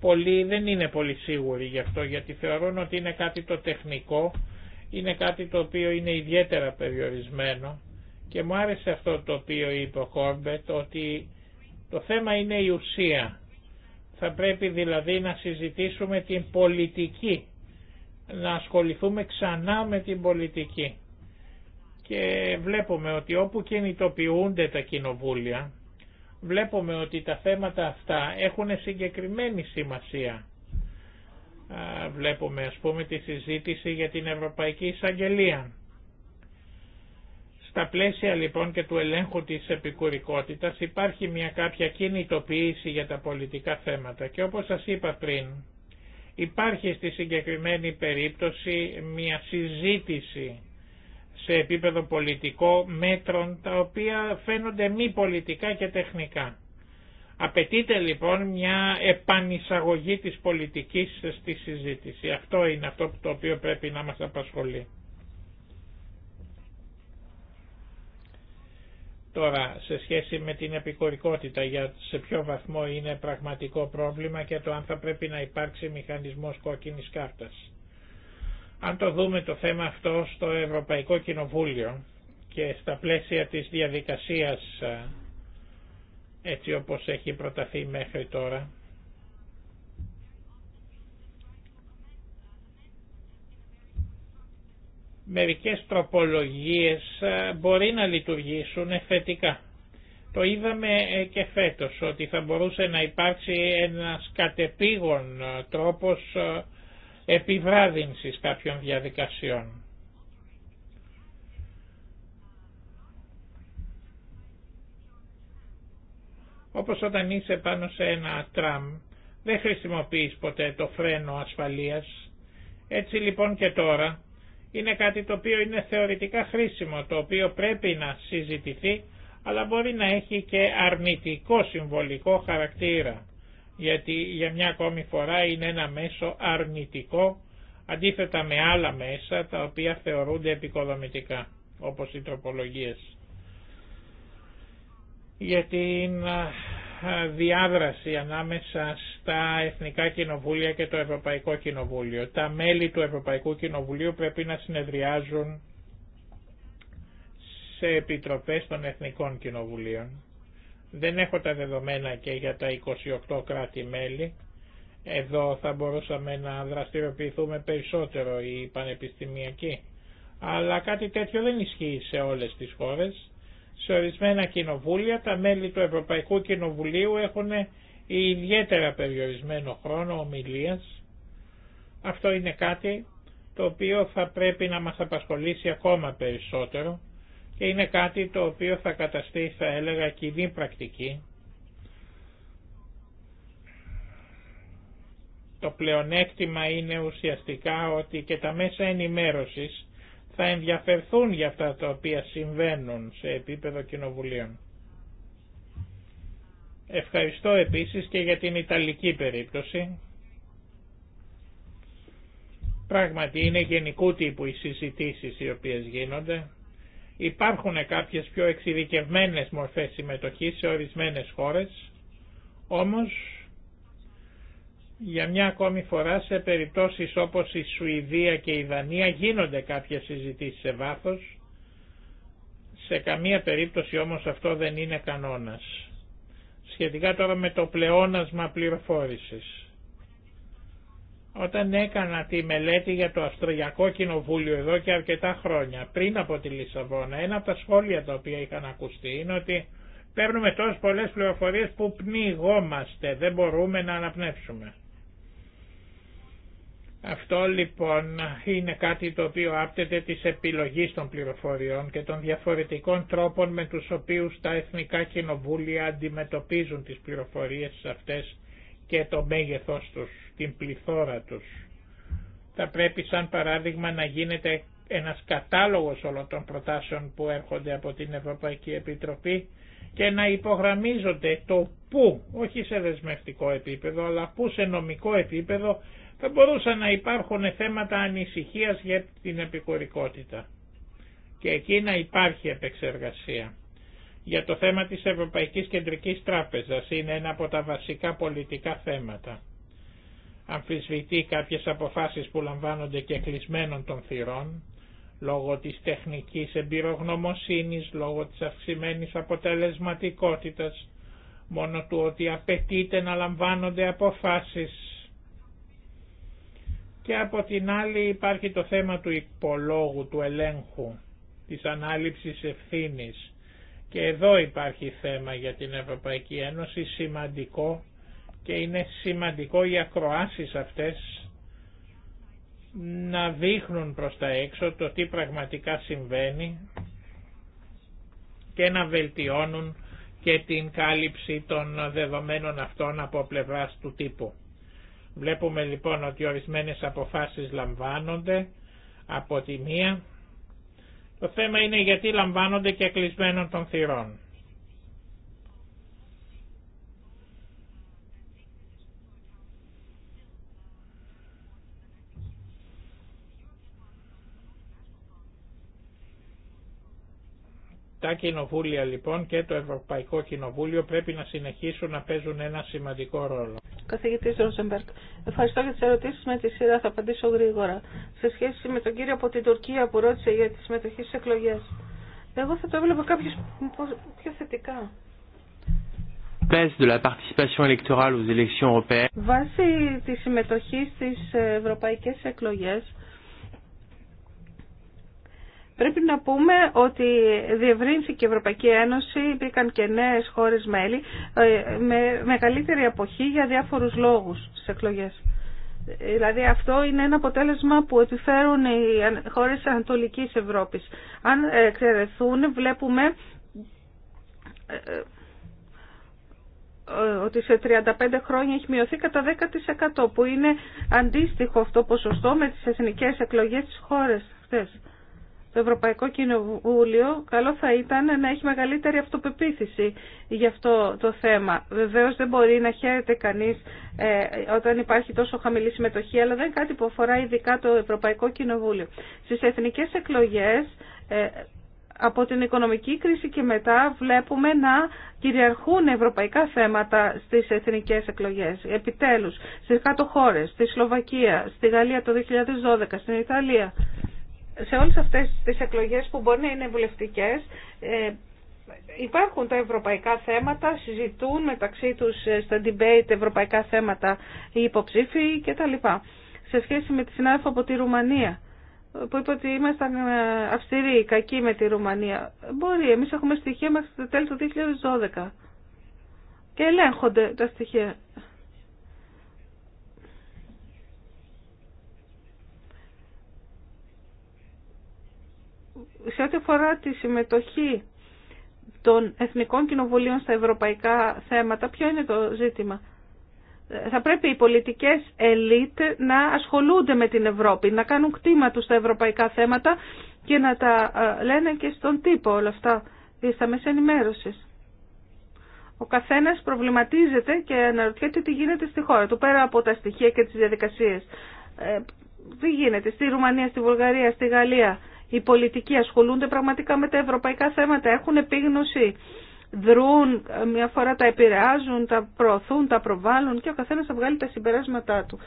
Πολλοί δεν είναι πολύ σίγουροι γι' αυτό γιατί θεωρούν ότι είναι κάτι το τεχνικό, είναι κάτι το οποίο είναι ιδιαίτερα περιορισμένο και μου άρεσε αυτό το οποίο είπε ο Χόρμπετ ότι το θέμα είναι η ουσία. Θα πρέπει δηλαδή να συζητήσουμε την πολιτική, να ασχοληθούμε ξανά με την πολιτική και βλέπουμε ότι όπου κινητοποιούνται τα κοινοβούλια, βλέπουμε ότι τα θέματα αυτά έχουν συγκεκριμένη σημασία. Βλέπουμε ας πούμε τη συζήτηση για την Ευρωπαϊκή Εισαγγελία. Στα πλαίσια λοιπόν και του ελέγχου της επικουρικότητας υπάρχει μια κάποια κινητοποίηση για τα πολιτικά θέματα και όπως σας είπα πριν υπάρχει στη συγκεκριμένη περίπτωση μια συζήτηση σε επίπεδο πολιτικό μέτρων τα οποία φαίνονται μη πολιτικά και τεχνικά. Απαιτείται λοιπόν μια επανεισαγωγή της πολιτικής στη συζήτηση. Αυτό είναι αυτό το οποίο πρέπει να μας απασχολεί. Τώρα, σε σχέση με την επικορικότητα, για σε ποιο βαθμό είναι πραγματικό πρόβλημα και το αν θα πρέπει να υπάρξει μηχανισμός κόκκινης κάρτας. Αν το δούμε το θέμα αυτό στο Ευρωπαϊκό Κοινοβούλιο και στα πλαίσια της διαδικασίας ε, έτσι όπως έχει προταθεί μέχρι τώρα, μερικές τροπολογίες ε, μπορεί να λειτουργήσουν θετικά. Το είδαμε ε, και φέτος ότι θα μπορούσε να υπάρξει ένας κατεπήγον τρόπος επιβράδυνσης κάποιων διαδικασιών. Όπως όταν είσαι πάνω σε ένα τραμ, δεν χρησιμοποιείς ποτέ το φρένο ασφαλείας. Έτσι λοιπόν και τώρα είναι κάτι το οποίο είναι θεωρητικά χρήσιμο, το οποίο πρέπει να συζητηθεί, αλλά μπορεί να έχει και αρνητικό συμβολικό χαρακτήρα γιατί για μια ακόμη φορά είναι ένα μέσο αρνητικό αντίθετα με άλλα μέσα τα οποία θεωρούνται επικοδομητικά όπως οι τροπολογίες. Για την διάδραση ανάμεσα στα Εθνικά Κοινοβούλια και το Ευρωπαϊκό Κοινοβούλιο. Τα μέλη του Ευρωπαϊκού Κοινοβουλίου πρέπει να συνεδριάζουν σε επιτροπές των Εθνικών Κοινοβουλίων. Δεν έχω τα δεδομένα και για τα 28 κράτη-μέλη. Εδώ θα μπορούσαμε να δραστηριοποιηθούμε περισσότερο οι πανεπιστημιακοί. Αλλά κάτι τέτοιο δεν ισχύει σε όλες τις χώρες. Σε ορισμένα κοινοβούλια τα μέλη του Ευρωπαϊκού Κοινοβουλίου έχουν ιδιαίτερα περιορισμένο χρόνο ομιλίας. Αυτό είναι κάτι το οποίο θα πρέπει να μας απασχολήσει ακόμα περισσότερο και είναι κάτι το οποίο θα καταστεί θα έλεγα κοινή πρακτική. Το πλεονέκτημα είναι ουσιαστικά ότι και τα μέσα ενημέρωσης θα ενδιαφερθούν για αυτά τα οποία συμβαίνουν σε επίπεδο κοινοβουλίων. Ευχαριστώ επίσης και για την Ιταλική περίπτωση. Πράγματι είναι γενικού τύπου οι συζητήσεις οι οποίες γίνονται. Υπάρχουν κάποιες πιο εξειδικευμένες μορφές συμμετοχής σε ορισμένες χώρες, όμως για μια ακόμη φορά σε περιπτώσεις όπως η Σουηδία και η Δανία γίνονται κάποιες συζητήσεις σε βάθος, σε καμία περίπτωση όμως αυτό δεν είναι κανόνας. Σχετικά τώρα με το πλεόνασμα πληροφόρησης. Όταν έκανα τη μελέτη για το Αυστριακό Κοινοβούλιο εδώ και αρκετά χρόνια, πριν από τη Λισαβόνα, ένα από τα σχόλια τα οποία είχαν ακουστεί είναι ότι παίρνουμε τόσες πολλές πληροφορίες που πνιγόμαστε, δεν μπορούμε να αναπνεύσουμε. Αυτό λοιπόν είναι κάτι το οποίο άπτεται της επιλογής των πληροφοριών και των διαφορετικών τρόπων με τους οποίους τα εθνικά κοινοβούλια αντιμετωπίζουν τις πληροφορίες αυτές και το μέγεθός τους την πληθώρα τους. Θα πρέπει σαν παράδειγμα να γίνεται ένας κατάλογος όλων των προτάσεων που έρχονται από την Ευρωπαϊκή Επιτροπή και να υπογραμμίζονται το πού, όχι σε δεσμευτικό επίπεδο, αλλά πού σε νομικό επίπεδο θα μπορούσαν να υπάρχουν θέματα ανησυχίας για την επικουρικότητα. Και εκεί να υπάρχει επεξεργασία. Για το θέμα της Ευρωπαϊκής Κεντρικής Τράπεζας είναι ένα από τα βασικά πολιτικά θέματα αμφισβητεί κάποιες αποφάσεις που λαμβάνονται και κλεισμένων των θυρών, λόγω της τεχνικής εμπειρογνωμοσύνης, λόγω της αυξημένης αποτελεσματικότητας, μόνο του ότι απαιτείται να λαμβάνονται αποφάσεις. Και από την άλλη υπάρχει το θέμα του υπολόγου, του ελέγχου, της ανάληψης ευθύνης. Και εδώ υπάρχει θέμα για την Ευρωπαϊκή Ένωση σημαντικό και είναι σημαντικό οι ακροάσεις αυτές να δείχνουν προς τα έξω το τι πραγματικά συμβαίνει και να βελτιώνουν και την κάλυψη των δεδομένων αυτών από πλευράς του τύπου. Βλέπουμε λοιπόν ότι ορισμένες αποφάσεις λαμβάνονται από τη μία. Το θέμα είναι γιατί λαμβάνονται και κλεισμένων των θυρών. Τα κοινοβούλια λοιπόν και το Ευρωπαϊκό Κοινοβούλιο πρέπει να συνεχίσουν να παίζουν ένα σημαντικό ρόλο. Καθηγητή Ροζεμπερκ, ευχαριστώ για τι ερωτήσει με τη σειρά. Θα απαντήσω γρήγορα. Σε σχέση με τον κύριο από την Τουρκία που ρώτησε για τη συμμετοχή στι εκλογέ. Εγώ θα το έβλεπα κάποιο πιο θετικά. Βάσει τη συμμετοχή στι ευρωπαϊκέ εκλογέ, Πρέπει να πούμε ότι διευρύνθηκε η Ευρωπαϊκή Ένωση, υπήρχαν και νέε χώρε μέλη, ε, με μεγαλύτερη αποχή για διάφορου λόγου στι εκλογέ. Δηλαδή αυτό είναι ένα αποτέλεσμα που επιφέρουν οι χώρες της Ανατολικής Ευρώπης. Αν εξαιρεθούν βλέπουμε ε, ε, ότι σε 35 χρόνια έχει μειωθεί κατά 10% που είναι αντίστοιχο αυτό ποσοστό με τις εθνικές εκλογές της χώρες αυτές το Ευρωπαϊκό Κοινοβούλιο καλό θα ήταν να έχει μεγαλύτερη αυτοπεποίθηση για αυτό το θέμα. Βεβαίως δεν μπορεί να χαίρεται κανείς ε, όταν υπάρχει τόσο χαμηλή συμμετοχή, αλλά δεν είναι κάτι που αφορά ειδικά το Ευρωπαϊκό Κοινοβούλιο. Στις εθνικές εκλογές ε, από την οικονομική κρίση και μετά βλέπουμε να κυριαρχούν ευρωπαϊκά θέματα στις εθνικές εκλογές. Επιτέλους, στις κάτω χώρες, στη Σλοβακία, στη Γαλλία το 2012, στην Ιταλία σε όλες αυτές τις εκλογές που μπορεί να είναι βουλευτικές, ε, υπάρχουν τα ευρωπαϊκά θέματα, συζητούν μεταξύ τους ε, στα debate ευρωπαϊκά θέματα οι υποψήφοι κτλ. Σε σχέση με τη συνάδελφα από τη Ρουμανία, που είπε ότι ήμασταν ε, αυστηροί, κακοί με τη Ρουμανία. Μπορεί, εμείς έχουμε στοιχεία μέχρι το τέλος του 2012 και ελέγχονται τα στοιχεία. σε ό,τι αφορά τη συμμετοχή των Εθνικών Κοινοβουλίων στα ευρωπαϊκά θέματα, ποιο είναι το ζήτημα. Ε, θα πρέπει οι πολιτικές ελίτ να ασχολούνται με την Ευρώπη, να κάνουν κτήμα τους στα ευρωπαϊκά θέματα και να τα ε, λένε και στον τύπο όλα αυτά, στα μέσα ενημέρωση. Ο καθένας προβληματίζεται και αναρωτιέται τι γίνεται στη χώρα του, πέρα από τα στοιχεία και τις διαδικασίες. Ε, τι γίνεται στη Ρουμανία, στη Βουλγαρία, στη Γαλλία οι πολιτικοί ασχολούνται πραγματικά με τα ευρωπαϊκά θέματα, έχουν επίγνωση, δρούν, ε, μια φορά τα επηρεάζουν, τα προωθούν, τα προβάλλουν και ο καθένας θα βγάλει τα συμπεράσματά του.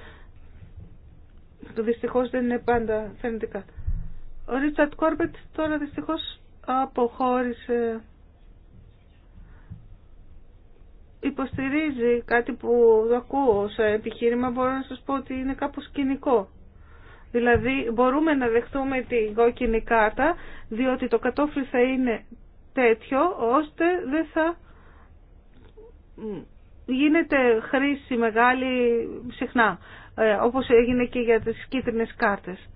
Το δυστυχώς δεν είναι πάντα θεντικά. Ο Ρίτσαρτ Κόρμπετ τώρα δυστυχώς αποχώρησε. Υποστηρίζει κάτι που ακούω σε επιχείρημα, μπορώ να σας πω ότι είναι κάπως κοινικό. Δηλαδή μπορούμε να δεχτούμε την κόκκινη κάρτα διότι το κατόφλι θα είναι τέτοιο ώστε δεν θα γίνεται χρήση μεγάλη συχνά ε, όπως έγινε και για τις κίτρινες κάρτες.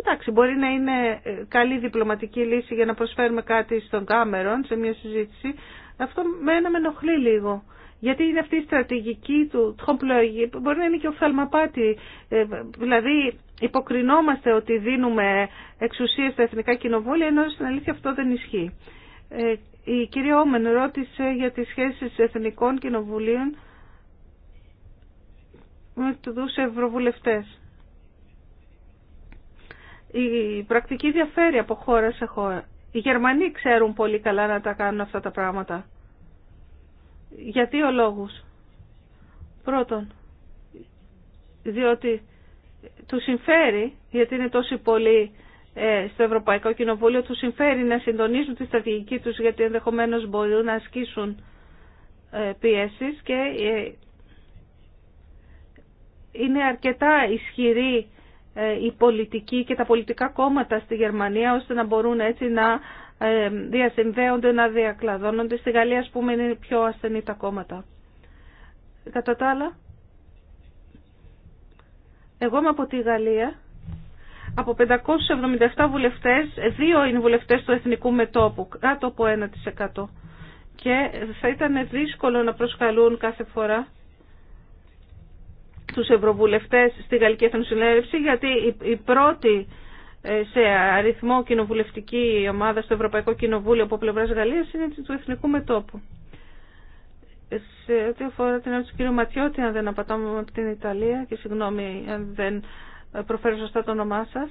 Εντάξει, μπορεί να είναι ε, καλή διπλωματική λύση για να προσφέρουμε κάτι στον Κάμερον σε μια συζήτηση. Αυτό μένα με ενοχλεί λίγο. Γιατί είναι αυτή η στρατηγική του Τχομπλόγη, μπορεί να είναι και οφθαλμαπάτη. Ε, δηλαδή υποκρινόμαστε ότι δίνουμε εξουσία στα εθνικά κοινοβούλια, ενώ στην αλήθεια αυτό δεν ισχύει. Ε, η κυρία Όμεν ρώτησε για τις σχέσεις εθνικών κοινοβουλίων με τους ευρωβουλευτές. Η πρακτική διαφέρει από χώρα σε χώρα. Οι Γερμανοί ξέρουν πολύ καλά να τα κάνουν αυτά τα πράγματα. Για δύο λόγους. Πρώτον, διότι του συμφέρει, γιατί είναι τόσοι πολλοί ε, στο Ευρωπαϊκό Κοινοβούλιο, του συμφέρει να συντονίζουν τη στρατηγική τους, γιατί ενδεχομένως μπορούν να ασκήσουν ε, πιέσεις και ε, είναι αρκετά ισχυρή η πολιτική και τα πολιτικά κόμματα στη Γερμανία ώστε να μπορούν έτσι να διασυνδέονται, να διακλαδώνονται. Στη Γαλλία, ας πούμε, είναι πιο ασθενή τα κόμματα. Κατά τα άλλα, εγώ είμαι από τη Γαλλία. Από 577 βουλευτές, δύο είναι βουλευτές του Εθνικού Μετόπου, κάτω από 1%. Και θα ήταν δύσκολο να προσκαλούν κάθε φορά τους ευρωβουλευτές στη Γαλλική Εθνοσυνέλευση, γιατί η πρώτη ε, σε αριθμό κοινοβουλευτική ομάδα στο Ευρωπαϊκό Κοινοβούλιο από πλευράς Γαλλίας είναι του Εθνικού Μετόπου σε ό,τι αφορά την ερώτηση του κ. Ματιώτη, αν δεν απατάμε από την Ιταλία και συγγνώμη αν δεν προφέρω σωστά το όνομά σας.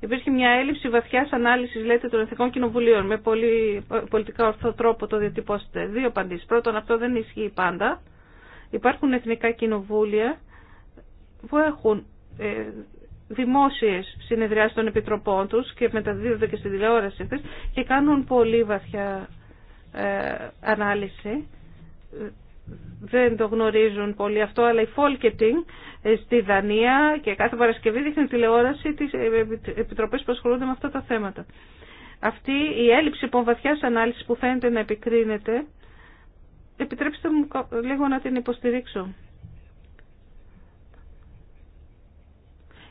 Υπήρχε μια έλλειψη βαθιάς ανάλυσης, λέτε, των εθνικών κοινοβουλίων. Με πολύ πολιτικά ορθό τρόπο το διατυπώσετε. Δύο απαντήσει. Πρώτον, αυτό δεν ισχύει πάντα. Υπάρχουν εθνικά κοινοβούλια που έχουν ε, δημόσιες συνεδριάσει των επιτροπών του και μεταδίδονται και στην τηλεόραση τη και κάνουν πολύ βαθιά ε, ανάλυση. Δεν το γνωρίζουν πολύ αυτό, αλλά η Folketing ε, στη Δανία και κάθε Παρασκευή δείχνει τηλεόραση τις ε, επιτροπές που ασχολούνται με αυτά τα θέματα. Αυτή η έλλειψη λοιπόν βαθιάς ανάλυσης που φαίνεται να επικρίνεται, επιτρέψτε μου λίγο να την υποστηρίξω.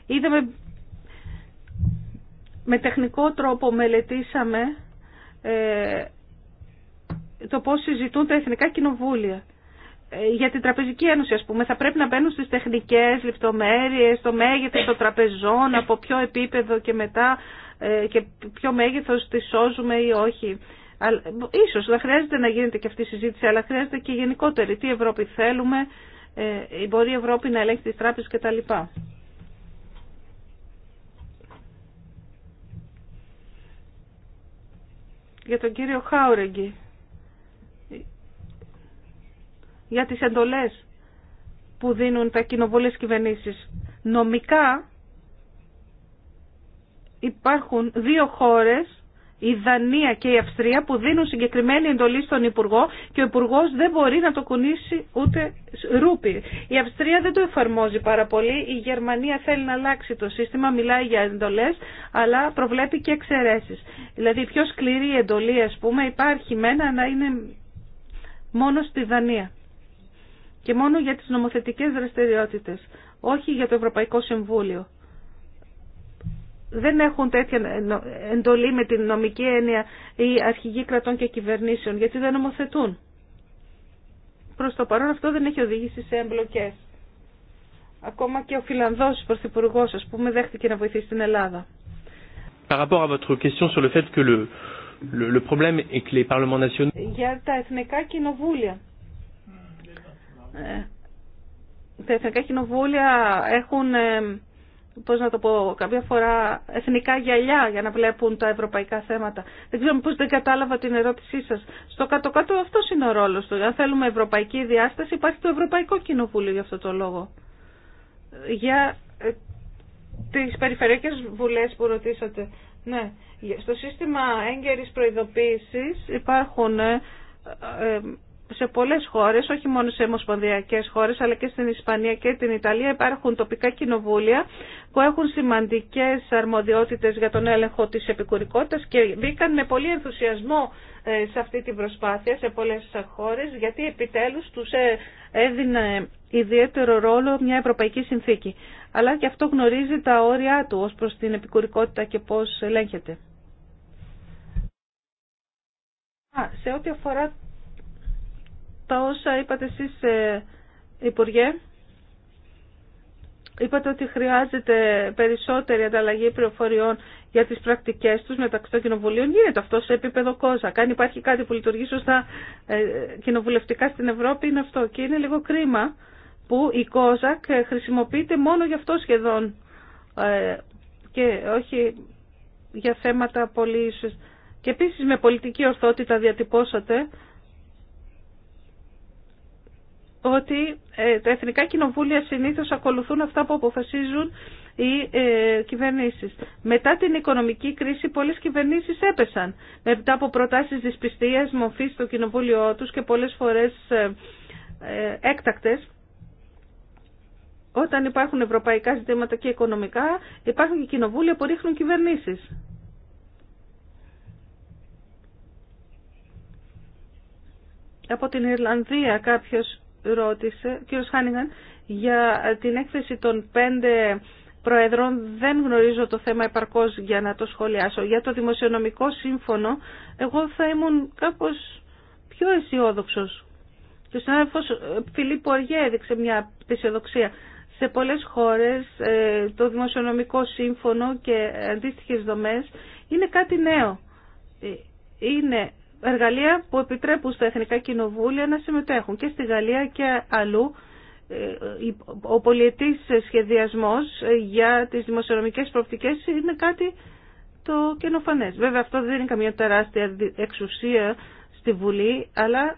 Είδαμε, με τεχνικό τρόπο μελετήσαμε ε, το πώς συζητούν τα εθνικά κοινοβούλια. Ε, για την Τραπεζική Ένωση, ας πούμε, θα πρέπει να μπαίνουν στις τεχνικές λεπτομέρειες, το μέγεθος των τραπεζών, από ποιο επίπεδο και μετά ε, και ποιο μέγεθος τη σώζουμε ή όχι. Αλλά, ίσως δεν χρειάζεται να γίνεται και αυτή η συζήτηση, αλλά χρειάζεται και γενικότερη. Τι Ευρώπη θέλουμε, ε, μπορεί η Ευρώπη να γινεται και αυτη η συζητηση αλλα χρειαζεται και γενικοτερη τι ευρωπη θελουμε μπορει η ευρωπη να ελεγχει τις τράπεζες κτλ. για τον κύριο Χάουρεγγι για τις εντολές που δίνουν τα κοινοβούλες κυβερνήσεις. Νομικά υπάρχουν δύο χώρες η Δανία και η Αυστρία που δίνουν συγκεκριμένη εντολή στον Υπουργό και ο Υπουργό δεν μπορεί να το κουνήσει ούτε ρούπι. Η Αυστρία δεν το εφαρμόζει πάρα πολύ. Η Γερμανία θέλει να αλλάξει το σύστημα, μιλάει για εντολέ, αλλά προβλέπει και εξαιρέσει. Δηλαδή, η πιο σκληρή εντολή, α πούμε, υπάρχει μένα να είναι μόνο στη Δανία και μόνο για τι νομοθετικέ δραστηριότητε, όχι για το Ευρωπαϊκό Συμβούλιο δεν έχουν τέτοια εντολή με την νομική έννοια οι αρχηγοί κρατών και κυβερνήσεων, γιατί δεν νομοθετούν. Προς το παρόν αυτό δεν έχει οδηγήσει σε εμπλοκές. Ακόμα και ο Φιλανδός Πρωθυπουργό, ας πούμε, δέχτηκε να βοηθήσει την Ελλάδα. Για τα εθνικά κοινοβούλια. Ε, τα εθνικά κοινοβούλια έχουν ε, πώς να το πω, κάποια φορά εθνικά γυαλιά για να βλέπουν τα ευρωπαϊκά θέματα. Δεν ξέρω πώς δεν κατάλαβα την ερώτησή σας. Στο κάτω-κάτω αυτό είναι ο ρόλος του. Αν θέλουμε ευρωπαϊκή διάσταση υπάρχει το Ευρωπαϊκό Κοινοβούλιο για αυτό το λόγο. Για ε, τις περιφερειακές βουλές που ρωτήσατε. Ναι. Στο σύστημα έγκαιρης προειδοποίησης υπάρχουν ε, ε, σε πολλές χώρες, όχι μόνο σε ομοσπονδιακές χώρες, αλλά και στην Ισπανία και την Ιταλία υπάρχουν τοπικά κοινοβούλια που έχουν σημαντικές αρμοδιότητες για τον έλεγχο της επικουρικότητας και μπήκαν με πολύ ενθουσιασμό ε, σε αυτή την προσπάθεια σε πολλές χώρες γιατί επιτέλους τους ε, έδινε ιδιαίτερο ρόλο μια ευρωπαϊκή συνθήκη. Αλλά και αυτό γνωρίζει τα όρια του ως προς την επικουρικότητα και πώς ελέγχεται. σε τα όσα είπατε εσείς, ε, Υπουργέ. Είπατε ότι χρειάζεται περισσότερη ανταλλαγή πληροφοριών για τις πρακτικές τους μεταξύ των κοινοβουλίων. Γίνεται αυτό σε επίπεδο κόζακ. Αν υπάρχει κάτι που λειτουργεί σωστά ε, κοινοβουλευτικά στην Ευρώπη είναι αυτό. Και είναι λίγο κρίμα που η κόζακ ε, χρησιμοποιείται μόνο για αυτό σχεδόν και όχι για θέματα πολύ ίσως. Και επίσης με πολιτική ορθότητα διατυπώσατε ότι ε, τα εθνικά κοινοβούλια συνήθως ακολουθούν αυτά που αποφασίζουν οι ε, κυβερνήσεις. Μετά την οικονομική κρίση πολλές κυβερνήσεις έπεσαν μετά από προτάσεις δυσπιστίας, μορφής στο κοινοβούλιο τους και πολλές φορές ε, ε, έκτακτες. Όταν υπάρχουν ευρωπαϊκά ζητήματα και οικονομικά υπάρχουν και κοινοβούλια που ρίχνουν κυβερνήσεις. Από την Ιρλανδία κάποιος ρώτησε, κύριος Χάνιγκαν, για την έκθεση των πέντε Προεδρών δεν γνωρίζω το θέμα επαρκώς για να το σχολιάσω. Για το δημοσιονομικό σύμφωνο, εγώ θα ήμουν κάπως πιο αισιόδοξο. Και ο συνάδελφος Φιλίππο Αργέ έδειξε μια αισιοδοξία. Σε πολλές χώρες ε, το δημοσιονομικό σύμφωνο και αντίστοιχες δομές είναι κάτι νέο. Ε, είναι εργαλεία που επιτρέπουν στα εθνικά κοινοβούλια να συμμετέχουν και στη Γαλλία και αλλού ε, ο πολιετής σχεδιασμός για τις δημοσιονομικές προοπτικές είναι κάτι το καινοφανές. Βέβαια αυτό δεν είναι καμία τεράστια εξουσία στη Βουλή, αλλά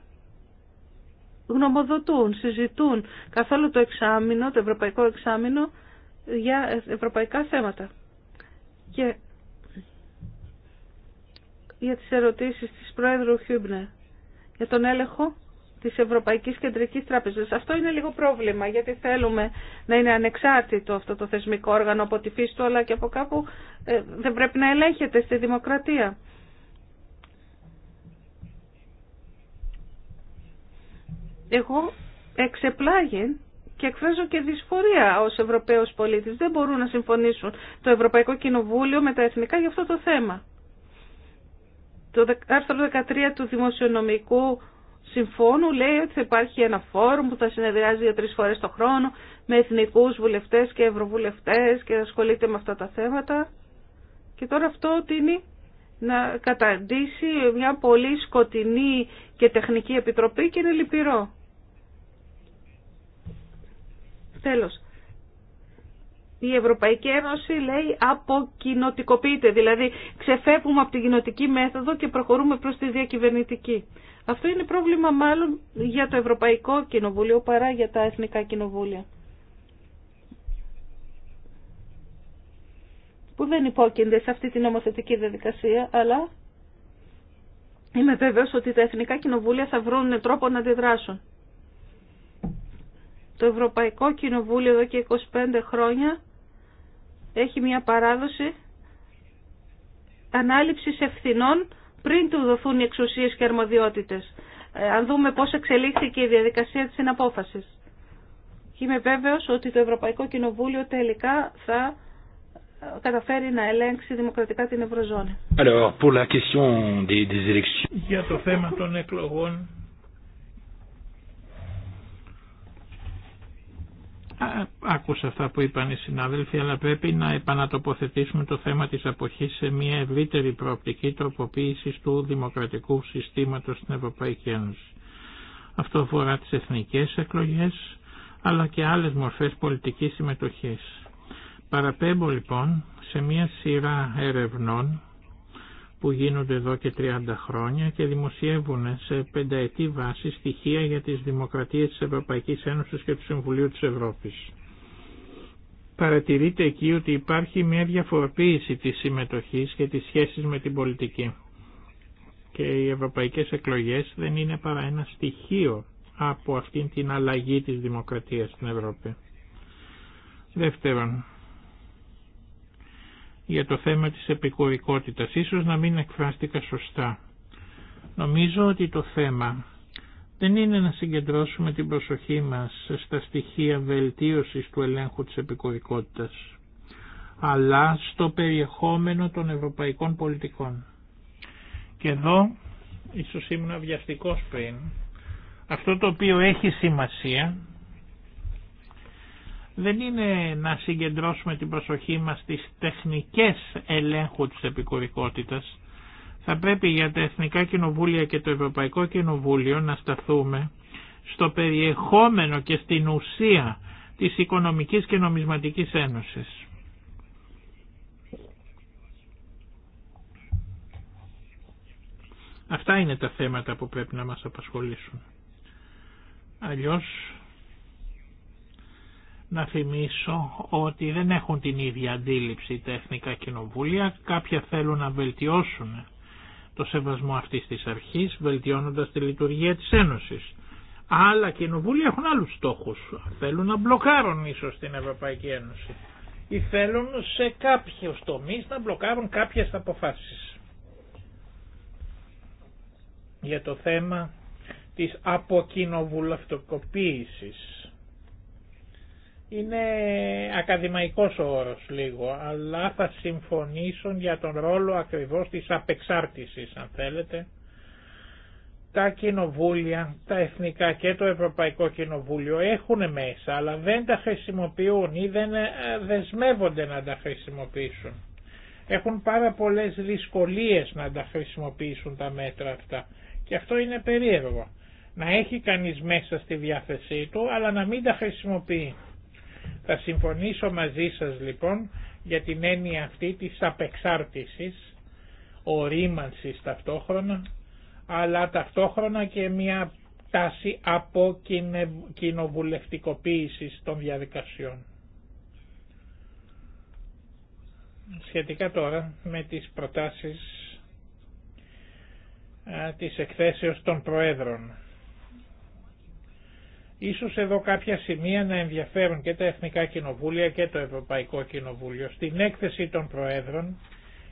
γνωμοδοτούν, συζητούν καθόλου το εξάμεινο, το ευρωπαϊκό εξάμεινο για ευρωπαϊκά θέματα. Και για τις ερωτήσεις της Πρόεδρου Χιούμπνερ για τον έλεγχο της Ευρωπαϊκής Κεντρικής Τράπεζας. Αυτό είναι λίγο πρόβλημα γιατί θέλουμε να είναι ανεξάρτητο αυτό το θεσμικό όργανο από τη φύση του αλλά και από κάπου ε, δεν πρέπει να ελέγχεται στη δημοκρατία. Εγώ εξεπλάγει και εκφράζω και δυσφορία ως Ευρωπαίος πολίτης. Δεν μπορούν να συμφωνήσουν το Ευρωπαϊκό Κοινοβούλιο με τα εθνικά για αυτό το θέμα. Το άρθρο 13 του Δημοσιονομικού Συμφώνου λέει ότι θα υπάρχει ένα φόρουμ που θα συνεδριάζει για τρεις φορές το χρόνο με εθνικούς βουλευτές και ευρωβουλευτές και ασχολείται με αυτά τα θέματα. Και τώρα αυτό τίνει να καταντήσει μια πολύ σκοτεινή και τεχνική επιτροπή και είναι λυπηρό. Τέλος η Ευρωπαϊκή Ένωση λέει αποκοινοτικοποιείται, δηλαδή ξεφεύγουμε από την κοινοτική μέθοδο και προχωρούμε προς τη διακυβερνητική. Αυτό είναι πρόβλημα μάλλον για το Ευρωπαϊκό Κοινοβούλιο παρά για τα Εθνικά Κοινοβούλια. Που δεν υπόκεινται σε αυτή την νομοθετική διαδικασία, αλλά είμαι βέβαιος ότι τα Εθνικά Κοινοβούλια θα βρουν τρόπο να αντιδράσουν. Το Ευρωπαϊκό Κοινοβούλιο εδώ και 25 χρόνια έχει μια παράδοση ανάληψης ευθυνών πριν του δοθούν οι εξουσίες και αρμοδιότητες. Ε, αν δούμε πώς εξελίχθηκε η διαδικασία της συναπόφασης. Και είμαι βέβαιος ότι το Ευρωπαϊκό Κοινοβούλιο τελικά θα ε, καταφέρει να ελέγξει δημοκρατικά την Ευρωζώνη. Alors, pour la Για το θέμα των εκλογών Άκουσα αυτά που είπαν οι συνάδελφοι, αλλά πρέπει να επανατοποθετήσουμε το θέμα της αποχής σε μια ευρύτερη προοπτική τροποποίησης του δημοκρατικού συστήματος στην Ευρωπαϊκή Ένωση. Αυτό αφορά τις εθνικές εκλογές, αλλά και άλλες μορφές πολιτικής συμμετοχής. Παραπέμπω λοιπόν σε μια σειρά ερευνών που γίνονται εδώ και 30 χρόνια και δημοσιεύουν σε πενταετή βάση στοιχεία για τις δημοκρατίες της Ευρωπαϊκής Ένωσης και του Συμβουλίου της Ευρώπης. Παρατηρείται εκεί ότι υπάρχει μια διαφοροποίηση της συμμετοχής και της σχέσης με την πολιτική. Και οι ευρωπαϊκές εκλογές δεν είναι παρά ένα στοιχείο από αυτήν την αλλαγή της δημοκρατίας στην Ευρώπη. Δεύτερον, για το θέμα της επικουρικότητας. Ίσως να μην εκφράστηκα σωστά. Νομίζω ότι το θέμα δεν είναι να συγκεντρώσουμε την προσοχή μας στα στοιχεία βελτίωσης του ελέγχου της επικουρικότητας, αλλά στο περιεχόμενο των ευρωπαϊκών πολιτικών. Και εδώ, ίσως ήμουν βιαστικός πριν, αυτό το οποίο έχει σημασία δεν είναι να συγκεντρώσουμε την προσοχή μας στις τεχνικές ελέγχου της επικουρικότητας. Θα πρέπει για τα Εθνικά Κοινοβούλια και το Ευρωπαϊκό Κοινοβούλιο να σταθούμε στο περιεχόμενο και στην ουσία της Οικονομικής και Νομισματικής Ένωσης. Αυτά είναι τα θέματα που πρέπει να μας απασχολήσουν. Αλλιώς να θυμίσω ότι δεν έχουν την ίδια αντίληψη τα εθνικά κοινοβούλια. Κάποια θέλουν να βελτιώσουν το σεβασμό αυτής της αρχής, βελτιώνοντας τη λειτουργία της Ένωσης. Άλλα κοινοβούλια έχουν άλλους στόχους. Θέλουν να μπλοκάρουν ίσως την Ευρωπαϊκή Ένωση ή θέλουν σε κάποιους τομείς να μπλοκάρουν κάποιες αποφάσεις. Για το θέμα της αποκοινοβουλευτοκοποίησης είναι ακαδημαϊκός ο όρος λίγο, αλλά θα συμφωνήσουν για τον ρόλο ακριβώς της απεξάρτησης, αν θέλετε. Τα κοινοβούλια, τα εθνικά και το Ευρωπαϊκό Κοινοβούλιο έχουν μέσα, αλλά δεν τα χρησιμοποιούν ή δεν ε, δεσμεύονται να τα χρησιμοποιήσουν. Έχουν πάρα πολλές δυσκολίες να τα χρησιμοποιήσουν τα μέτρα αυτά. Και αυτό είναι περίεργο. Να έχει κανείς μέσα στη διάθεσή του, αλλά να μην τα χρησιμοποιεί. Θα συμφωνήσω μαζί σας λοιπόν για την έννοια αυτή της απεξάρτησης, ορίμανσης ταυτόχρονα, αλλά ταυτόχρονα και μια τάση από κοινοβουλευτικοποίηση των διαδικασιών. Σχετικά τώρα με τις προτάσεις της εκθέσεως των Προέδρων. Ίσως εδώ κάποια σημεία να ενδιαφέρουν και τα Εθνικά Κοινοβούλια και το Ευρωπαϊκό Κοινοβούλιο. Στην έκθεση των Προέδρων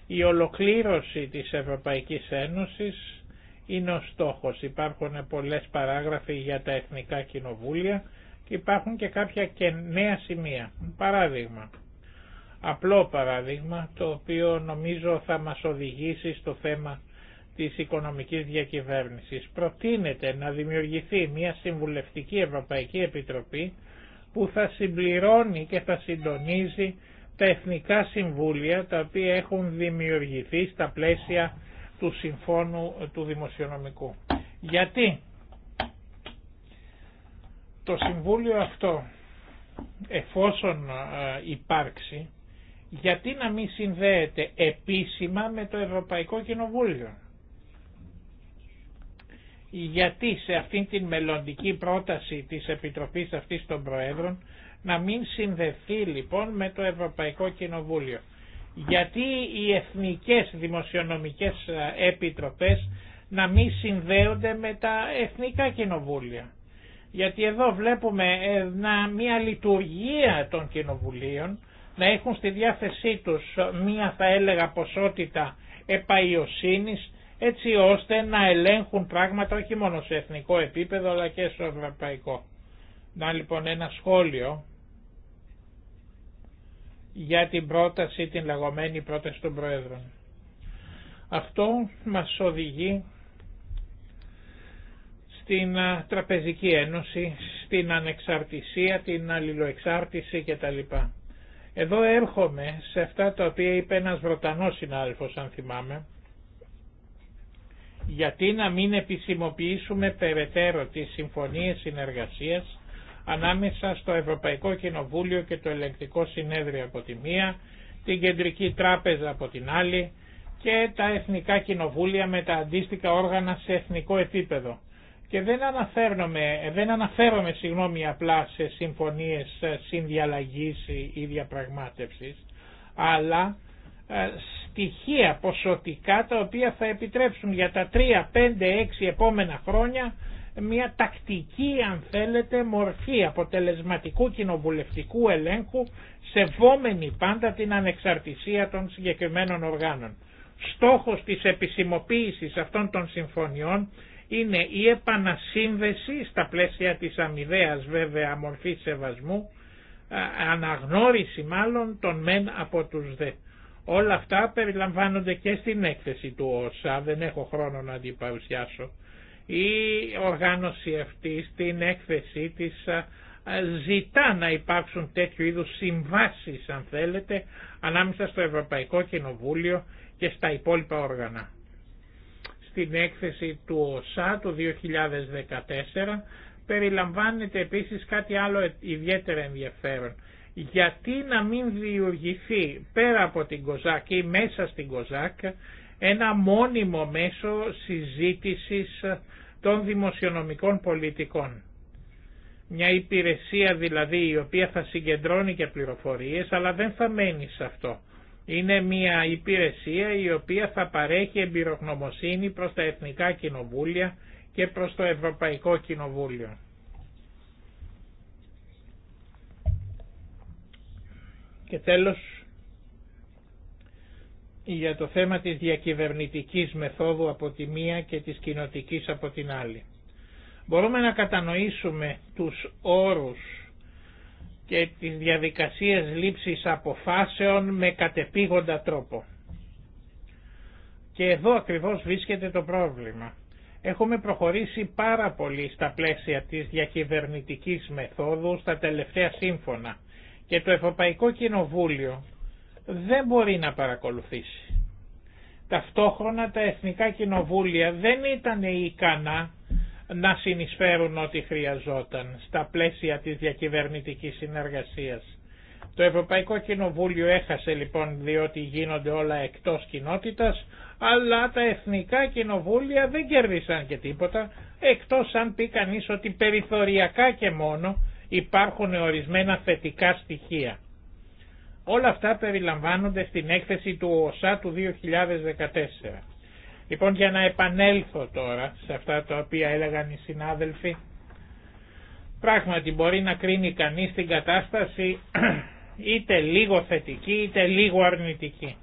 η ολοκλήρωση της Ευρωπαϊκής Ένωσης είναι ο στόχος. Υπάρχουν πολλές παράγραφοι για τα Εθνικά Κοινοβούλια και υπάρχουν και κάποια και νέα σημεία. Παράδειγμα, απλό παράδειγμα το οποίο νομίζω θα μας οδηγήσει στο θέμα της οικονομικής διακυβέρνησης. Προτείνεται να δημιουργηθεί μια συμβουλευτική Ευρωπαϊκή Επιτροπή που θα συμπληρώνει και θα συντονίζει τα εθνικά συμβούλια τα οποία έχουν δημιουργηθεί στα πλαίσια του Συμφώνου του Δημοσιονομικού. Γιατί το Συμβούλιο αυτό εφόσον υπάρξει γιατί να μην συνδέεται επίσημα με το Ευρωπαϊκό Κοινοβούλιο γιατί σε αυτήν την μελλοντική πρόταση της Επιτροπής αυτής των Προέδρων να μην συνδεθεί λοιπόν με το Ευρωπαϊκό Κοινοβούλιο. Γιατί οι εθνικές δημοσιονομικές ε, επιτροπές να μην συνδέονται με τα εθνικά κοινοβούλια. Γιατί εδώ βλέπουμε ε, μια λειτουργία των κοινοβουλίων να έχουν στη διάθεσή τους μία θα έλεγα ποσότητα επαϊοσύνης έτσι ώστε να ελέγχουν πράγματα όχι μόνο σε εθνικό επίπεδο αλλά και στο ευρωπαϊκό. Να λοιπόν ένα σχόλιο για την πρόταση, την λεγόμενη πρόταση των Προέδρων. Αυτό μας οδηγεί στην Τραπεζική Ένωση, στην ανεξαρτησία, την αλληλοεξάρτηση κτλ. Εδώ έρχομαι σε αυτά τα οποία είπε ένας Βρετανός συνάδελφος αν θυμάμαι, γιατί να μην επισημοποιήσουμε περαιτέρω τις συμφωνίες συνεργασίας ανάμεσα στο Ευρωπαϊκό Κοινοβούλιο και το Ελεκτικό Συνέδριο από τη μία, την Κεντρική Τράπεζα από την άλλη και τα Εθνικά Κοινοβούλια με τα αντίστοιχα όργανα σε εθνικό επίπεδο. Και δεν αναφέρομαι, δεν αναφέρομαι συγγνώμη απλά σε συμφωνίες συνδιαλλαγής ή διαπραγμάτευσης, αλλά ε, στοιχεία ποσοτικά τα οποία θα επιτρέψουν για τα 3, 5, 6 επόμενα χρόνια μια τακτική αν θέλετε μορφή αποτελεσματικού κοινοβουλευτικού ελέγχου σεβόμενη πάντα την ανεξαρτησία των συγκεκριμένων οργάνων. Στόχος της επισημοποίησης αυτών των συμφωνιών είναι η επανασύνδεση στα πλαίσια της αμοιβαίας βέβαια μορφή σεβασμού, αναγνώριση μάλλον των μεν από τους δε. Όλα αυτά περιλαμβάνονται και στην έκθεση του ΩΣΑ, δεν έχω χρόνο να την παρουσιάσω. Η οργάνωση αυτή στην έκθεση της ζητά να υπάρξουν τέτοιου είδους συμβάσεις, αν θέλετε, ανάμεσα στο Ευρωπαϊκό Κοινοβούλιο και στα υπόλοιπα όργανα. Στην έκθεση του ΩΣΑ του 2014 περιλαμβάνεται επίσης κάτι άλλο ιδιαίτερα ενδιαφέρον γιατί να μην δημιουργηθεί πέρα από την Κοζάκ ή μέσα στην Κοζάκ ένα μόνιμο μέσο συζήτησης των δημοσιονομικών πολιτικών. Μια υπηρεσία δηλαδή η οποία θα συγκεντρώνει και πληροφορίες αλλά δεν θα μένει σε αυτό. Είναι μια υπηρεσία η οποία θα παρέχει εμπειρογνωμοσύνη προς τα Εθνικά Κοινοβούλια και προς το Ευρωπαϊκό Κοινοβούλιο. Και τέλος, για το θέμα της διακυβερνητικής μεθόδου από τη μία και της κοινοτικής από την άλλη. Μπορούμε να κατανοήσουμε τους όρους και τις διαδικασίες λήψης αποφάσεων με κατεπήγοντα τρόπο. Και εδώ ακριβώς βρίσκεται το πρόβλημα. Έχουμε προχωρήσει πάρα πολύ στα πλαίσια της διακυβερνητικής μεθόδου στα τελευταία σύμφωνα και το Ευρωπαϊκό Κοινοβούλιο δεν μπορεί να παρακολουθήσει. Ταυτόχρονα τα εθνικά κοινοβούλια δεν ήταν ικανά να συνεισφέρουν ό,τι χρειαζόταν στα πλαίσια της διακυβερνητικής συνεργασίας. Το Ευρωπαϊκό Κοινοβούλιο έχασε λοιπόν διότι γίνονται όλα εκτός κοινότητας, αλλά τα εθνικά κοινοβούλια δεν κέρδισαν και τίποτα, εκτός αν πει κανείς ότι περιθωριακά και μόνο υπάρχουν ορισμένα θετικά στοιχεία. Όλα αυτά περιλαμβάνονται στην έκθεση του ΟΣΑ του 2014. Λοιπόν για να επανέλθω τώρα σε αυτά τα οποία έλεγαν οι συνάδελφοι, πράγματι μπορεί να κρίνει κανείς την κατάσταση είτε λίγο θετική είτε λίγο αρνητική.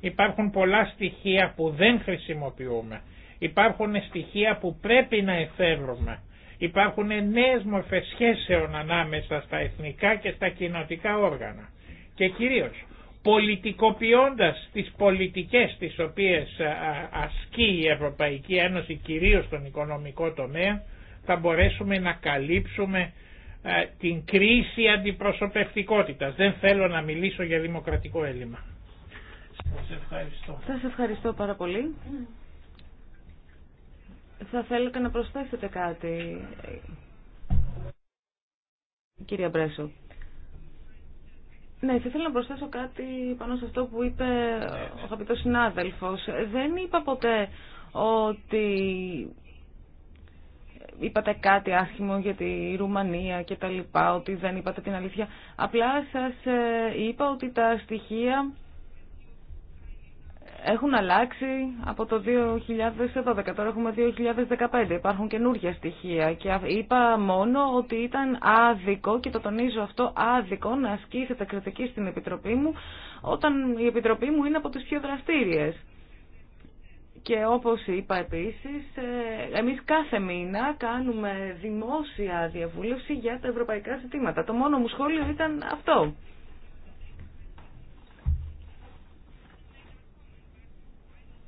Υπάρχουν πολλά στοιχεία που δεν χρησιμοποιούμε. Υπάρχουν στοιχεία που πρέπει να εφεύρουμε. Υπάρχουν νέες μορφές σχέσεων ανάμεσα στα εθνικά και στα κοινοτικά όργανα. Και κυρίως πολιτικοποιώντας τις πολιτικές τις οποίες ασκεί η Ευρωπαϊκή Ένωση κυρίως στον οικονομικό τομέα θα μπορέσουμε να καλύψουμε την κρίση αντιπροσωπευτικότητας. Δεν θέλω να μιλήσω για δημοκρατικό έλλειμμα. Σας ευχαριστώ. Σας ευχαριστώ πάρα πολύ. Θα θέλετε να προσθέσετε κάτι, κυρία Μπρέσο. Ναι, θα ήθελα να προσθέσω κάτι πάνω σε αυτό που είπε ο αγαπητός συνάδελφος. Δεν είπα ποτέ ότι είπατε κάτι άσχημο για τη Ρουμανία και τα λοιπά, ότι δεν είπατε την αλήθεια. Απλά σας ε, είπα ότι τα στοιχεία έχουν αλλάξει από το 2012, τώρα έχουμε 2015, υπάρχουν καινούργια στοιχεία και είπα μόνο ότι ήταν άδικο και το τονίζω αυτό άδικο να ασκήσετε κριτική στην Επιτροπή μου όταν η Επιτροπή μου είναι από τις πιο δραστήριες. Και όπως είπα επίσης, ε, εμείς κάθε μήνα κάνουμε δημόσια διαβούλευση για τα ευρωπαϊκά ζητήματα. Το μόνο μου σχόλιο ήταν αυτό.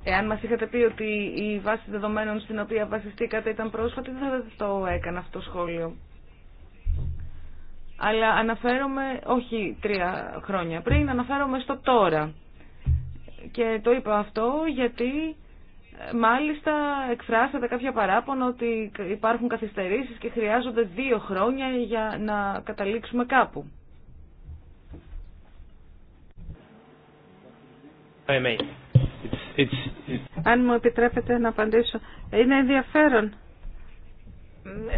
Εάν μας είχατε πει ότι η βάση δεδομένων στην οποία βασιστήκατε ήταν πρόσφατη, δεν θα το έκανα αυτό το σχόλιο. Αλλά αναφέρομαι, όχι τρία χρόνια πριν, αναφέρομαι στο τώρα. Και το είπα αυτό γιατί ε, μάλιστα εκφράσατε κάποια παράπονα ότι υπάρχουν καθυστερήσεις και χρειάζονται δύο χρόνια για να καταλήξουμε κάπου. Αν μου επιτρέπετε να απαντήσω. Είναι ενδιαφέρον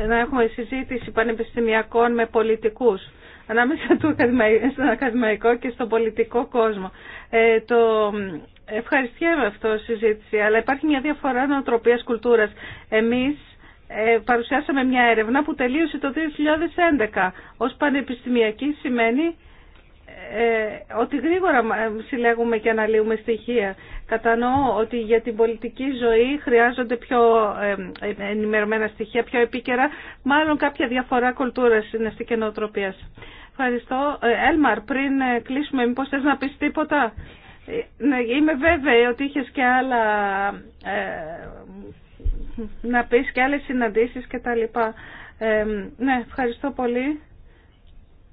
να έχουμε συζήτηση πανεπιστημιακών με πολιτικούς ανάμεσα του στον ακαδημαϊκό και στον πολιτικό κόσμο. Ε, το ευχαριστιέμαι αυτό συζήτηση, αλλά υπάρχει μια διαφορά νοοτροπίας κουλτούρας. Εμείς ε, παρουσιάσαμε μια έρευνα που τελείωσε το 2011. Ως πανεπιστημιακή σημαίνει ε, ότι γρήγορα ε, συλλέγουμε και αναλύουμε στοιχεία. Κατανοώ ότι για την πολιτική ζωή χρειάζονται πιο ε, ενημερωμένα στοιχεία, πιο επίκαιρα, μάλλον κάποια διαφορά κουλτούρας είναι στη καινοτροπία. Ευχαριστώ. Έλμαρ, πριν κλείσουμε, μήπως θες να πεις τίποτα. Ναι, είμαι βέβαιη ότι είχες και άλλα να πεις και άλλες συναντήσεις και τα ναι, ευχαριστώ πολύ.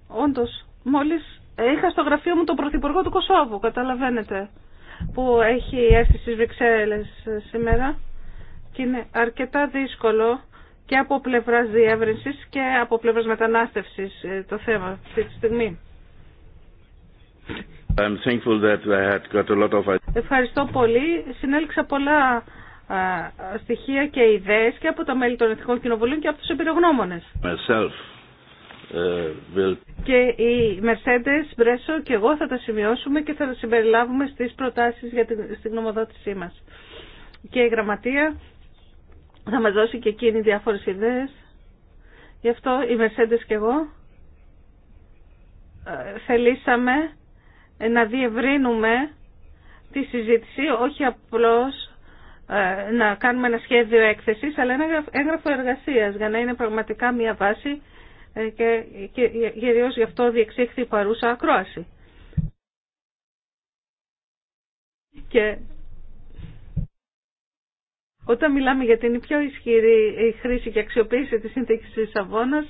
Όντως, μόλις είχα στο γραφείο μου τον Πρωθυπουργό του Κωσόβου, καταλαβαίνετε, που έχει έρθει στις Βρυξέλλες σήμερα και είναι αρκετά δύσκολο και από πλευράς διεύρυνσης και από πλευράς μετανάστευσης ε, το θέμα αυτή τη στιγμή. I'm thankful that I had got a lot of... Ευχαριστώ πολύ. Συνέλεξα πολλά στοιχεία και ιδέες και από τα μέλη των Εθνικών Κοινοβουλίων και από τους εμπειρογνώμονες. Myself. Ε, και η Mercedes, Μπρέσο και εγώ θα τα σημειώσουμε και θα τα συμπεριλάβουμε στις προτάσεις για την, στην γνωμοδότησή μας. Και η Γραμματεία θα μας δώσει και εκείνη διάφορες ιδέες. Γι' αυτό η Mercedes και εγώ ε, θελήσαμε να διευρύνουμε τη συζήτηση, όχι απλώς ε, να κάνουμε ένα σχέδιο έκθεσης, αλλά ένα έγγραφο εργασίας για να είναι πραγματικά μια βάση ε, και κυρίως γι' αυτό διεξήχθη η παρούσα ακρόαση. Και όταν μιλάμε για την πιο ισχυρή χρήση και αξιοποίηση της συνθήκης της Λισαβόνας,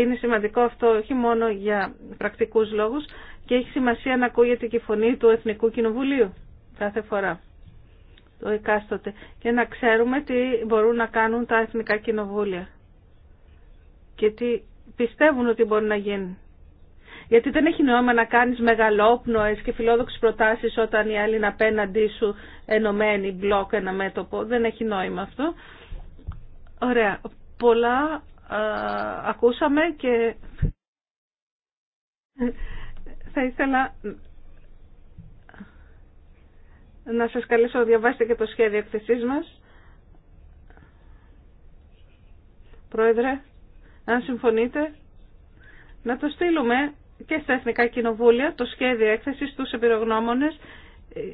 είναι σημαντικό αυτό όχι μόνο για πρακτικούς λόγους και έχει σημασία να ακούγεται και η φωνή του Εθνικού Κοινοβουλίου κάθε φορά το εκάστοτε και να ξέρουμε τι μπορούν να κάνουν τα Εθνικά Κοινοβούλια και τι πιστεύουν ότι μπορεί να γίνει. Γιατί δεν έχει νόημα να κάνεις μεγαλόπνοες και φιλόδοξε προτάσεις όταν οι άλλοι είναι απέναντί σου ενωμένοι, μπλοκ, ένα μέτωπο. Δεν έχει νόημα αυτό. Ωραία. Πολλά ακούσαμε και θα ήθελα να σας καλέσω να διαβάσετε και το σχέδιο εκθεσής μας. Πρόεδρε αν συμφωνείτε, να το στείλουμε και στα Εθνικά Κοινοβούλια, το σχέδιο έκθεση, στου εμπειρογνώμονε.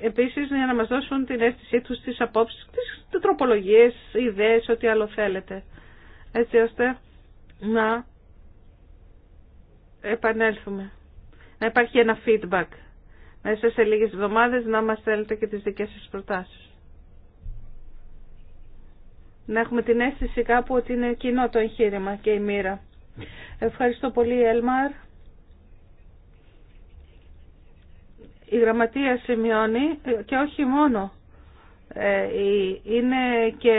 επίσης για να μας δώσουν την αίσθησή τους, τι απόψεις, τις τροπολογίες, ιδέες, ό,τι άλλο θέλετε. Έτσι ώστε να επανέλθουμε. Να υπάρχει ένα feedback. Μέσα σε λίγες εβδομάδες να μας θέλετε και τις δικές σας προτάσεις να έχουμε την αίσθηση κάπου ότι είναι κοινό το εγχείρημα και η μοίρα. Ευχαριστώ πολύ Έλμαρ. Η γραμματεία σημειώνει και όχι μόνο. Ε, είναι και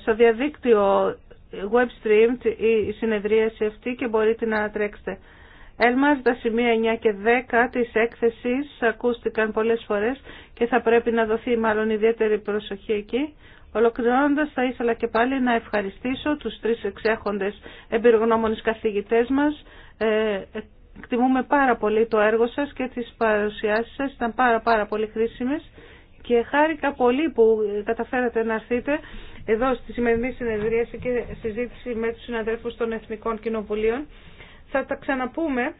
στο διαδίκτυο web stream η συνεδρίαση αυτή και μπορείτε να τρέξετε. Έλμαρ, τα σημεία 9 και 10 της έκθεσης ακούστηκαν πολλές φορές και θα πρέπει να δοθεί μάλλον ιδιαίτερη προσοχή εκεί. Ολοκληρώνοντας θα ήθελα και πάλι να ευχαριστήσω τους τρεις εξέχοντες εμπειρογνώμονες καθηγητές μας. Ε, εκτιμούμε πάρα πολύ το έργο σας και τις παρουσιάσεις σας. Ήταν πάρα πάρα πολύ χρήσιμες και χάρηκα πολύ που καταφέρατε να έρθετε εδώ στη σημερινή συνεδρία και συζήτηση με τους συναδέλφους των Εθνικών Κοινοβουλίων. Θα τα ξαναπούμε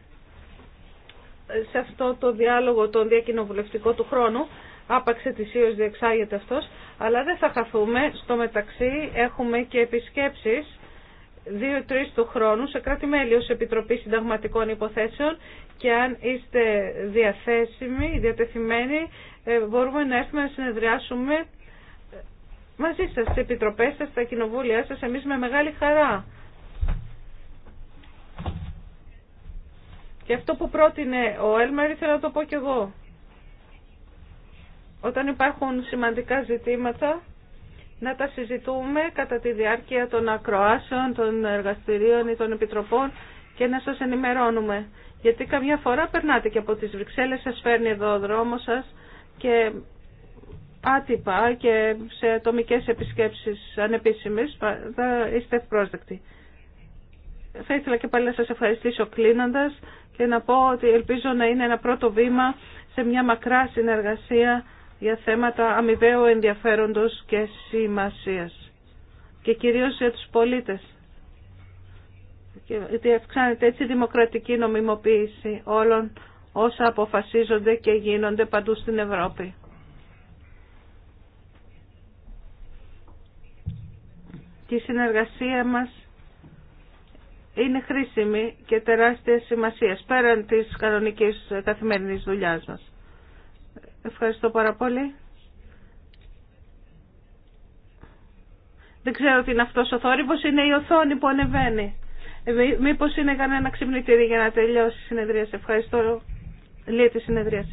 σε αυτό το διάλογο τον διακοινοβουλευτικό του χρόνου. Άπαξε της διεξάγεται αυτός. Αλλά δεν θα χαθούμε. Στο μεταξύ έχουμε και επισκέψεις 2-3 του χρόνου σε κράτη-μέλη ως Επιτροπή Συνταγματικών Υποθέσεων και αν είστε διαθέσιμοι, διατεθειμένοι, ε, μπορούμε να έρθουμε να συνεδριάσουμε μαζί σας, στις επιτροπές σας, στα κοινοβούλια σας, εμείς με μεγάλη χαρά. Και αυτό που πρότεινε ο Έλμερ ήθελα να το πω κι εγώ όταν υπάρχουν σημαντικά ζητήματα να τα συζητούμε κατά τη διάρκεια των ακροάσεων, των εργαστηρίων ή των επιτροπών και να σας ενημερώνουμε. Γιατί καμιά φορά περνάτε και από τις Βρυξέλλες, σας φέρνει εδώ ο δρόμος σας και άτυπα και σε ατομικέ επισκέψεις ανεπίσημες θα είστε ευπρόσδεκτοι. Θα ήθελα και πάλι να σας ευχαριστήσω κλείνοντας και να πω ότι ελπίζω να είναι ένα πρώτο βήμα σε μια μακρά συνεργασία για θέματα αμοιβαίου ενδιαφέροντος και σημασίας και κυρίως για τους πολίτες. Γιατί αυξάνεται έτσι η δημοκρατική νομιμοποίηση όλων όσα αποφασίζονται και γίνονται παντού στην Ευρώπη. Και η συνεργασία μας είναι χρήσιμη και τεράστια σημασία πέραν της κανονικής καθημερινής δουλειάς μας. Ευχαριστώ πάρα πολύ. Δεν ξέρω τι είναι αυτός ο θόρυβος, είναι η οθόνη που ανεβαίνει. Ε, μήπως είναι κανένα ξυπνητήρι για να τελειώσει η συνεδρία. Σε ευχαριστώ. Λύεται τη συνεδρία.